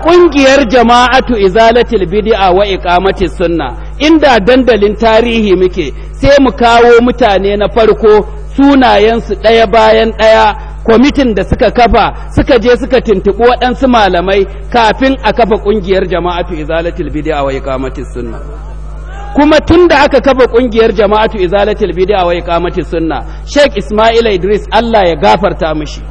ƙungiyar jama'atu izalatil bid'a wa iqamati sunna inda dandalin tarihi muke sai mu kawo mutane na farko sunayensu ɗaya bayan ɗaya kwamitin da suka kafa suka je suka tuntuɓi waɗansu malamai kafin a kafa ƙungiyar jama'atu izalatil bid'a wa iqamati sunna kuma tun da aka kafa ƙungiyar jama'atu izalatil bid'a wa iqamati sunna Sheikh Ismail Idris Allah ya gafarta mishi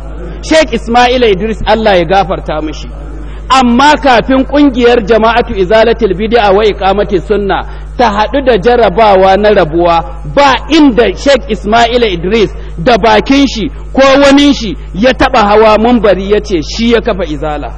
Sheikh Ismail Idris Allah ya gafarta mishi amma kafin kungiyar jama'atu izalatul bid'a wa iqamati sunna ta haɗu da jarabawa na rabuwa ba inda Sheikh Ismail Idris da bakin shi ko wani shi ya taba hawa mumbari yace shi ya kafa izala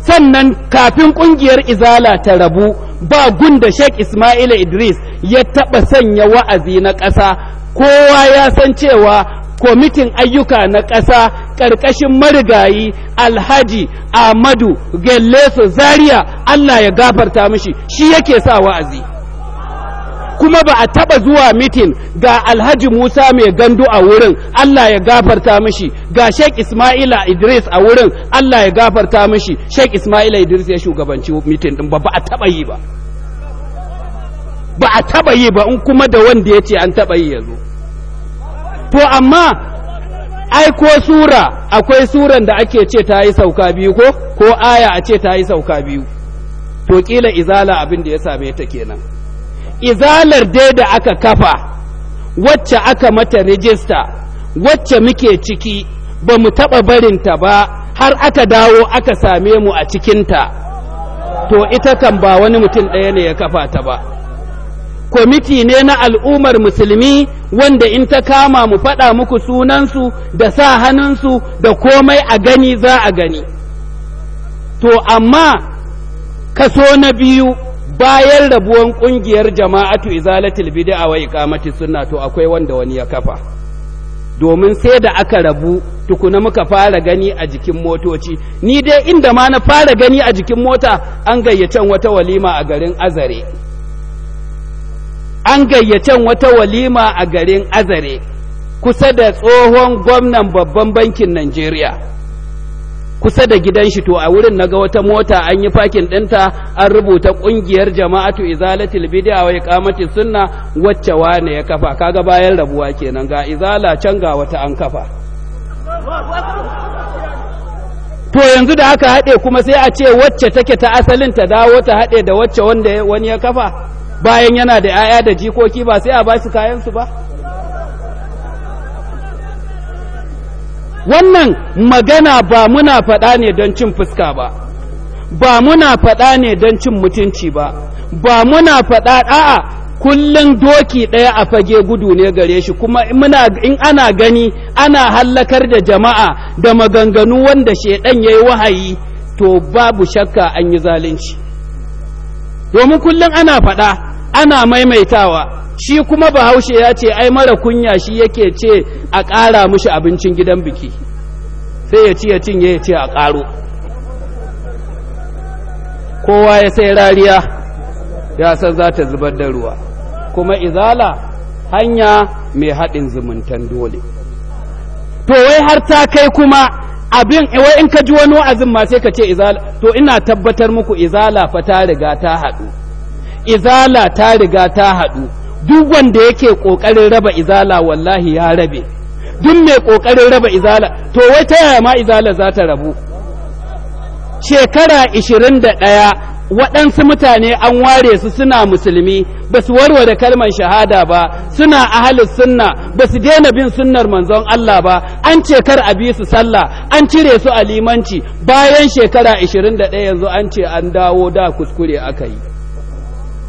sannan kafin kungiyar izala ta rabu ba gunda Sheikh Ismail Idris ya taba sanya wa'azi na ƙasa kowa ya san cewa kwamitin ayyuka na ƙasa ƙarƙashin marigayi alhaji ahmadu gelleso zaria allah ya gafarta mishi shi yake sa wa'azi kuma ba a taɓa zuwa mitin ga alhaji musa mai gandu a wurin allah ya gafarta mishi ga sheik ismaila idris a wurin allah ya gafarta mishi sheik ismaila idris ya shugabanci mitin din ba a taba yi ba ba a taba yi ba in kuma da wanda ya ce an taba yi ya zo to amma aiko sura akwai suran da ake ce ta yi sauka biyu ko ko aya a ce ta yi sauka biyu to kila izala abin da ya same ta kenan izalar dai da aka kafa wacce aka mata rijista wacce muke ciki ba mu taɓa ta ba har aka dawo aka same mu a cikinta to ita kan ba wani mutum ɗaya ne ya kafa ta ba kwamiti ne na al'ummar musulmi wanda in ta kama mu faɗa muku sunansu da sa hannunsu da komai a gani za a gani to amma kaso na biyu bayan rabuwan ƙungiyar jama'atu izalatul bid'a wa iqamati sunna to akwai wanda wani ya kafa domin sai da aka rabu tukuna muka fara gani a jikin motoci ni dai inda ma na fara gani a jikin mota an gayyacen wata walima a garin azare an gayyacen wata walima a garin azare kusa da tsohon gwamnan babban bankin Najeriya kusa da gidan shi to a wurin na ga wata mota an yi fakin ɗinta an rubuta ƙungiyar jama'atu izalatul bid'a wa iqamati sunna wacce wane ya kafa kaga bayan rabuwa kenan ga izala can ga wata an kafa to yanzu da aka haɗe kuma sai a ce wacce take ta asalin ta dawo ta haɗe da wacce wanda wani ya kafa bayan yana da 'ya'ya da jikoki ba sai a ba shi kayansu ba wannan magana ba muna faɗa ne don cin fuska ba ba muna faɗa ne don cin mutunci ba ba muna faɗa a'a kullum doki ɗaya a fage gudu ne gare shi kuma in ana gani ana hallakar da jama'a da maganganu wanda shaidan ya yi wahayi to babu shakka an yi zalunci domin kullum ana faɗa ana maimaitawa shi kuma bahaushe ya ce ai mara kunya shi yake ce a ƙara mushi abincin gidan biki sai ya ci ya cinye ya ce a ƙaro kowa ya sai rariya ya san za ta zubar da ruwa kuma izala hanya mai haɗin zumuntan dole to wai har ta kai kuma abin wai in ka ji wani wa'azin ma sai ka ce izala to ina tabbatar muku izala fa ta riga ta haɗu izala ta riga ta haɗu duk wanda yake ƙoƙarin raba izala wallahi ya rabe duk mai ƙoƙarin raba izala to wai ta yaya ma izala za ta rabu shekara ishirin da ɗaya waɗansu mutane an ware su suna musulmi ba su warware kalmar shahada ba suna ahalin sunna ba su daina bin sunnar manzon Allah ba an ce kar a bi su sallah an cire su a limanci bayan shekara 21 yanzu an ce an dawo da kuskure aka yi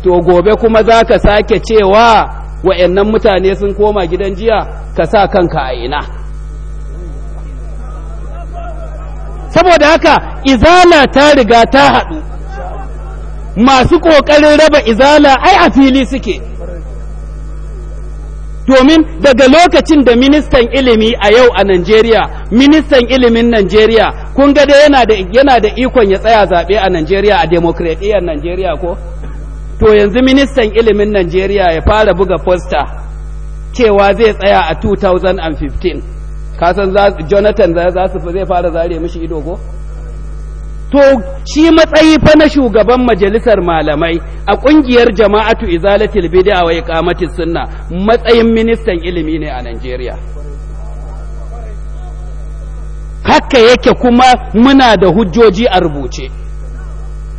to gobe kuma za ka sake cewa wa'yannan mutane sun koma gidan jiya ka sa kanka a ina saboda haka izala ta riga ta haɗu masu ƙoƙarin raba izala ai a fili suke domin daga lokacin da ministan ilimi a yau a Najeriya, ministan ilimin Najeriya, kun ga yana da ikon ya tsaya zaɓe a Najeriya a demokradiyyar Najeriya ko? to yanzu ministan ilimin Najeriya ya fara buga fosta cewa zai tsaya a 2015 kasan jonathan za su zai fara zare mishi ido ko? to shi matsayi fa na shugaban majalisar malamai a kungiyar jama'atu izalatul bid'a wa iqamatis sunna matsayin ministan ilimi ne a Najeriya haka yake kuma muna da hujjoji a rubuce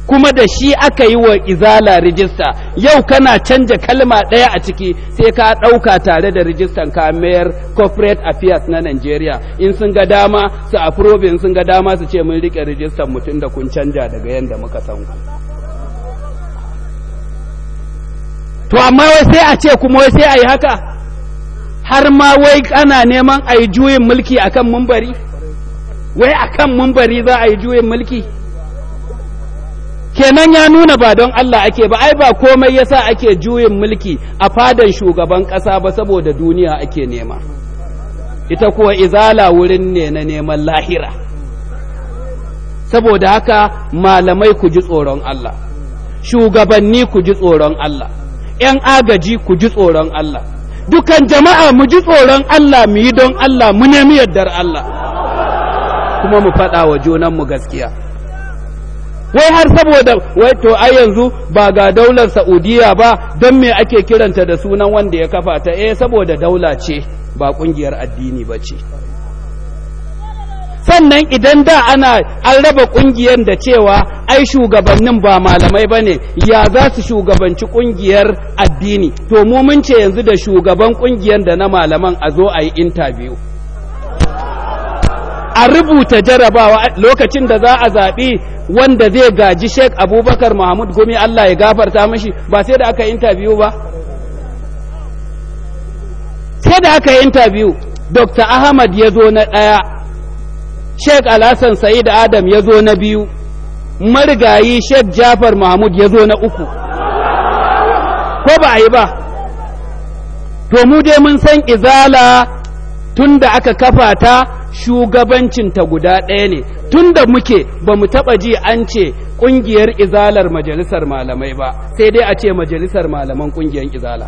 kuma da shi aka yi wa izala rijista yau kana canja kalma ɗaya a ciki sai ka ɗauka tare da rijistan ka mayar corporate affairs na Najeriya in sun ga dama su approve in sun ga dama su ce mun rike rijistan mutum da kun canja daga yadda muka san ku to amma wai sai a ce kuma wai sai a yi haka har ma wai ana neman a yi juyin mulki akan mumbari wai akan mumbari za a yi juyin mulki kenan ya nuna ba don Allah ake ba ai ba komai yasa ake juyin mulki a fadan shugaban ƙasa ba saboda duniya ake nema ita kuwa izala wurin ne na neman lahira saboda haka malamai ku ji tsoron Allah shugabanni ku ji tsoron Allah ‘yan agaji ku ji tsoron Allah dukan jama'a mu ji tsoron Allah mu yi don Allah mu nemi yardar Allah kuma mu faɗa wa junanmu gaskiya wai har saboda wai to ai yanzu ba ga daular Saudiya ba don me ake kiranta da sunan wanda ya kafa ta eh saboda daula ce ba kungiyar addini ba ce sannan idan da ana an raba kungiyar da cewa ai shugabannin ba malamai ba ne ya za su shugabanci kungiyar addini to mu mun ce yanzu da shugaban kungiyar da na malaman a zo a yi intabiyu a rubuta jarabawa lokacin da za a zaɓi wanda zai gaji Sheikh Abubakar Mahmud Gumi Allah ya gafarta mashi ba sai da aka interview ba sai da aka interview Dr. Ahmad ya zo na ɗaya Sheikh Alhassan Sa'id Adam ya zo na biyu marigayi Sheikh Jafar Mahmud ya zo na uku ko ba a yi ba to mu dai mun san izala tunda aka kafa ta shugabancinta guda ɗaya ne tun da muke ba mu taɓa ji an ce ƙungiyar izalar majalisar malamai ba sai dai a ce majalisar malaman ƙungiyar izala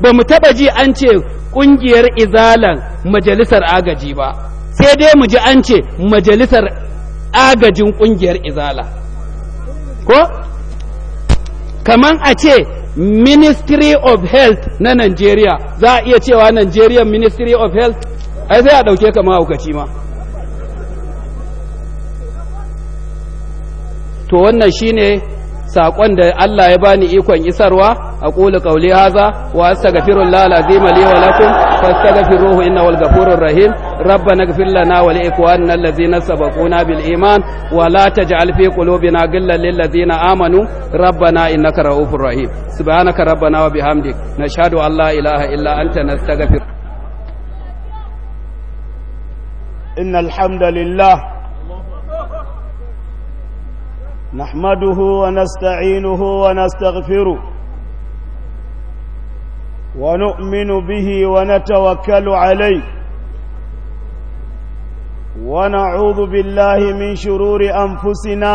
ba mu taɓa ji an ce ƙungiyar izalar majalisar agaji ba sai dai mu ji an ce majalisar agajin ƙungiyar izala ko kaman a ce ministry of health na Nigeria za a iya cewa Nigerian ministry of health ai sai a ɗauke ka mahaukaci ma to wannan shine saƙon da Allah ya bani ikon isarwa a ƙuli ƙauli haza wa astaghfirun lalazim li wa lakum fastaghfiruhu innahu al-ghafurur rahim ربنا اغفر لنا ولإخواننا الذين سبقونا بالإيمان ولا تجعل في قلوبنا غلا للذين آمنوا ربنا إنك رؤوف رحيم سبحانك ربنا وبحمدك نشهد أن لا إله إلا أنت نستغفرك إن الحمد لله نحمده ونستعينه ونستغفره ونؤمن به ونتوكل عليه ونعوذ بالله من شرور أنفسنا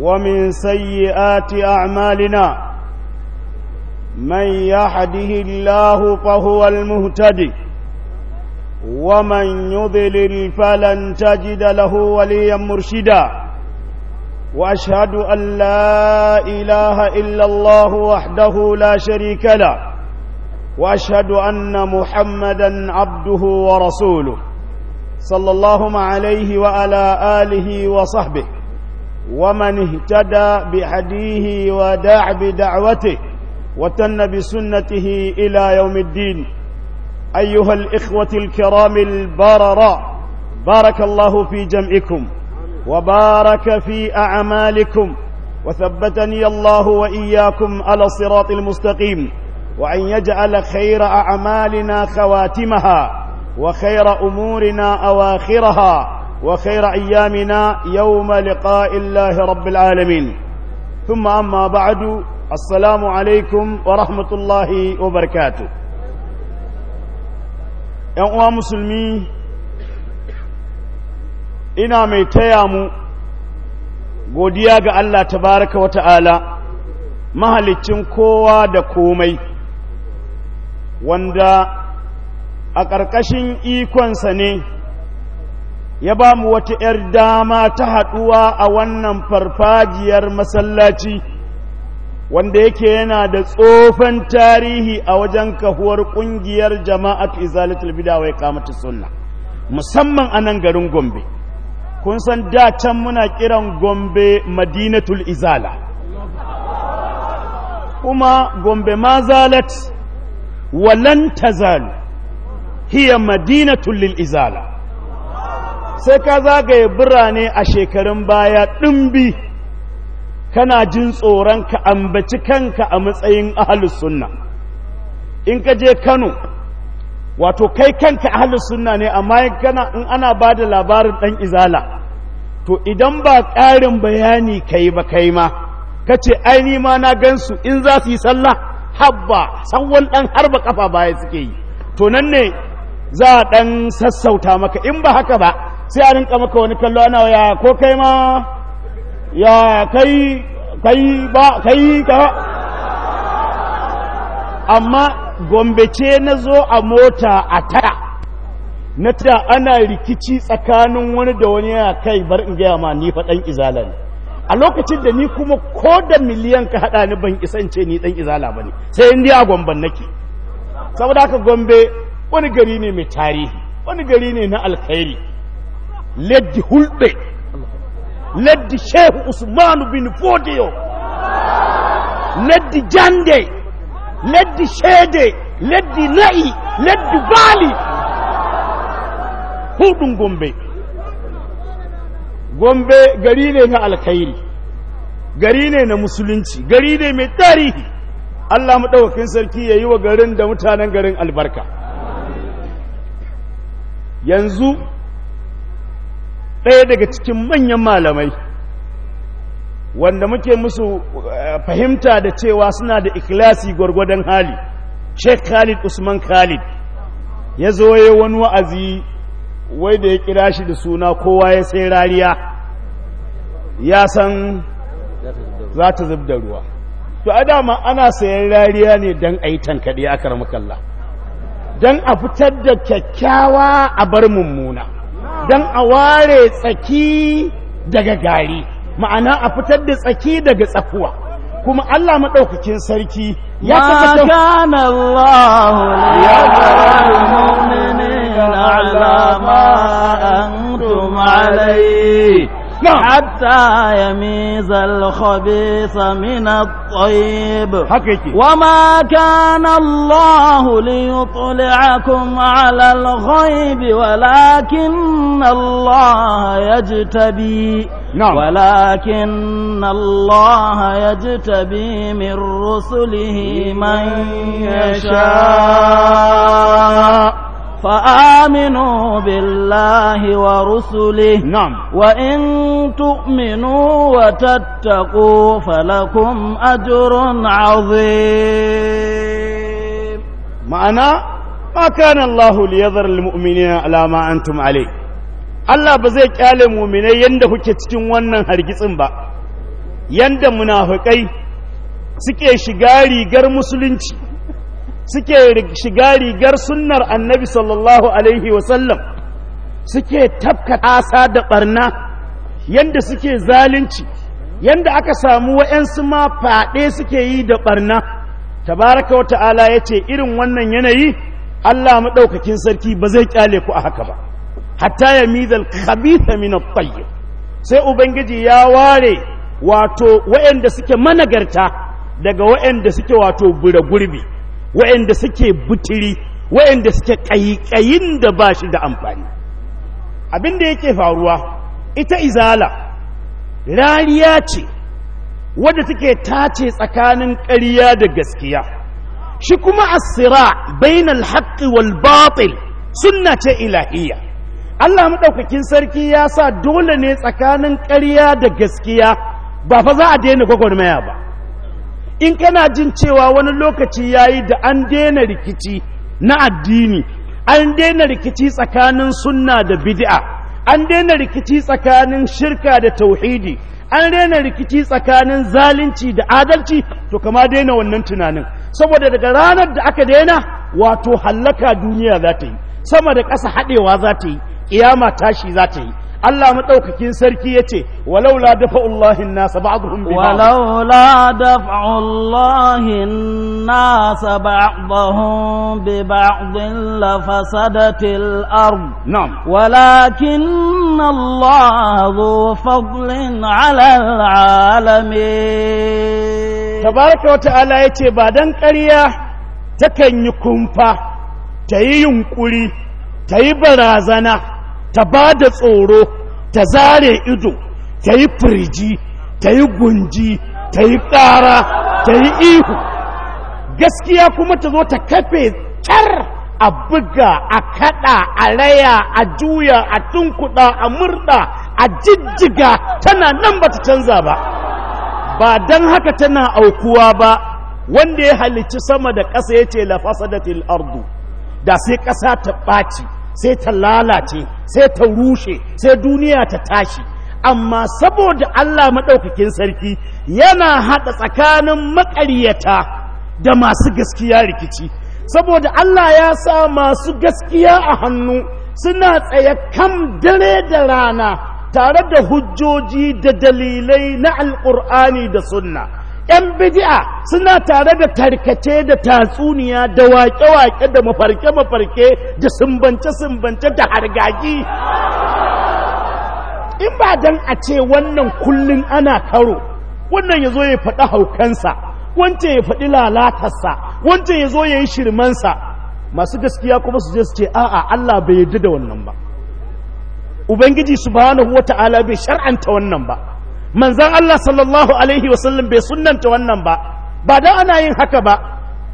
ومن سيئات أعمالنا من يحده الله فهو المهتدي ومن يضلل فلن تجد له وليا مرشدا واشهد ان لا اله الا الله وحده لا شريك له واشهد ان محمدا عبده ورسوله صلى الله عليه وعلى اله وصحبه ومن اهتدى بهديه ودع بدعوته وتن بسنته الى يوم الدين أيها الإخوة الكرام البررة بارك الله في جمعكم وبارك في أعمالكم وثبتني الله وإياكم على الصراط المستقيم وأن يجعل خير أعمالنا خواتمها وخير أمورنا أواخرها وخير أيامنا يوم لقاء الله رب العالمين ثم أما بعد السلام عليكم ورحمة الله وبركاته ‘yan uwa musulmi ina mai taya mu godiya ga Allah tabaraka wa ta'ala mahalicin kowa da komai wanda a ƙarƙashin ikonsa ne ya ba mu wata ‘yar dama ta haɗuwa a wannan farfajiyar masallaci’ wanda yake yana da tsofan tarihi a wajen kahuwar ƙungiyar jama'atu izalatul bid'a wa iqamatus sunna musamman a nan garin Gombe kun san da can muna kiran Gombe Madinatul Izala kuma Gombe mazalat walan tazal hiya madinatul lil izala sai ka zagaye birane a shekarun baya dimbi kana jin tsoron ka ambaci kanka a matsayin ahalus sunna in ka je kano wato kai kanka ahalus sunna ne amma kana in ana ba da labarin ɗan izala to idan ba ƙarin bayani kai ba kai ma ka ce aini ma na gansu in za su yi sallah habba sawwan ɗan harba kafa baya suke yi to nan ne za a ɗan sassauta maka in ba haka ba sai a rinka maka wani kallo ana waya ko kai ma ya kai kai ba kai ka amma gombe ce na zo a mota a taya na tara ana rikici tsakanin wani da wani ya kai bar in gaya ma ni faɗan izala ne a lokacin da ni kuma ko da miliyan ka haɗa ni ban isance ni ɗan izala ba ne sai in a gomban nake saboda haka gombe wani gari ne mai tarihi wani gari ne na alkhairi leddi hulɗe. leddi shehu usmanu bin fodiyo leddi jande leddi shede leddi na'i leddi bali hudun gombe gombe gari ne na alkhairi gari ne na musulunci gari ne mai tarihi Allah maɗaukakin sarki ya yi wa garin da mutanen garin albarka yanzu ɗaya daga cikin manyan malamai wanda muke musu eh, fahimta da cewa suna da ikilasi gwargwadon hali sheikh khalid usman khalid ya zo ya wani wa'azi wai da ya kira shi da suna kowa ya sai rariya ya san za ta zub da ruwa to a dama ana sayan rariya ne don a yi tankaɗe a karamukalla don a fitar da kyakkyawa a bar mummuna don a ware tsaki daga gari ma'ana a fitar da tsaki daga tsakuwa kuma Allah maɗaukakin sarki ya kasance mu'minin نعم. حتى يميز الخبيث من الطيب حكيتي وما كان الله ليطلعكم على الغيب ولكن الله يجتبي نعم. ولكن الله يجتبي من رسله من يشاء فآمنوا بالله ورسله نعم وإن تؤمنوا وتتقوا فلكم أجر عظيم معنى ما كان الله ليذر المؤمنين على ما أنتم عليه Allah ba zai kyale muminai yadda kuke cikin wannan hargitsin ba, yadda munafukai suke shiga rigar musulunci suke shiga rigar sunnar annabi sallallahu alaihi wasallam suke tafka ƙasa da ɓarna yadda suke zalunci yadda aka samu wa'yansu ma faɗe suke yi da ɓarna tabaraka wa ta'ala ya ce irin wannan yanayi Allah maɗaukakin sarki ba zai ƙyale ku a haka ba hatta ya mizal khabitha min at sai ubangiji ya ware wato wa'anda suke managarta daga wa'anda suke wato bura gurbi wa'anda suke butiri wa'anda suke ƙayiƙayin da ba shi da amfani abinda yake faruwa ita izala rariya ce wadda take tace tsakanin ƙarya da gaskiya shi kuma asira bainal haqqi wal batil sunna ce ilahiyya Allah maɗaukakin sarki ya sa dole ne tsakanin ƙarya da gaskiya ba fa za a daina gwagwarmaya ba in kana jin cewa wani lokaci ya yi da an daina rikici na addini an daina rikici tsakanin sunna da bid'a an daina rikici tsakanin shirka da tauhidi an daina rikici tsakanin zalunci da adalci to kama daina wannan tunanin saboda daga ranar da aka daina wato hallaka duniya za ta yi sama da ƙasa haɗewa za ta yi ƙiyama tashi za ta yi Allah maɗaukakin sarki ya ce walau la dafa Allahin nasa ba'dhum Walau la dafa Allahin nasa ba'dhum bi ba'dhin la fasadatil ard na'am walakin Allah dhu fadlin 'ala al-'alamin tabaraka wa ya ce ba dan ƙarya takan yi kumfa ta yi yunƙuri, ta yi barazana ta ba da tsoro ta zare ido ta yi firji ta yi gunji ta yi ƙara ta yi ihu gaskiya kuma ta zo ta kafe tar a buga a kada a raya a juya a tunkuda a murda a jijjiga tana nan ba ta canza ba ba don haka tana aukuwa ba wanda ya halicci sama da ƙasa ya ce lafasa da ardu da sai ƙasa ta ɓaci sai ta lalace sai ta rushe sai duniya ta tashi amma saboda Allah maɗaukakin sarki yana haɗa tsakanin maƙaryata da masu gaskiya rikici saboda Allah ya sa masu gaskiya a hannu suna tsaye kam dare da rana tare da hujjoji da dalilai na alƙur'ani da sunna 'yan bidi'a suna tare da tarkace da tatsuniya da waƙe-waƙe da mafarke-mafarke da sumbance-sumbance da hargagi in ba don a ce wannan kullum ana karo wannan ya zo ya faɗi haukansa wancan ya faɗi lalatarsa wancan ya zo ya yi shirmansa masu gaskiya kuma su je su ce a'a Allah bai yarda da wannan ba ubangiji subhanahu wata'ala bai shar'anta wannan ba manzan Allah sallallahu alaihi wasallam bai sunnanta wannan ba ba dan ana yin haka ba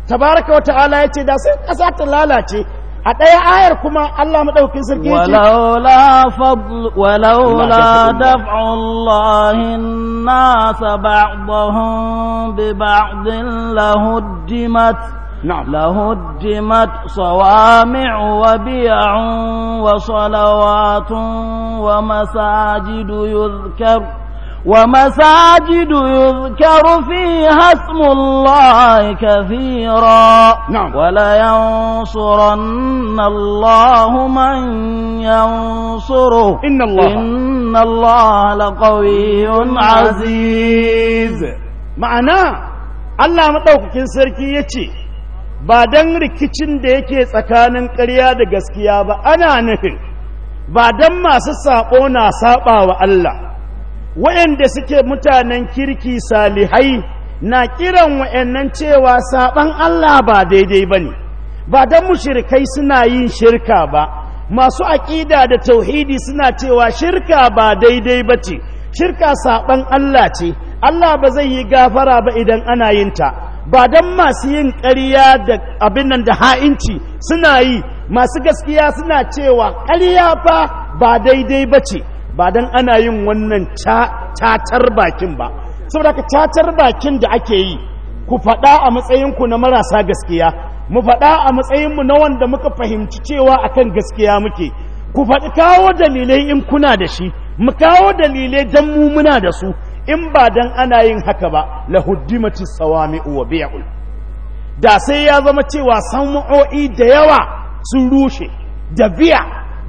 tabaraka wata ta'ala ya da sai ƙasa ta lalace a ɗaya ayar kuma Allah maɗaukin sarki ce walaula fadl walaula daf'u Allah an-nas ba'dahum bi ba'din lahuddimat نعم لهدمت صوامع وبيع وصلوات ومساجد يذكر ومساجد يذكر فيها اسم الله كثيرا نعم ولينصرن الله من ينصره إن الله إن الله لقوي عزيز معناه Allah maɗaukakin sarki ya ce, Ba don rikicin da yake tsakanin ƙarya da gaskiya ba, ana nufin, ba don masu saɓo na saɓa wa Allah, waɗanda suke mutanen kirki salihai na kiran waɗannan cewa saɓan Allah ba daidai ba ne ba don mushrikai suna yin shirka ba masu aƙida da tauhidi suna cewa shirka ba daidai ba ce shirka saɓan Allah ce Allah ba zai yi gafara ba idan ana yin ta ba don masu yin ƙarya da abin nan da ha'inci suna yi masu gaskiya suna cewa ƙarya fa ba daidai ba ce ba don ana yin wannan catar bakin ba saboda ka catar bakin da ake yi ku faɗa a matsayinku na marasa gaskiya mu faɗa a matsayinmu na wanda muka fahimci cewa akan gaskiya muke ku faɗi kawo dalilai in kuna da shi mu kawo dalilai don mu muna da su in ba don ana yin haka ba la huddimati sawami wa bi'ul da sai ya zama cewa sanwa'o'i da yawa sun rushe da biya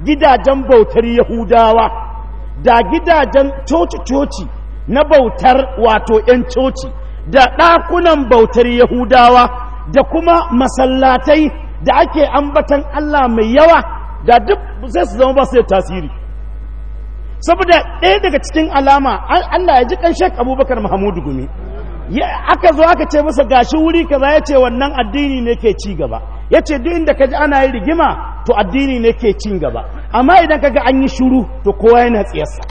gidajen bautar yahudawa da gidajen coci-coci na bautar wato 'yan coci da ɗakunan bautar yahudawa da kuma masallatai da ake ambatan Allah mai yawa da duk sai su zama ba su da tasiri saboda ɗaya daga cikin alama Allah ya ji ƙanshe abubakar mahamudu gumi aka zo aka ce masa gashi wuri kaza ya ce wannan addini ne ke ci gaba ya ce duk inda ka ji ana yi rigima to addini ne ke cin gaba amma idan ka ga an yi shuru to kowa yana tsiyarsa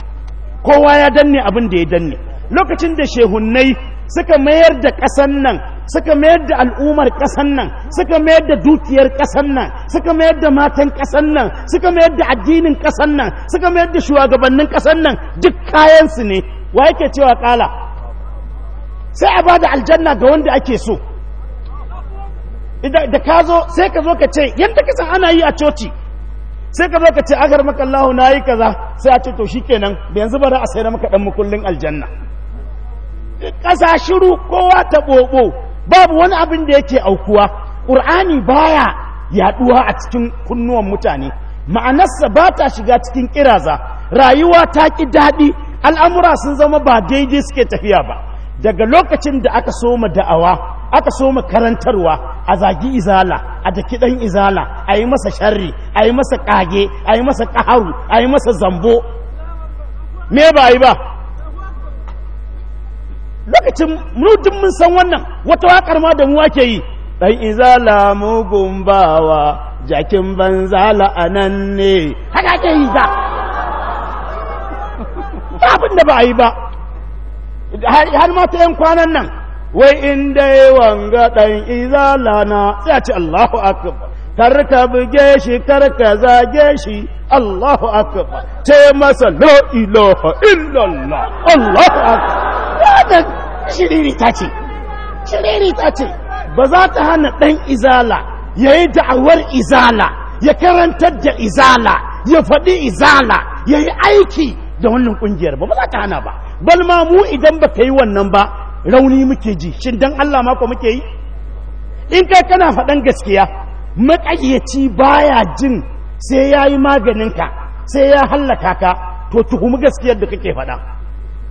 kowa ya danne abin da ya danne lokacin da shehunnai suka mayar da kasan nan suka mayar da al'ummar kasan nan suka mayar da dukiyar kasan nan suka mayar da matan kasan nan suka mayar da addinin kasan nan suka mayar da shugabannin kasan nan duk kayansu ne wa yake cewa kala. sai a ba da aljanna ga wanda ake so da ka zo sai ka zo ka ce yadda kasan ana yi a coci sai ka zo ka ce agar maka Allah na yi kaza sai a ce to shikenan da yanzu bari a sayar maka dan mukullin aljanna kasa shiru kowa ta bobo babu wani abin da yake aukuwa qur'ani baya yaduwa a cikin kunnuwan mutane ma'anarsa ba ta shiga cikin ƙiraza rayuwa ta ƙi daɗi al'amura sun zama ba daidai suke tafiya ba daga lokacin da aka so ma da'awa aka so ma karantarwa a zagi izala a daki dan izala a yi masa sharri a yi masa kage a yi masa ƙaharu a yi masa zambo me ba yi ba lokacin mudin mun san wannan wata waƙar ma da mu ke yi dan izala mugun bawa jakin banza la'anan ne haka ke yi ba. abin da ba a yi ba har ma ta yan kwanan nan wai in dai wanga dan izala na Allahu akbar kar buge shi kar ka zage shi Allahu akbar ce masa la ilaha illallah Allahu akbar da shiriri ta ce shiriri ta ce ba za ta hana ɗan izala yayi da'awar izala ya karantar da izala ya faɗi izala ya yi aiki da wannan ƙungiyar ba ba za ta hana ba bal ma mu idan ba ka yi wannan ba rauni muke ji shin dan Allah ma muke yi in kai kana faɗan gaskiya maƙayyaci baya jin sai ya yi maganinka sai ya hallaka ka to tuhumi gaskiyar da kake faɗa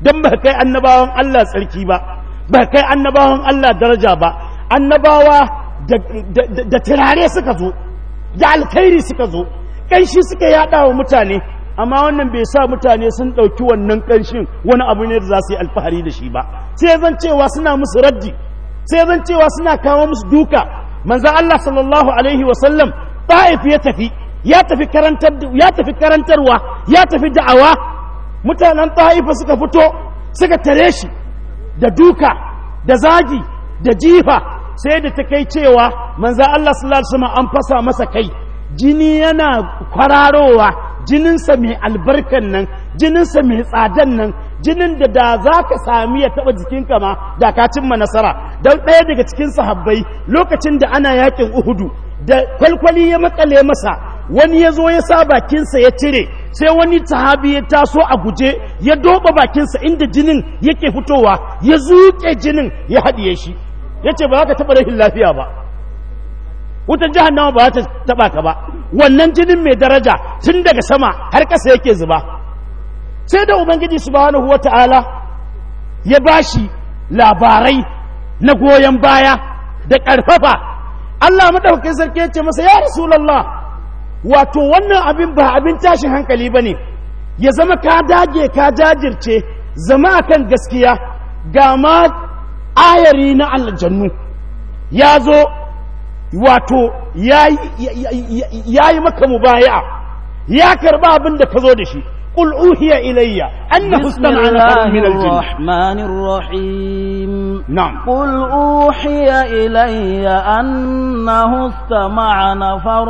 don ba kai annabawan Allah tsarki ba ba kai annabawan Allah daraja ba annabawa da turare suka zo da alkhairi suka zo ƙanshi suka yaɗa wa mutane amma wannan bai sa mutane sun ɗauki wannan ƙanshin wani abu ne da za su yi alfahari da shi ba sai zan cewa suna musu raddi sai zan cewa suna kawo musu duka manzo Allah sallallahu alaihi wa sallam ta'if ya tafi ya tafi karantar ya tafi karantarwa ya tafi da'awa mutanen ta'ifa suka fito suka tare shi da duka da zagi da jifa sai da ta kai cewa manzo Allah sallallahu alaihi wa sallam an fasa masa kai jini yana kwararowa jininsa mai albarkan nan jininsa mai tsadan nan jinin da da za ka sami ya taɓa jikinka ma da ka cimma nasara don ɗaya daga cikin sahabbai lokacin da ana yakin uhudu da kwalkwali ya makale masa wani ya zo ya sa bakinsa ya cire sai wani sahabi ya taso a guje ya doba bakinsa inda jinin yake fitowa ya zuƙe jinin ya haɗiye shi ya ce ba za ka taɓa rahin lafiya ba wutar jahannama ba ta taba ka ba wannan jinin mai daraja tun daga sama har kasa yake zuba sai da ubangiji subhanahu ta'ala ya bashi labarai na goyon baya da karfafa. Allah madaukakin sarki ya ce masa ya rasulullah wato wannan abin ba abin tashin hankali bane ya zama ka dage ka jajirce zama kan gaskiya ga ma ayari na aljannu ya zo wato ya yi maka mubaya ya karba abin da ka zo da shi قل أوهي إلي أنه استمع نفر من الجن الرحمن الرحيم نعم قل أوحي إلي أنه استمع نفر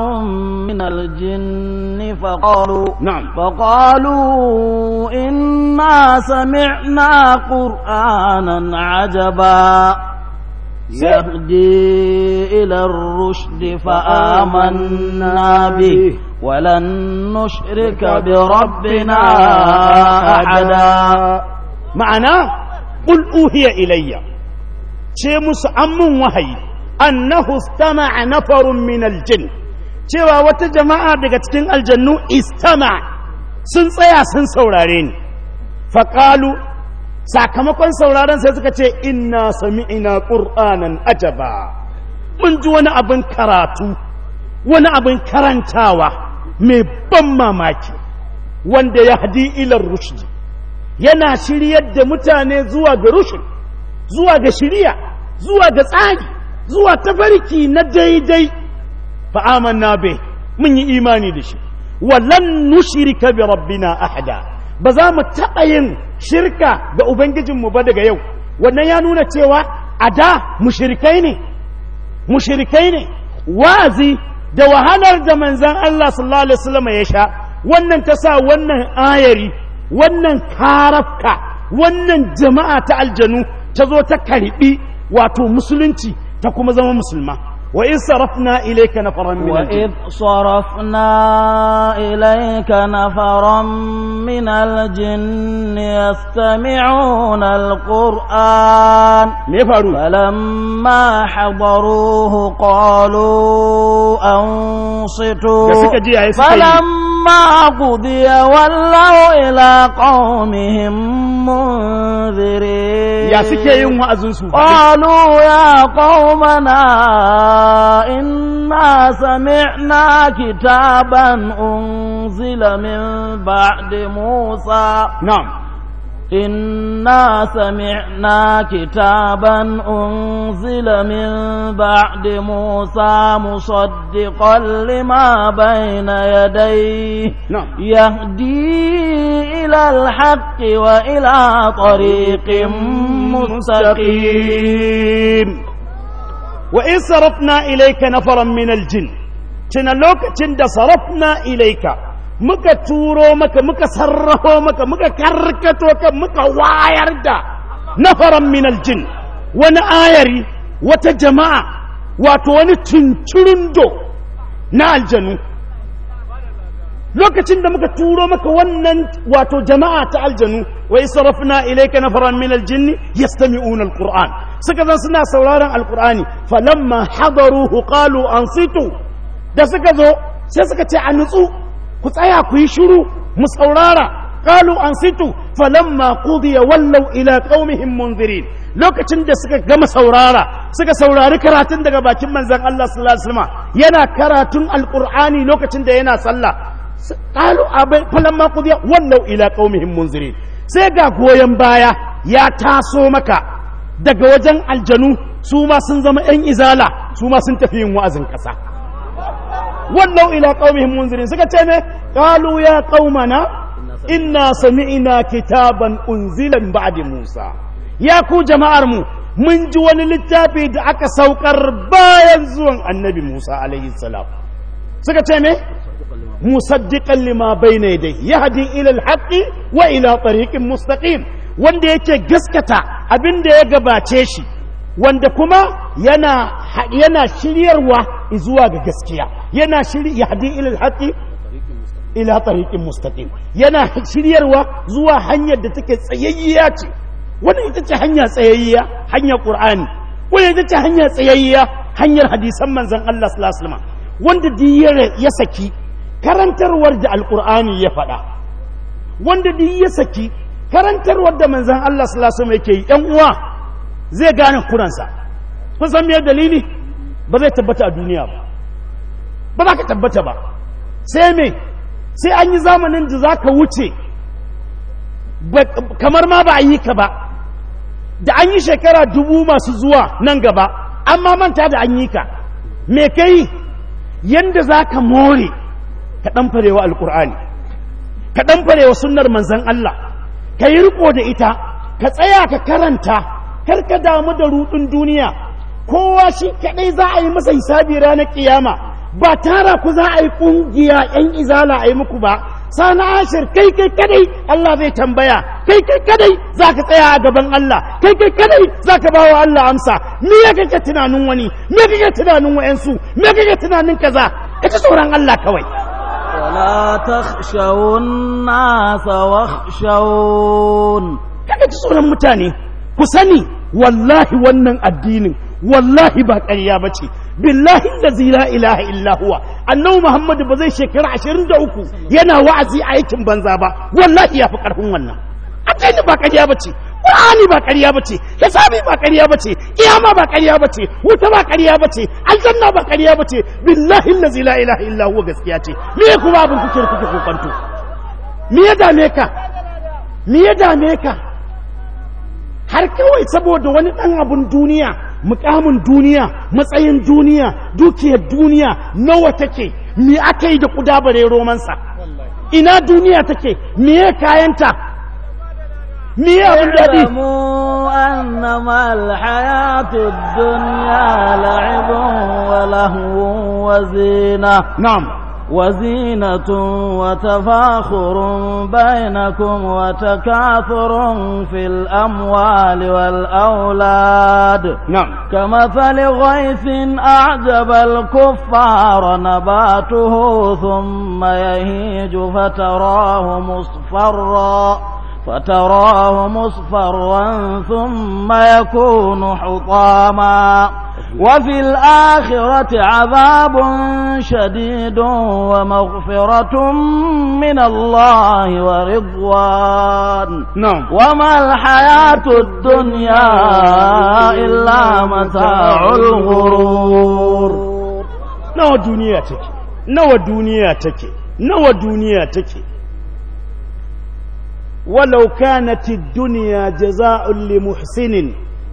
من الجن فقالوا نعم فقالوا إنا سمعنا قرآنا عجبا يهدي إلى الرشد فآمنا به ولن نشرك بربنا أحدا معنا قل أوهي إلي شمس أم وهي أنه استمع نفر من الجن شوى وتجمع jama'a daga استمع سنسيا istama فقالوا sakamakon sauraron sai suka ce ina inna sami'ina qur'anan ajaba mun ji wani abin karatu wani abin karantawa mai ban mamaki wanda ya hadi ilar rushdi yana shiryar da mutane zuwa ga rushin zuwa ga shiriya zuwa ga tsari zuwa tafarki na daidai amanna bai mun yi imani da shi wa wallan nushirika bi rabbina ahada ba za mu taɓa yin shirka ga ubangijinmu ba daga yau wannan ya nuna cewa a da mushirikai ne mushirikai ne wazi da wahalar da manzan Allah sallallahu alaihi wasallam ya sha wannan ta sa wannan ayari wannan karafka wannan jama'a ta aljanu ta zo ta karɓi wato musulunci ta kuma zama musulma وإذ صرفنا إليك نفرا من الجن وإذ صرفنا إليك نفرا من الجن يستمعون القرآن فلما حضروه قالوا أنصتوا فلما قضي ولوا إلى قومهم منذرين قالوا يا قومنا إنا سمعنا كتابا أنزل من بعد موسى نعم إنا سمعنا كتابا أنزل من بعد موسى مصدقا لما بين يديه نعم. يهدي إلى الحق وإلى طريق مستقيم wa in sarafna ilaika nafaran min aljin tuna lokacin da sarafna ilaika muka turo maka muka sarraho maka muka karkato ka muka wayar da nafaran min aljin wani ayari wata jama'a wato wani cincirundo na aljanu lokacin da muka turo maka wannan wato jama'a ta aljanu wai sarafna ilayka nafaran min aljinn yastami'una alquran suka zan suna sauraron alqurani falamma hadaruhu qalu ansitu da suka zo sai suka ce a nutsu ku tsaya ku yi shiru mu saurara قالوا أنصتوا فلما قضي ولوا إلى قومهم منذرين lokacin da suka gama saurara suka saurari karatun daga bakin manzon Allah sallallahu alaihi wasallam yana karatun alqur'ani lokacin da yana sallah qalu abin falamma qudiya wallau ila qaumihim munzirin sai ga goyen baya ya taso maka daga wajen aljanu su ma sun zama yan izala su ma sun tafi yin wa'azin kasa wallau ila qaumihim munzirin suka ce me qalu ya qaumana inna sami'na kitaban unzilan ba'adin musa ya ku jama'ar mu mun ji wani littafi da aka saukar bayan zuwan annabi Musa alayhi salam suka ce ne musaddiqan lima bayna yadayhi yahdi ila al-haqqi wa ila tariqin mustaqim wanda yake gaskata abin da ya gabace shi wanda kuma yana yana shiryarwa zuwa ga gaskiya yana shiri yahdi ila al ila tariqin mustaqim yana shiryarwa zuwa hanyar da take tsayayya ce wannan ita ce hanya tsayayya hanyar qur'ani wannan ita ce hanya tsayayya hanyar hadisan manzon Allah sallallahu alaihi wasallam wanda duk ya saki karantarwar da alkur'ani ya faɗa wanda duk ya saki karantarwar da manzan Allah salasu mai ke yi ɗan uwa zai gane kuransa kun san me dalili ba zai tabbata a duniya ba ba za ka tabbata ba sai me sai an yi zamanin da za ka wuce kamar ma ba a yi ka ba da an yi shekara dubu masu zuwa nan gaba amma manta da an yi ka me kai yadda za ka more ka ɗanfarewa Alƙur'ani, ka ɗanfarewa sunar sunnar manzon Allah ka yi riko da ita ka tsaya ka karanta kar ka damu da rudin duniya kowa shi kaɗai za a yi masa hisabi ranar ƙiyama, ba tara ku za a yi ƙungiya yan izala a yi muku ba sana ashir kai kai kadai Allah zai tambaya kai kai kadai zaka tsaya a gaban Allah kai kai kadai zaka ba wa Allah amsa me ya kake tunanin wani me kake tunanin wayansu me kake tunanin kaza kace tsoron Allah kawai ولا تخشوا الناس واخشون kada ji tsoron mutane ku sani wallahi wannan addinin wallahi ba ƙarya ba ce billahi lazi la ilaha illa huwa annabi muhammadu ba zai shekara yana wa'azi a yakin banza ba wallahi ya fi ƙarfin wannan addini ba ƙarya ba ce Qur'ani ba ƙarya ba ce, hisabi ba ƙarya ba ce, kiyama ba ƙarya ba ce, wuta ba ƙarya ba ce, aljanna ba ƙarya ba ce, billahi na zila ilaha illa huwa gaskiya ce. Me kuma abin kuke kuke kokanto? Me ya dame ka? Me ya dame ka? Har kawai saboda wani ɗan abin duniya, mukamin duniya, matsayin duniya, dukiyar duniya, nawa take, me aka yi da ƙudabarai romansa? Ina duniya take, me ya kayanta, مياه الحديث اعلموا أنما الحياة الدنيا لعب ولهو وزينة نعم وزينة وتفاخر بينكم وتكاثر في الأموال والأولاد نعم كمثل غيث أعجب الكفار نباته ثم يهيج فتراه مصفرا فتراه مصفرا ثم يكون حطاما وفي الآخرة عذاب شديد ومغفرة من الله ورضوان نعم وما الحياة الدنيا إلا متاع الغرور نوى دنيا تكي نوى دنيا تكي نوى دنيا تكي ولو كانت الدنيا جزاء لمحسن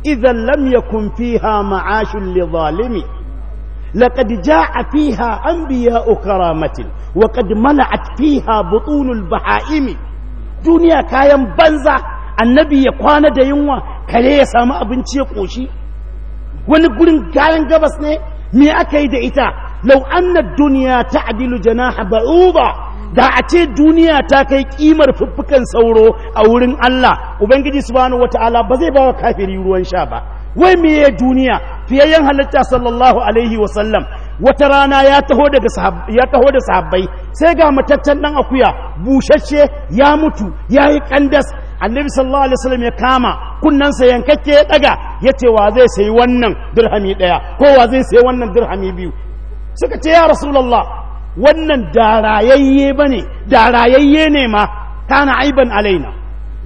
إذا لم يكن فيها معاش لظالم لقد جاء فيها أنبياء كرامة وقد ملعت فيها بطون البهائم دنيا كاين بنزا النبي يقوان دينوا كليه سامع بنتي قوشي ونقول قالن قبس ne me aka yi da ita lau annad duniya ta'dilu janaha ba'uba da a ce duniya ta kai kimar fuffukan sauro a wurin Allah ubangiji subhanahu wataala ba zai bawa kafiri ruwan sha ba wai me ya duniya fiyayyen halitta sallallahu alaihi wasallam wata rana ya taho daga ya da sahabbai sai ga mataccen dan akuya bushashe ya mutu yayi ƙandas annabi sallallahu alaihi wasallam ya kama kunnansa yankakke ya daga yace wa zai sayi wannan dirhami daya ko wa zai sayi wannan dirhami biyu suka ce ya rasulullah wannan da rayayye ne, da rayayye ne ma kana aiban alaina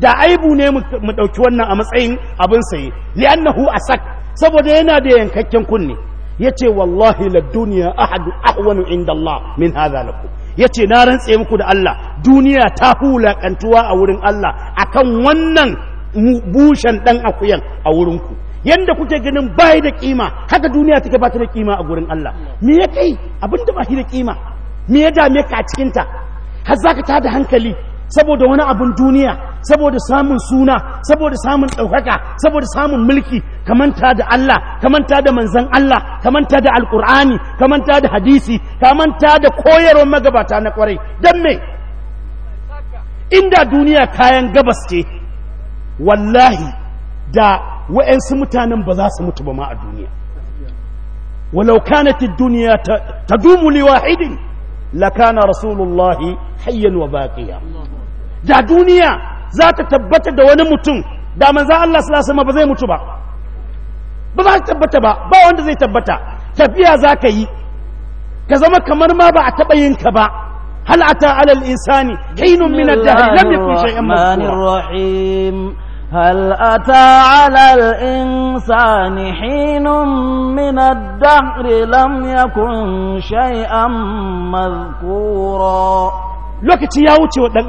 da aibu ne mu ɗauki wannan a matsayin abin saye li'annahu asak saboda yana da yankakken kunne yace wallahi la duniya ahadu ahwanu inda Allah min hadha lakum yace na rantse muku da Allah duniya ta hula kantuwa a wurin Allah akan wannan bushen dan akuyan a wurin ku yanda kuke ganin bai da kima haka duniya take ba ta da kima a gurin Allah me ya kai abinda ba shi da kima me ya dame ka a cikinta har za ka tada hankali saboda wani abun duniya saboda samun suna saboda samun ɗaukaka saboda samun mulki ta da Allah ta da manzan Allah ta da alkur'ani ta da hadisi ta da koyarwar magabata na kwarai dan me inda duniya kayan gabas ce wallahi da wa'yansu mutanen ba za su mutu ba ma a duniya walau kanatid duniya ta dumu liwahidin lakana rasulullahi hayyan da duniya za ta tabbata da wani mutum da manzan Allah sallallahu alaihi ba zai mutu ba ba za ta tabbata ba ba wanda zai tabbata tafiya za ka yi ka zama kamar ma ba a taɓa yin ka ba hal ata alal insani hinun min ad-dahr lam yakun هل أتى على الإنسان حين من الدهر لم يكن شيئا مذكورا lokaci ya wuce wa ɗan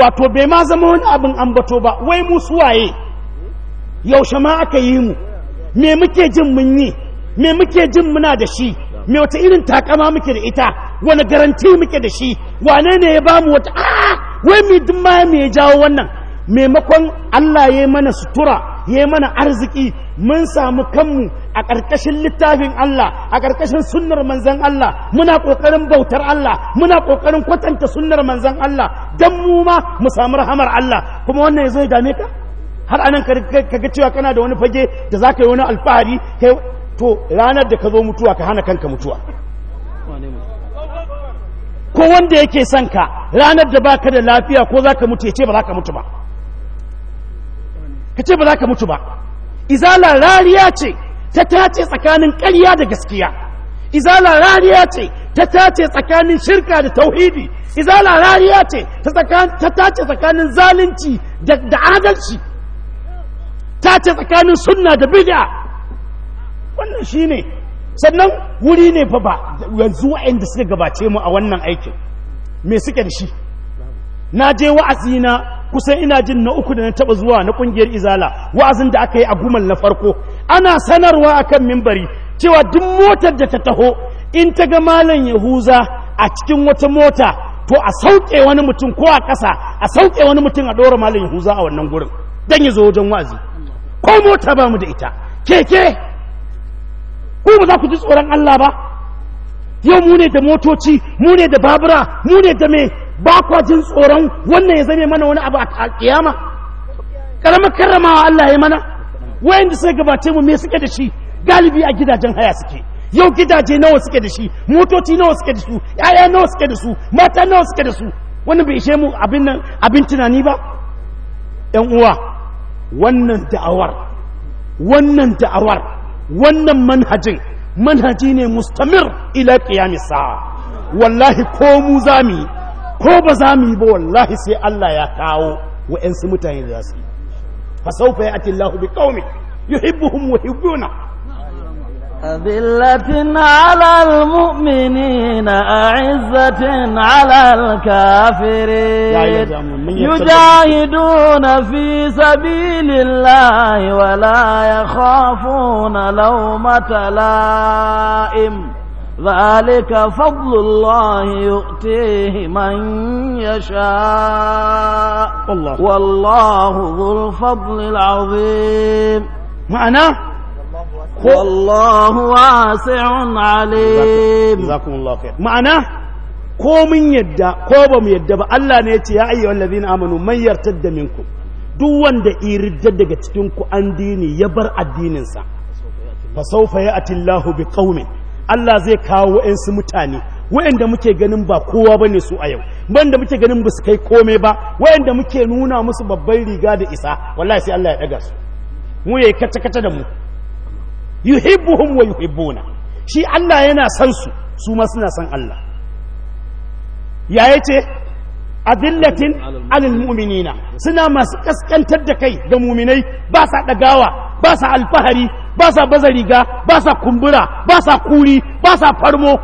wato bai ma zama wani abin ambato ba wai mu suwaye yaushe ma aka yi mu me muke jin mun yi me muke jin muna da shi me wata irin takama muke da ita wani garanti muke da shi wane ne ya bamu wata a wai mi duk ma me jawo wannan maimakon Allah ya mana sutura ya mana arziki mun samu kanmu a ƙarƙashin littafin Allah a ƙarƙashin sunnar manzan Allah muna ƙoƙarin bautar Allah muna ƙoƙarin kwatanta sunnar manzan Allah don mu ma mu samu rahamar Allah kuma wannan ya zo ya dame ka har anan ka ga cewa kana da wani fage da za ka yi wani alfahari kai to ranar da ka zo mutuwa ka hana kanka mutuwa ko wanda yake son ka ranar da baka da lafiya ko za ka mutu ya ce ba za ka mutu ba ka ce ba za ka mutu ba izala rariya ce ta tace tsakanin ƙarya da gaskiya izala rariya ce ta tace tsakanin shirka da tauhidi izala rariya ce ta tace tsakanin zalunci da adalci ta ce tsakanin sunna da bid'a wannan shi ne sannan wuri ne fa ba yanzu waɗanda suka gabace mu a wannan aikin me suke da shi na je wa'azi na kusan ina jin na uku da na taba zuwa na kungiyar izala wa'azin da aka yi a gumal na farko ana sanarwa akan mimbari cewa duk motar da ta taho in ta ga malam yahuza a cikin wata mota to a sauke wani mutum ko a ƙasa a sauke wani mutum a ɗora malam yahuza a wannan gurin don ya zo wajen wa'azi ko mota ba mu da ita keke ko ba za ku ji tsoron Allah ba yau mu da motoci mu da babura mu ne da me ba kwa jin tsoron wannan ya zame mana wani abu a kiyama karamar karramawa Allah ya mana wayanda suka gabace mu me suke da shi galibi a gidajen haya suke yau gidaje nawa suke da shi motoci nawa suke da su yaya nawa suke da su mata nawa suke da su wani bai ishe mu abin tunani ba yan uwa wannan da'awar wannan da'awar wannan manhajin manhaji ne mustamir ila qiyamis wallahi ko mu zamu ko ba za mu yi ba wallahi sai Allah ya kawo wa'ansu mutane da za su yi fa sawfa ya'ti Allahu bi qaumin yuhibbuhum wa yuhibbuna أذلة على المؤمنين أعزة على الكافرين يجاهدون في سبيل الله ولا يخافون لومة la'im. ذلك فضل الله يؤتيه من يشاء والله, والله ذو الفضل العظيم معنى والله واسع عليم جزاكم الله خير معنى ko yadda ko ba mu yadda ba Allah ne ya ce ya ayyuhal ladina amanu man yartadda minkum duk wanda iridda daga cikin ku an dini ya bar addininsa fa sawfa ya'ti Allahu bi qaumin Allah zai kawo wa'ansu mutane wa'anda muke ganin ba kowa bane su a yau banda muke ganin ba su kai kome ba wa'anda muke nuna musu babban riga da isa wallahi sai Allah ya ɗaga su mu yayi kata kata da mu yuhibbuhum wa yuhibbuna shi Allah yana san su su ma suna san Allah ya yace adillatin mu'minina suna masu kaskantar da kai ga mu'minai ba sa dagawa ba sa alfahari ba sa baza riga ba sa kumbura ba sa kuri ba sa farmo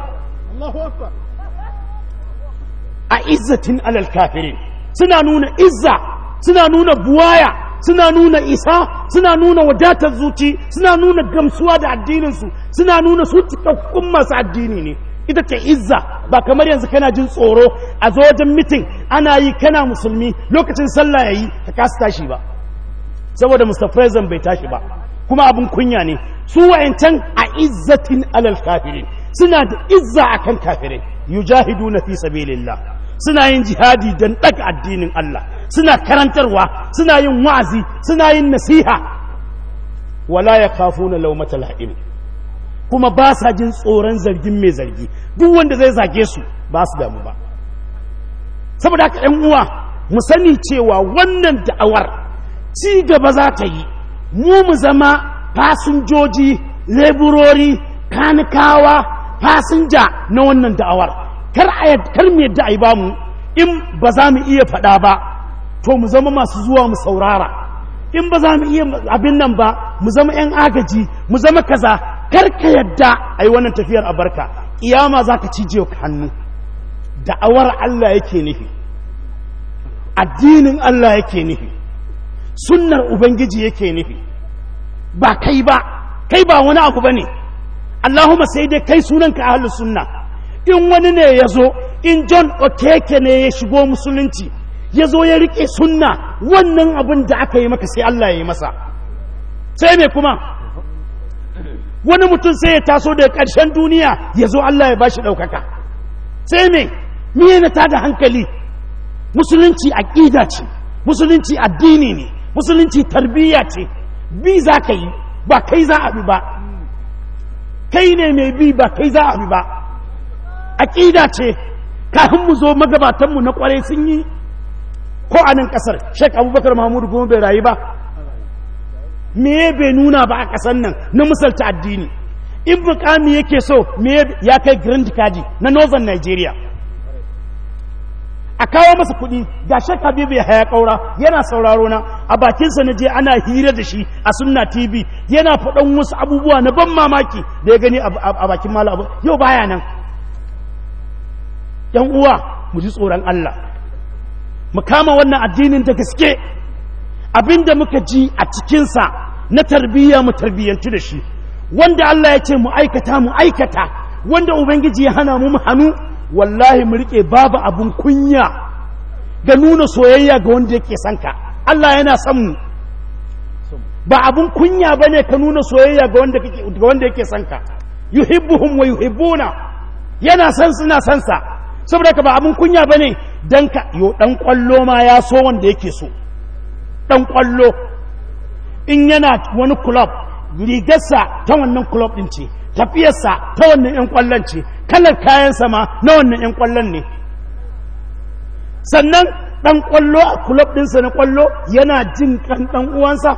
a izzatin alal kafirin suna nuna izza suna nuna buwaya suna nuna isa suna nuna wadatar zuci suna nuna gamsuwa da addininsu suna nuna su cikakkun masu addini ne ita ce izza ba kamar yanzu kana jin tsoro a zo wajen mitin ana yi kana musulmi lokacin sallah yayi ka kasu tashi ba saboda mustapha bai tashi ba kuma abin kunya ne su wayancan a izzatin alal kafiri suna da izza a kan kafirai na fi sabilillah suna yin jihadi don ɗaga addinin Allah suna karantarwa suna yin wa'azi suna yin nasiha wala ya kafu na laumata la'im kuma ba sa jin tsoron zargin mai zargi duk wanda zai zage su ba su damu ba saboda haka ‘yan uwa mu sani cewa wannan da'awar ci gaba za ta yi mu mu zama fasinjoji leburori kanikawa fasinja na wannan da'awar kar kar mu yadda ai ba mu in ba za mu iya faɗa ba to mu zama masu zuwa mu saurara in ba za mu iya abin nan ba mu zama 'yan agaji mu zama kaza kar ka yadda yi wannan tafiyar a barka kiyama za ka cije ka hannu da'awar Allah yake nufi addinin Allah yake nufi sunnar ubangiji yake nufi ba kai ba kai ba wani abu bane Allahumma sai dai kai sunan sunanka ahlus sunna in wani ne ya zo in John Okeke ne ya shigo musulunci ya zo ya riƙe sunna wannan abin da aka yi maka sai Allah ya yi masa sai me kuma wani mutum sai ya taso daga ƙarshen duniya ya zo Allah ya bashi ɗaukaka sai me miye na tada hankali musulunci aƙida ce musulunci addini ne musulunci tarbiyya ce bi za ka yi ba kai za a bi ba kai ne mai bi ba kai za a bi ba aƙida ce kafin mu zo magabatanmu na ƙwarai sun yi ko a nan ƙasar shek abubakar mahmudu kuma bai rayu ba me bai nuna ba a ƙasar nan na musulta addini in bukami yake so me ya kai grand kaji na northern nigeria a kawo masa kuɗi ga shek habibu ya haya ƙaura yana sauraro na a bakinsa na je ana hira da shi a sunna tv yana faɗan wasu abubuwa na ban mamaki da ya gani a bakin malam abu yau baya nan yan uwa mu ji tsoron allah mu kama wannan addinin da gaske abinda muka ji a cikinsa na tarbiyya mu tarbiyyantu da shi wanda allah ya ce mu aikata mu aikata wanda ubangiji ya hana mu mu hannu wallahi mu rike babu abun kunya ga nuna soyayya ga wanda yake son ka Allah yana son mu ba abun kunya bane ka nuna soyayya ga wanda kake ga wanda yake son ka yuhibbuhum wa yuhibbuna yana son suna son sa saboda ka ba abun kunya bane dan ka yo dan kwallo ma ya so wanda yake so dan kwallo in yana wani club rigarsa ta wannan club din ce tafiyarsa ta wannan 'yan kwallon ce kalar kayansa ma na wannan 'yan kwallon ne sannan ɗan kwallo a kulob ɗinsa na kwallo yana jin kan ɗan uwansa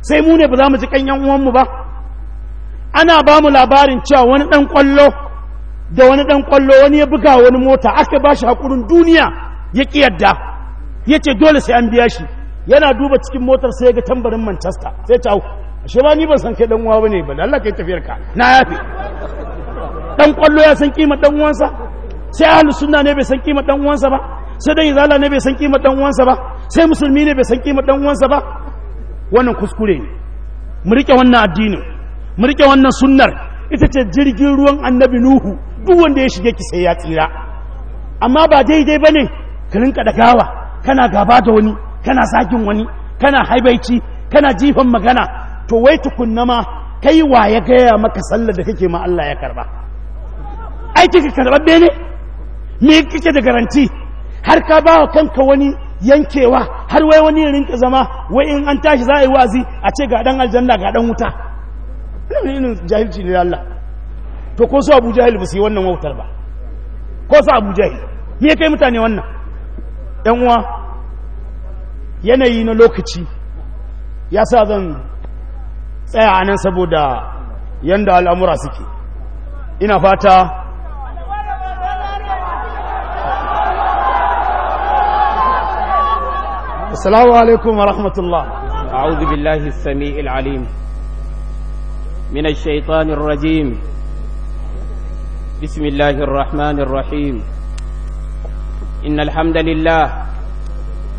sai mu ne ba za mu ji kan 'yan uwanmu ba ana ba mu labarin cewa wani ɗan kwallo da wani ɗan kwallo wani ya buga wani mota aka ba shi haƙurin duniya ya ƙi yadda ya ce dole sai an biya shi yana duba cikin motar sai ya ga tambarin manchester sai ta ashe ba ni ban san kai dan uwa bane ba Allah kai tafiyar ka na yafi dan kwallo ya san kima dan uwansa sai ahlus sunna ne bai san kima dan uwansa ba sai dan izala ne bai san kima dan uwansa ba sai musulmi ne bai san kima dan uwansa ba wannan kuskure ne mu rike wannan addinin mu rike wannan sunnar ita ce jirgin ruwan annabi nuhu duk wanda ya shige ki sai ya tsira amma ba daidai bane ka rinka gawa kana gaba da wani kana sakin wani kana haibaici kana jifan magana to wai tukunna ma kai wa ya gaya maka sallar da kake ma Allah ya karba ai kika karbabbe ne me kike da garanti har ka ba wa kanka wani yankewa har wai wani rinka zama wai in an tashi za a yi wazi a ce ga dan aljanna ga dan wuta ne jahilci ne Allah to ko su Abu Jahil ba su yi wannan wautar ba ko su Abu Jahil me kai mutane wannan ɗan uwa yanayi na lokaci ya sa zan tsaya a nan saboda yadda al’amura suke ina fata assalamu alaikum wa rahmatullah a'udhu billahi sami'il alim min ash-shaytanir rajim bismillahir rahmanir rahim innal hamdalillah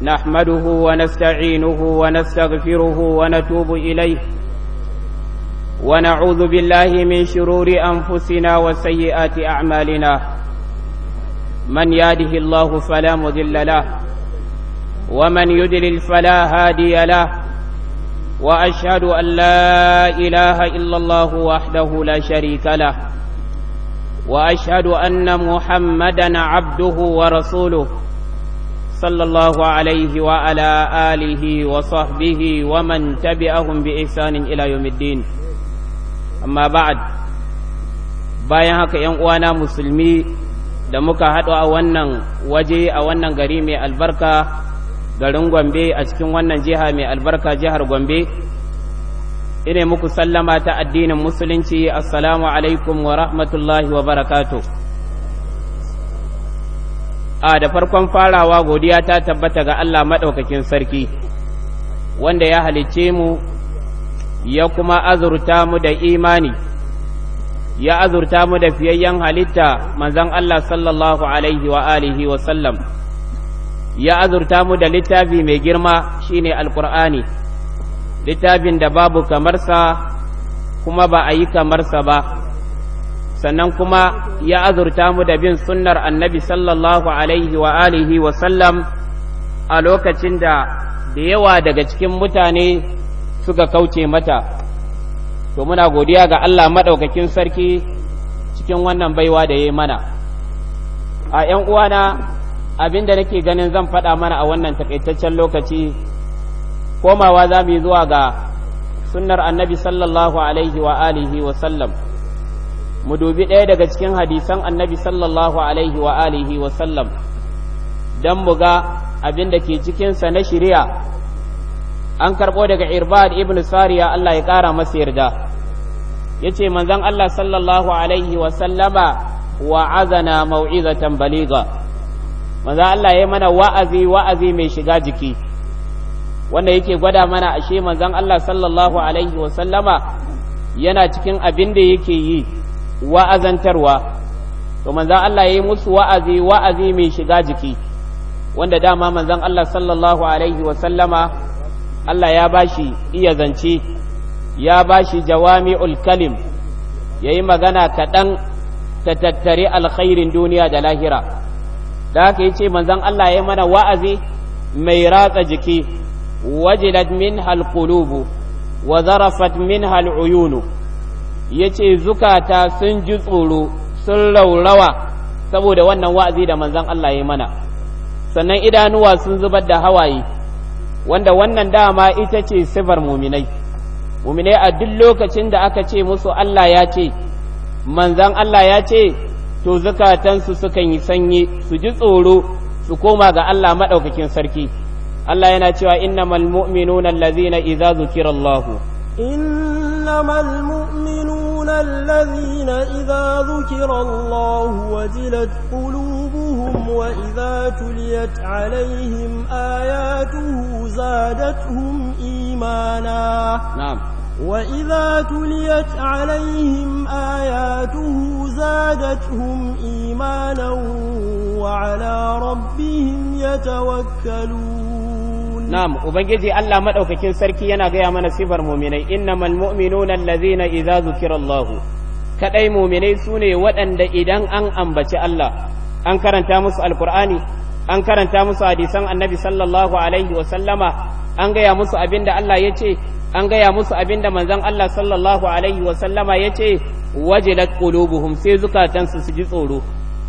nahmaduhu wa nasta'inuhu wa nastaghfiruhu wa natubu ilayhi ونعوذ بالله من شرور أنفسنا وسيئات أعمالنا من يهده الله فلا مذل له ومن يدلل فلا هادي له وأشهد أن لا إله إلا الله وحده لا شريك له وأشهد أن محمدا عبده ورسوله صلى الله عليه وعلى آله وصحبه ومن تبعهم بإحسان إلى يوم الدين amma ba'ad bayan haka yan uwana musulmi da muka haɗu a wannan waje a wannan gari mai albarka garin gombe a cikin wannan jiha mai albarka jihar gombe ine muku sallama ta addinin musulunci assalamu alaikum wa rahmatullahi wa barakatu a da farkon farawa godiya ta tabbata ga allah maɗaukakin sarki wanda ya halicce mu ya kuma azurta mu da imani ya azurta mu da fiyayyen halitta manzon Allah sallallahu alaihi wa alihi wa sallam ya azurta mu da littafi mai girma shine alkur'ani littafin da babu kamarsa kuma ba a yi kamarsa ba sannan kuma ya azurta mu da bin sunnar annabi sallallahu alaihi wa alihi wa sallam a lokacin da da yawa daga cikin mutane suka kauce mata to muna godiya ga Allah maɗaukakin sarki cikin wannan baiwa da ya mana a ‘yan uwana abin da nake ganin zan faɗa mana a wannan takaitaccen lokaci komawa za mu yi zuwa ga sunnar annabi sallallahu alaihi wa alihi wa sallam mu dubi ɗaya daga cikin hadisan annabi sallallahu alaihi wa alihi wa sallam don mu ga abin da ke cikinsa na shirya an karɓo daga irbad ibn sariya Allah ya ƙara masa yarda ya ce manzon Allah sallallahu alaihi wa sallama wa'azana mau'izatan baliga manzon Allah ya mana wa'azi wa'azi mai shiga jiki wanda yake gwada mana ashe manzon Allah sallallahu alaihi wa sallama yana cikin abin da yake yi wa'azantarwa to manzon Allah ya yi musu wa'azi wa'azi mai shiga jiki wanda dama manzon Allah sallallahu alaihi wa sallama Allah ya bashi iya zance ya bashi jawami'ul kalim yi magana kaɗan ta tattare alkhairin duniya da lahira da haka yace manzan Allah ya mana wa'azi mai ratsa jiki wajilat min alqulubu wa zarafat minha ya yace zukata sun ji tsoro sun raurawa saboda wannan wa'azi da manzan Allah ya mana sannan idanuwa sun zubar da hawaye wanda wannan dama ita ce sifar muminai muminai a duk lokacin da aka ce musu Allah ya ce manzan Allah ya ce to zukatansu sukan yi sanyi su ji tsoro su koma ga Allah maɗaukakin sarki Allah yana cewa innamal mu'minuna allazina idza zukira innamal mu'minuna الذين إذا ذكر الله وجلت قلوبهم وإذا تليت عليهم آياته زادتهم إيمانا نعم وإذا تليت عليهم آياته زادتهم إيمانا وعلى ربهم يتوكلون na'am ubangiji Allah madaukakin sarki yana gaya mana sifar mu'minai innamal mu'minuna allazina idza zukirallahu kadai mu'minai sune waɗanda idan an ambaci Allah an karanta musu alkur'ani an karanta musu hadisan annabi sallallahu an gaya musu abinda Allah ya ce an gaya musu abinda manzon Allah sallallahu alaihi wa sallama ya ce wajilat qulubuhum sai zukatansu su ji tsoro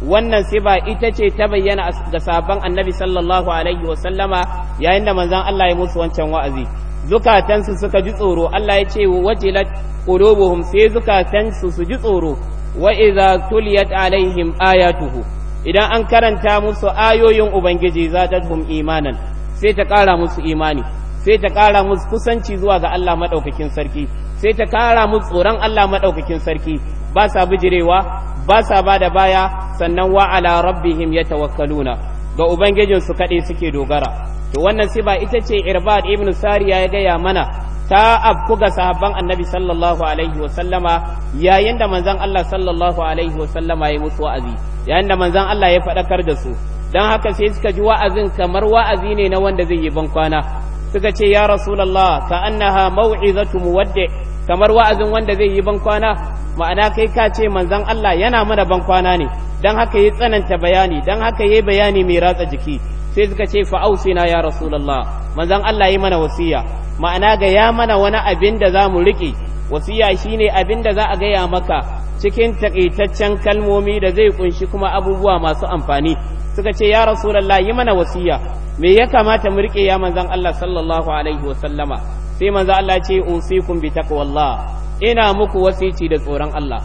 wannan sai ba ita ce ta bayyana ga sabon annabi sallallahu alaihi sallama yayin da manzon Allah ya musu wancan wa'azi zukatansu suka ji tsoro Allah ya ce wajilat qulubuhum sai zukatansu su ji tsoro wa idza tuliyat alaihim ayatuhu idan an karanta musu ayoyin ubangiji zadatuhum imanan sai ta kara musu imani sai ta kara musu kusanci zuwa ga Allah maɗaukakin sarki sai ta kara musu tsoron Allah maɗaukakin sarki ba sa bijirewa ba sa ba da baya sannan wa ala rabbihim yatawakkaluna ga ubangijin su kadai suke dogara to wannan siba ita ce irbad ibn sariya ya gaya mana ta afku ga sahabban annabi sallallahu alaihi wa sallama yayin da manzon Allah sallallahu alaihi wa sallama ya mutu wa'azi yayin da manzon Allah ya faɗakar da su dan haka sai suka ji wa'azin kamar wa'azi ne na wanda zai yi ban kwana suka ce ya rasulullah ka annaha mau'izatu muwaddi kamar wa'azin wanda zai yi bankwana ma'ana kai ka ce manzon Allah yana mana bankwana ne don haka yi tsananta bayani don haka yi bayani mai ratsa jiki sai suka ce fa ausina ya rasu allah manzon Allah yi mana wasiya ma'ana ga ya mana wani abin da za mu riƙe wasiya shine abin da za a gaya maka cikin takaitaccen kalmomi da zai ƙunshi kuma abubuwa masu amfani suka ce ya rasu rasulullah yi mana wasiya me ya kamata mu rike ya manzon Allah sallallahu alaihi wasallama sai manzon Allah ce usikum bi taqwallah ina muku wasici da tsoron Allah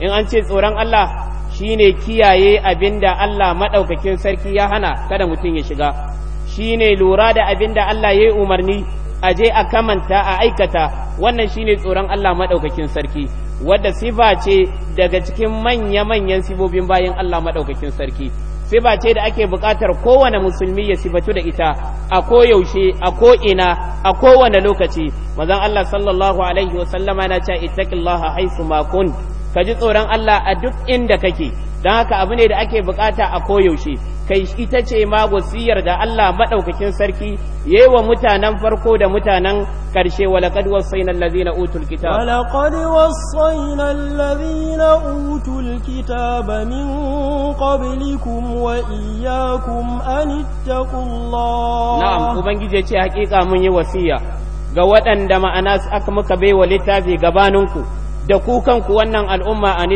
in an ce tsoron Allah shine kiyaye abin da Allah madaukakin sarki ya hana kada mutum ya shiga shine lura da abin da Allah ya yi umarni a je a kamanta a aikata wannan shine tsoron Allah maɗaukakin sarki wadda sifa ce daga cikin manya-manyan sifofin bayan Allah maɗaukakin sarki sifa ce da ake buƙatar kowane musulmi ya sifatu da ita a koyaushe a ko'ina a kowane lokaci mazan Allah sallallahu alaihi wasallama na ce ittaqillaha haisu makon ka ji tsoron Allah a duk inda kake don haka abu ne da ake bukata a koyaushe kai ita ce ma wasiyar da Allah maɗaukakin sarki yayi wa mutanen farko da mutanen karshe walaqad wasaina allazina utul kitaba walaqad wasaina allazina utul kitaba min qablikum wa iyyakum an ittaqullah na'am ubangiji ya ce hakika mun yi wasiya ga waɗanda ma'ana aka muka baiwa littafi gabaninku da ku kanku wannan al'umma an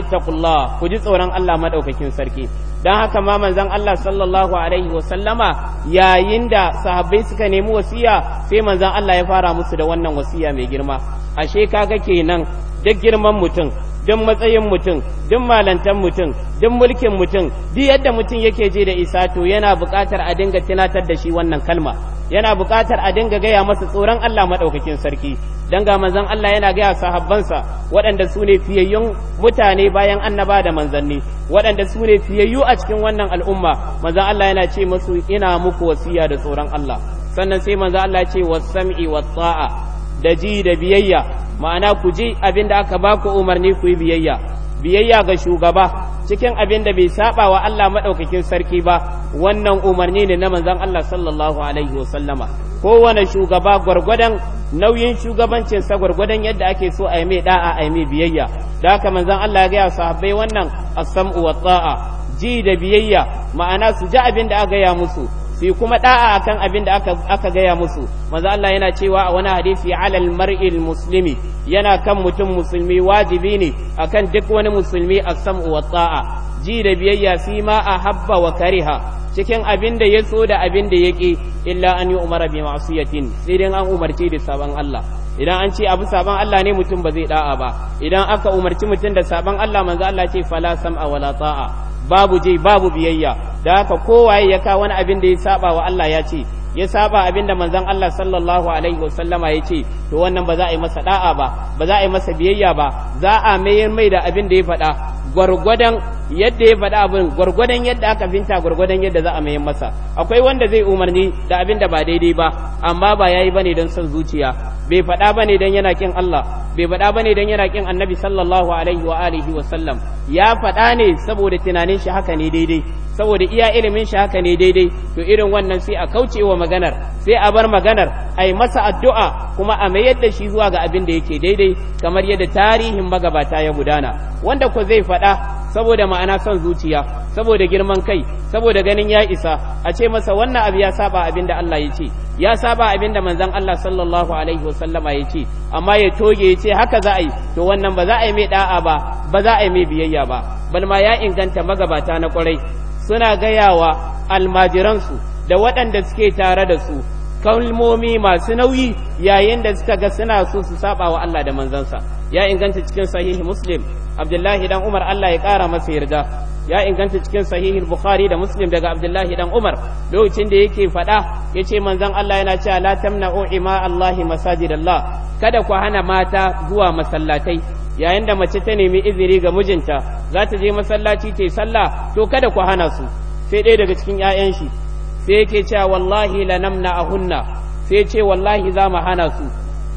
ku ji tsoron Allah madaukakin sarki don haka ma manzon Allah sallallahu alaihi wa sallama yayin da sahabbai suka nemi wasiya sai manzon Allah ya fara musu da wannan wasiya mai girma ashe kaga kenan duk girman mutum duk matsayin mutum duk malantan mutum duk mulkin mutum duk yadda mutum yake je da isa to yana buƙatar a dinga tunatar da shi wannan kalma yana buƙatar a dinga gaya masa tsoron Allah maɗaukakin sarki dan ga manzon Allah yana gaya sahabbansa waɗanda su ne fiyayyun mutane bayan annaba da manzanni waɗanda su ne fiyayyu a cikin wannan al'umma manzon Allah yana ce musu ina muku wasiya da tsoron Allah sannan sai manzon Allah ya ce wasam'i sam'i da ji da biyayya ma'ana ku ji abin da aka baku umarni ku yi biyayya biyayya ga shugaba cikin abin da bai saba wa Allah madaukakin sarki ba wannan umarni ne na manzon Allah sallallahu alaihi wasallama kowane shugaba gwargwadon nauyin shugabancin sa gwargwadon yadda ake so a yi mai da'a a yi mai biyayya da haka manzon Allah ya gaya sahabbai wannan as-sam'u wa ji da biyayya ma'ana su ji abin da aka gaya musu su kuma da'a akan abin da aka aka gaya musu manzo Allah yana cewa a wani hadisi alal mar'il musulmi yana kan mutum musulmi wajibi ne akan duk wani musulmi a samu wa ta'a ji da biyayya fi ma ahabba wa kariha cikin abin da ya so da abin da yake illa an yi umara bi ma'siyatin sai dai an umarci da saban Allah idan an ce abu saban Allah ne mutum ba zai da'a ba idan aka umarci mutum da saban Allah manzo Allah ce fala sam'a wala ta'a babu je babu biyayya da haka kowaye ya kawo wani abin da ya saba wa Allah ya ce ya saba abin da manzon Allah sallallahu alaihi wasallama ya ce to wannan ba za a yi masa da'a ba ba za a yi masa biyayya ba za a mayar mai da abin da ya faɗa gwargwadon yadda ya faɗa abin gwargwadon yadda aka finta gwargwadon yadda za a mayan masa akwai wanda zai umarni da abin da ba daidai ba amma ba yayi bane don son zuciya bai faɗa bane don yana kin Allah bai faɗa bane don yana kin Annabi sallallahu alaihi wa alihi wa sallam ya faɗa ne saboda tunanin shi haka ne daidai saboda iya ilimin shi haka ne daidai to irin wannan sai a kauce wa maganar sai a bar maganar a yi masa addu'a kuma a mayar da shi zuwa ga abin da yake daidai kamar yadda tarihin magabata ya gudana wanda ko zai faɗa faɗa saboda ma'ana son zuciya saboda girman kai saboda ganin ya isa a ce masa wannan abu ya saba abin da Allah ya ce ya saba abin da manzon Allah sallallahu alaihi wasallama ya ce amma ya toge ya ce haka za a yi to wannan ba za a yi mai da'a ba ba za a yi mai biyayya ba balma ya inganta magabata na kwarai suna gayawa almajiransu da waɗanda suke tare da su kalmomi masu nauyi yayin da suka ga suna so su saba wa Allah da manzansa ya inganta cikin sahihi muslim abdullahi dan umar allah ya kara masa yarda ya inganta cikin sahihin bukhari da muslim daga abdullahi dan umar lokacin da yake faɗa ya ce manzon allah yana cewa la tamna'u ima allahi masajidallah kada ku hana mata zuwa masallatai yayin da mace ta nemi izini ga mijinta za ta je masallaci ta yi sallah to kada ku hana su sai ɗaya daga cikin 'ya'yan shi sai yake cewa wallahi la namna ahunna sai ce wallahi za mu hana su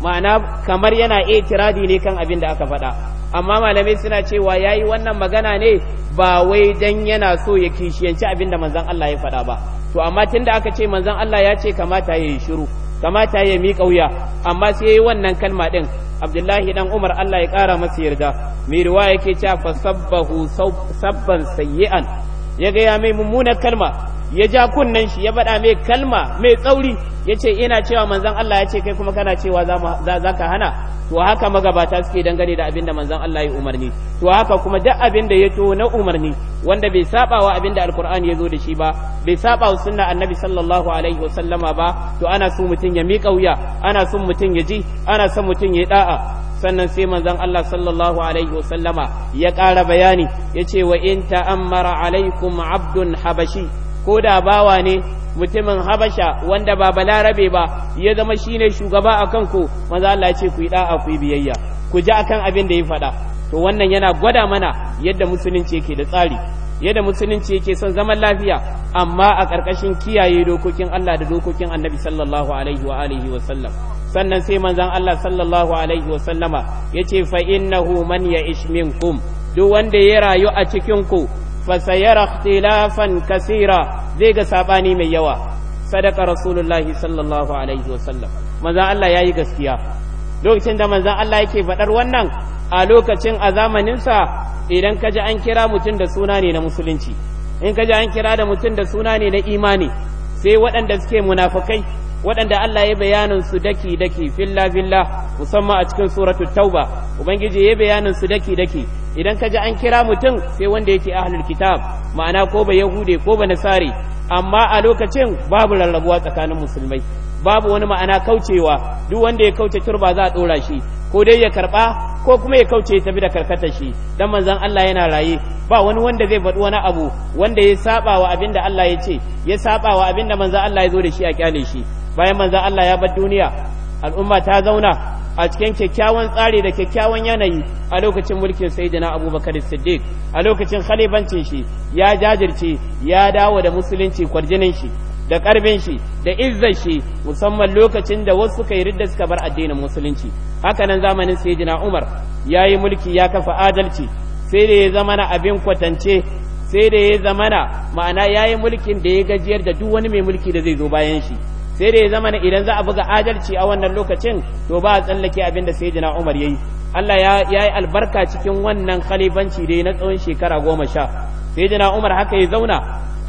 ma'ana kamar yana itiradi ne kan abin da aka faɗa amma malamai suna cewa ya yi wannan magana ne ba wai dan yana so ya kishiyanci abin da manzon Allah ya faɗa ba to amma tun da aka ce manzon Allah ya ce kamata ya yi shiru kamata ya miƙa wuya amma sai ya yi wannan kalma ɗin, Abdullahi dan Umar Allah ya ƙara masa yarda mai ruwa yake cewa sabbahu sabban sayyi'an ya ga ya mai mummunar kalma ya ja kunnen shi ya baɗa mai kalma mai tsauri ya ce ina cewa manzan Allah ya ce kai kuma kana cewa za ka hana to haka magabata suke dangane da abin da manzan Allah ya umarni to haka kuma duk abin da ya tona na umarni wanda bai saba wa abin da alkur'ani ya zo da shi ba bai saba wa sunna annabi sallallahu alaihi wa sallama ba to ana so mutum ya miƙa wuya ana son mutum ya ji ana son mutum ya yi da'a sannan sai manzan Allah sallallahu alaihi wa sallama ya ƙara bayani ya ce wa in ta'ammara alaikum abdun habashi ko da bawa ne mutumin habasha wanda ba balarabe ba ya zama shine shugaba a kanku maza Allah ce ku yi da'a ku yi biyayya ku ji akan abin da ya faɗa to wannan yana gwada mana yadda musulunci yake da tsari yadda musulunci yake son zaman lafiya amma a ƙarƙashin kiyaye dokokin Allah da dokokin Annabi sallallahu alaihi wa alihi wa sallam sannan sai manzon Allah sallallahu alaihi wa sallama yace fa innahu man ya'ish minkum duk wanda ya rayu a cikin ku فسيرى اختلافا كثيرا زيغا ga من mai yawa رسول الله صلى الله عليه وسلم Allah الله ياي lokacin da manzan Allah yake faɗar wannan a lokacin a zamaninsa idan kaje an kira mutum da suna ne na musulunci in kaje an kira da mutum da suna ne na imani sai waɗanda suke munafukai waɗanda Allah ya bayanin su daki daki filla filla musamman a cikin suratu tauba ubangiji ya bayanin su daki daki idan ka ji an kira mutum sai wanda yake ahlul kitab ma'ana ko ba yahude ko ba nasari amma a lokacin babu rarrabuwa tsakanin musulmai babu wani ma'ana kaucewa duk wanda ya kauce turba za a ɗora shi ko dai ya karɓa ko kuma ya kauce ya tafi da karkatar shi dan manzon Allah yana raye ba wani wanda zai faɗi wani abu wanda ya saba wa abin Allah ya ce ya saba wa abin da manzon Allah ya zo da shi a kyale shi bayan manzan Allah ya bar duniya al'umma ta zauna a cikin kyakkyawan tsari da kyakkyawan yanayi a lokacin mulkin sayyidina abubakar siddiq a lokacin khalifancin shi ya jajirce ya dawo da musulunci kwarjinin shi da karbin shi da izzar shi musamman lokacin da wasu suka ridda suka bar addinin musulunci Haka nan zamanin sayyidina umar ya yi mulki ya kafa adalci sai da ya zama na abin kwatance sai da ya zama na ma'ana ya yi mulkin da ya gajiyar da duk wani mai mulki da zai zo bayan shi sai da ya zama na idan za a buga adalci a wannan lokacin to ba a tsallake abin da sai jina umar ya yi allah ya yi albarka cikin wannan khalifanci dai na tsawon shekara goma sha sai jina umar haka ya zauna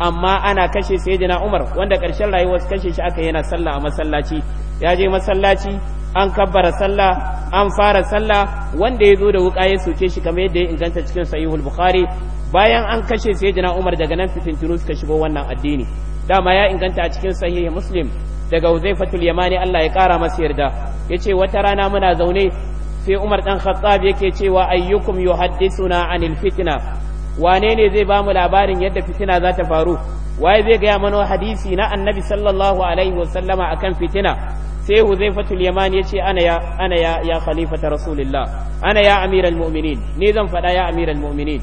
amma ana kashe sai jina umar wanda ƙarshen rayuwar kashe shi aka yana sallah a masallaci ya je masallaci an kabbara sallah an fara sallah wanda ya zo da wuka ya soke shi kamar yadda ya inganta cikin sahihul bukhari bayan an kashe sai jina umar daga nan fitintunu suka shigo wannan addini dama ya inganta a cikin sahih muslim daga huzaifatul Yamani Allah ya kara masa yarda yace wata rana muna zaune sai Umar dan Khattab yake cewa ayyukum yuhaddithuna anil fitna wane ne zai bamu labarin yadda fitina za ta faru waye zai gaya mana hadisi na annabi sallallahu alaihi wasallama akan fitina sai Huzaifatul yamani yace ana ya ana ya ya khalifata rasulillah ana ya amiral mu'minin ni zan faɗa ya amiral mu'minin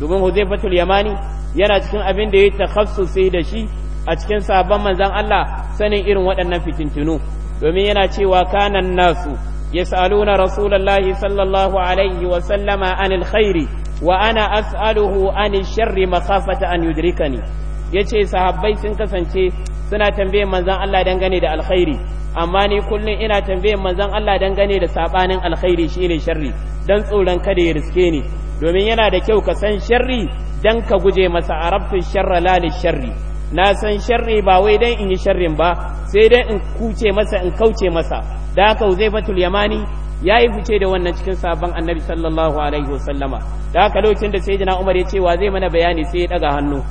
domin Huzaifatul Yamani yana cikin abin da ya yi takhassusi da shi a cikin sabon manzan Allah sanin irin waɗannan fitintunu domin yana cewa kanan nasu yas'aluna rasulullahi sallallahu alaihi wa sallama anil khairi wa ana as'aluhu anil sharri makhafata an yudrikani yace sahabbai sun kasance suna tambayin manzan Allah dangane da alkhairi amma ni kullum ina tambayin manzan Allah dangane da sabanin alkhairi shine sharri dan tsoron kada ya riske ni domin yana da kyau ka san sharri dan ka guje masa arabtu sharra la sharri na san sharri ba wai dan in yi sharrin ba sai dai in kuce masa in kauce masa da haka Uzaifatul Yamani ya yi fice da wannan cikin sabon annabi sallallahu alaihi wasallama da haka lokacin da sayyidina Umar ya ce wa zai mana bayani sai ya daga hannu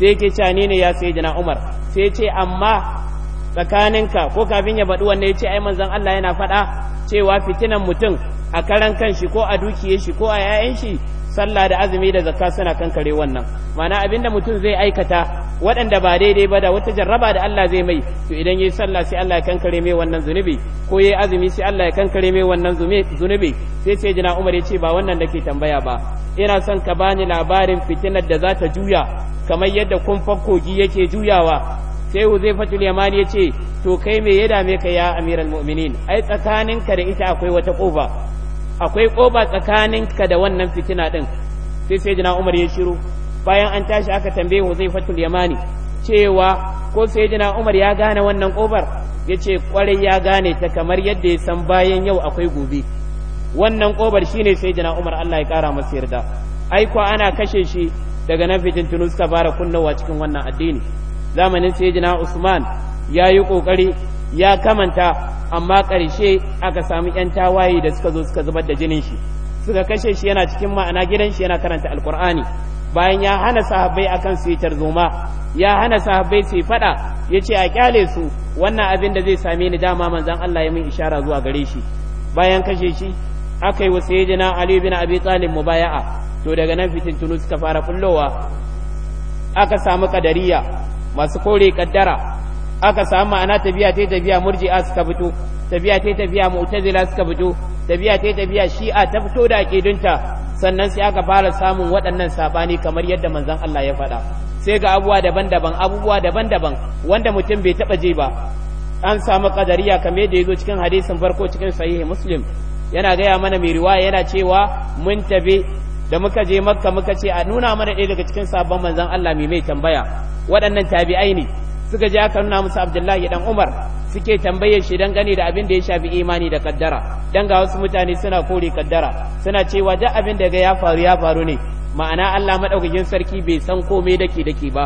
sai yake cewa ne ya sayyidina Umar sai ya ce amma tsakaninka ko kafin ya faɗi wannan ya ce ai manzon Allah yana faɗa cewa fitinan mutum a karan kanshi ko a dukiyar shi ko a 'ya'yan shi sallah da azumi da zakka suna kankare wannan mana abinda mutum zai aikata waɗanda ba daidai ba da wata jarraba da Allah zai mai to idan yayi sallah sai Allah ya kankare mai wannan zunubi ko yayi azumi sai Allah ya kankare mai wannan zunubi sai sai jina Umar ya ce ba wannan nake tambaya ba ina son ka bani labarin fitinar da za ta juya kamar yadda kun kogi yake juyawa sai Huzaifatul Yamani ya ce to kai me ya dame ka ya amiral mu'minin ai tsakaninka da ita akwai wata kofa akwai koba tsakaninka da wannan fitina din sai sai jina umar ya shiru bayan an tashi aka tambaye huzaifatul yamani cewa ko sai jina umar ya gane wannan kobar ya ce kwarai ya gane ta kamar yadda ya san bayan yau akwai gobe wannan ƙobar shine sai jina umar allah ya kara masa yarda aiko ana kashe shi daga nan fitintunu suka fara kunnawa cikin wannan addini zamanin sai jina usman ya yi kokari ya kamanta amma ƙarshe aka samu 'yan tawaye da suka zo suka zubar da jinin shi suka kashe shi yana cikin ma'ana gidan shi yana karanta alkur'ani bayan ya hana sahabbai akan su yi tarzoma ya hana sahabbai su yi fada ya ce a kyale su wannan abin da zai same ni dama manzan Allah ya min ishara zuwa gare shi bayan kashe shi aka yi wa sayyidina Ali bin Abi Talib mubaya'a to daga nan fitintunu suka fara kullowa aka samu kadariya masu kore kaddara aka samu ma'ana tafiya ta tafiya murji'a suka fito tafiya ta tafiya mu'tazila suka fito tafiya ta tafiya shi'a ta fito da akidunta sannan sai aka fara samun waɗannan sabani kamar yadda manzan Allah ya faɗa sai ga abubuwa daban-daban abubuwa daban-daban wanda mutum bai taɓa je ba an samu kadariya kamar yadda ya zo cikin hadisin farko cikin sahihi muslim yana gaya mana mai riwaya yana cewa mun tafi da muka je makka muka ce a nuna mana ɗaya daga cikin sabon manzan Allah mai mai tambaya waɗannan tabi'ai ne suka ji aka nuna musu abdullahi dan umar suke tambayar shi dangane da abin da ya shafi imani da kaddara dan ga wasu mutane suna kore kaddara suna cewa duk abin da ga ya faru ya faru ne ma'ana Allah madaukakin sarki bai san komai dake dake ba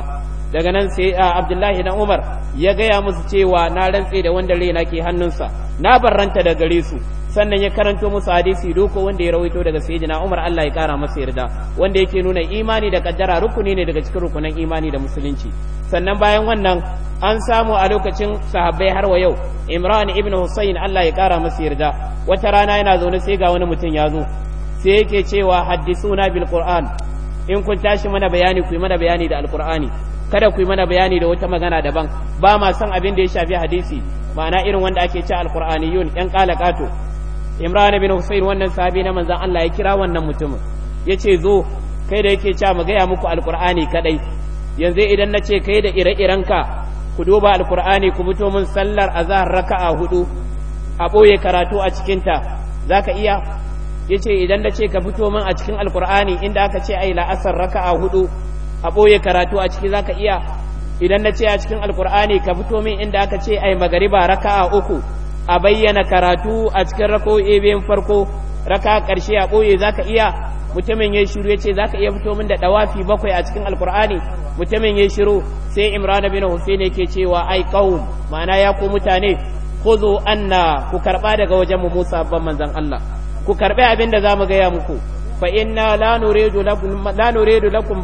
daga nan sai abdullahi dan umar ya gaya musu cewa na rantse da wanda raina ke hannunsa na barranta da gare su sannan ya karanto musu hadisi doko wanda ya rawaito daga sayyidina umar Allah ya kara masa yarda wanda yake nuna imani da kaddara rukuni ne daga cikin rukunan imani da musulunci sannan bayan wannan an samu a lokacin sahabbai har wa yau imran ibn husayn Allah ya kara masa yarda wata rana yana zaune sai ga wani mutum ya zo sai yake cewa haddisuna bil qur'an in kun tashi mana bayani ku yi mana bayani da alqur'ani kada ku yi mana bayani da wata magana daban ba ma son abin da ya shafi hadisi ma'ana irin wanda ake ce alqur'aniyun yan kalakato imran bin husayn wannan sahabi na manzon Allah ya kira wannan mutumin yace zo kai da yake cewa mu gaya muku alqur'ani kadai yanzu idan nace kai da ire-irenka ku duba alqur'ani ku fito mun sallar azhar raka'a hudu a boye karatu a cikinta za ka iya yace idan nace ka fito min a cikin alkur'ani inda aka ce ai la'asar raka'a hudu a ɓoye karatu a ciki zaka iya idan na ce a cikin alkur'ani ka fito min inda aka ce ai magariba raka'a uku a bayyana karatu a cikin rako'i biyun farko raka ƙarshe a ɓoye zaka iya mutumin ya shiru ya ce za iya fito min da ɗawafi bakwai a cikin alkur'ani mutumin ya shiru sai imran bin husain yake cewa ai qaum ma'ana ya ko mutane kozo anna ku karba daga wajen mu Musa babban manzon Allah ku karbi abin da zamu gaya muku fa inna la nuridu lakum la nuridu lakum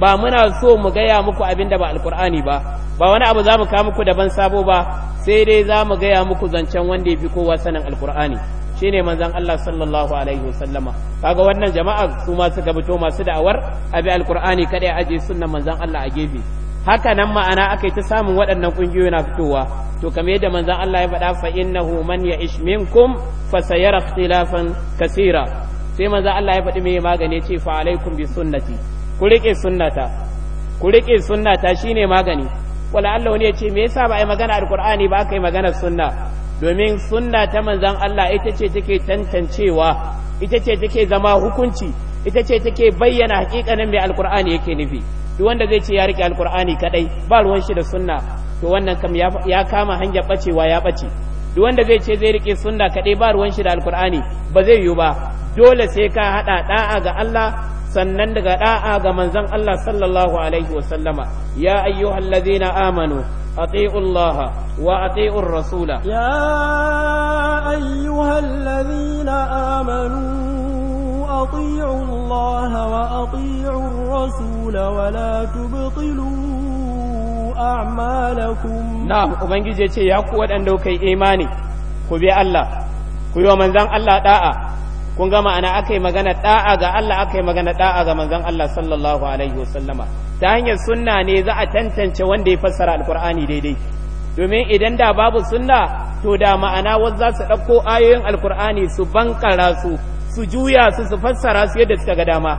ba muna so mu gaya muku abinda da ba alqur'ani ba ba wani abu zamu kawo muku daban sabo ba sai dai zamu gaya muku zancen wanda ya fi kowa sanin alqur'ani shine manzon Allah sallallahu alaihi wasallama kaga wannan jama'a su ma suka fito masu da'awar abi alqur'ani kada ya aje sunnan manzon Allah a gefe haka nan ma'ana aka yi ta samun waɗannan ƙungiyoyi na fitowa to kamar yadda manzon Allah ya faɗa fa innahu man ya'ish minkum fa sayara ikhtilafan kaseera sai manzo Allah ya faɗi mai magani ce fa alaikum bi sunnati ku rike sunnata ku rike sunnata shine magani wala Allah wani ya ce me yasa ba ai magana alqur'ani ba aka magana sunna domin sunna ta manzon Allah ita ce take tantancewa ita ce take zama hukunci ita ce take bayyana hakikanin mai alqur'ani yake nufi duk wanda zai ce ya rike alqur'ani kadai ba ruwan shi da sunna to wannan kam ya kama hanyar bacewa ya bace duk wanda zai ce zai rike sunna kaɗai ba ruwan shi da alkur'ani ba zai yiwu ba dole sai ka haɗa ɗa'a ga Allah sannan daga ɗa'a ga manzon Allah sallallahu alaihi wa sallama ya ayyuhallazina amanu أطيعوا الله وأطيعوا الرسول يا أيها الذين آمنوا أطيعوا الله وأطيعوا الرسول ولا تبطلوا a'malakum na'am ubangiji yace ya ku wadanda kai imani ku bi Allah ku yi wa manzan Allah da'a kun ga ma'ana aka magana da'a ga Allah aka magana da'a ga manzan Allah sallallahu alaihi wasallama ta hanyar sunna ne za a tantance wanda ya fassara alkur'ani daidai domin idan da babu sunna to da ma'ana wasu za su ɗauko ayoyin alkur'ani su banƙara su su juya su su fassara su yadda suka ga dama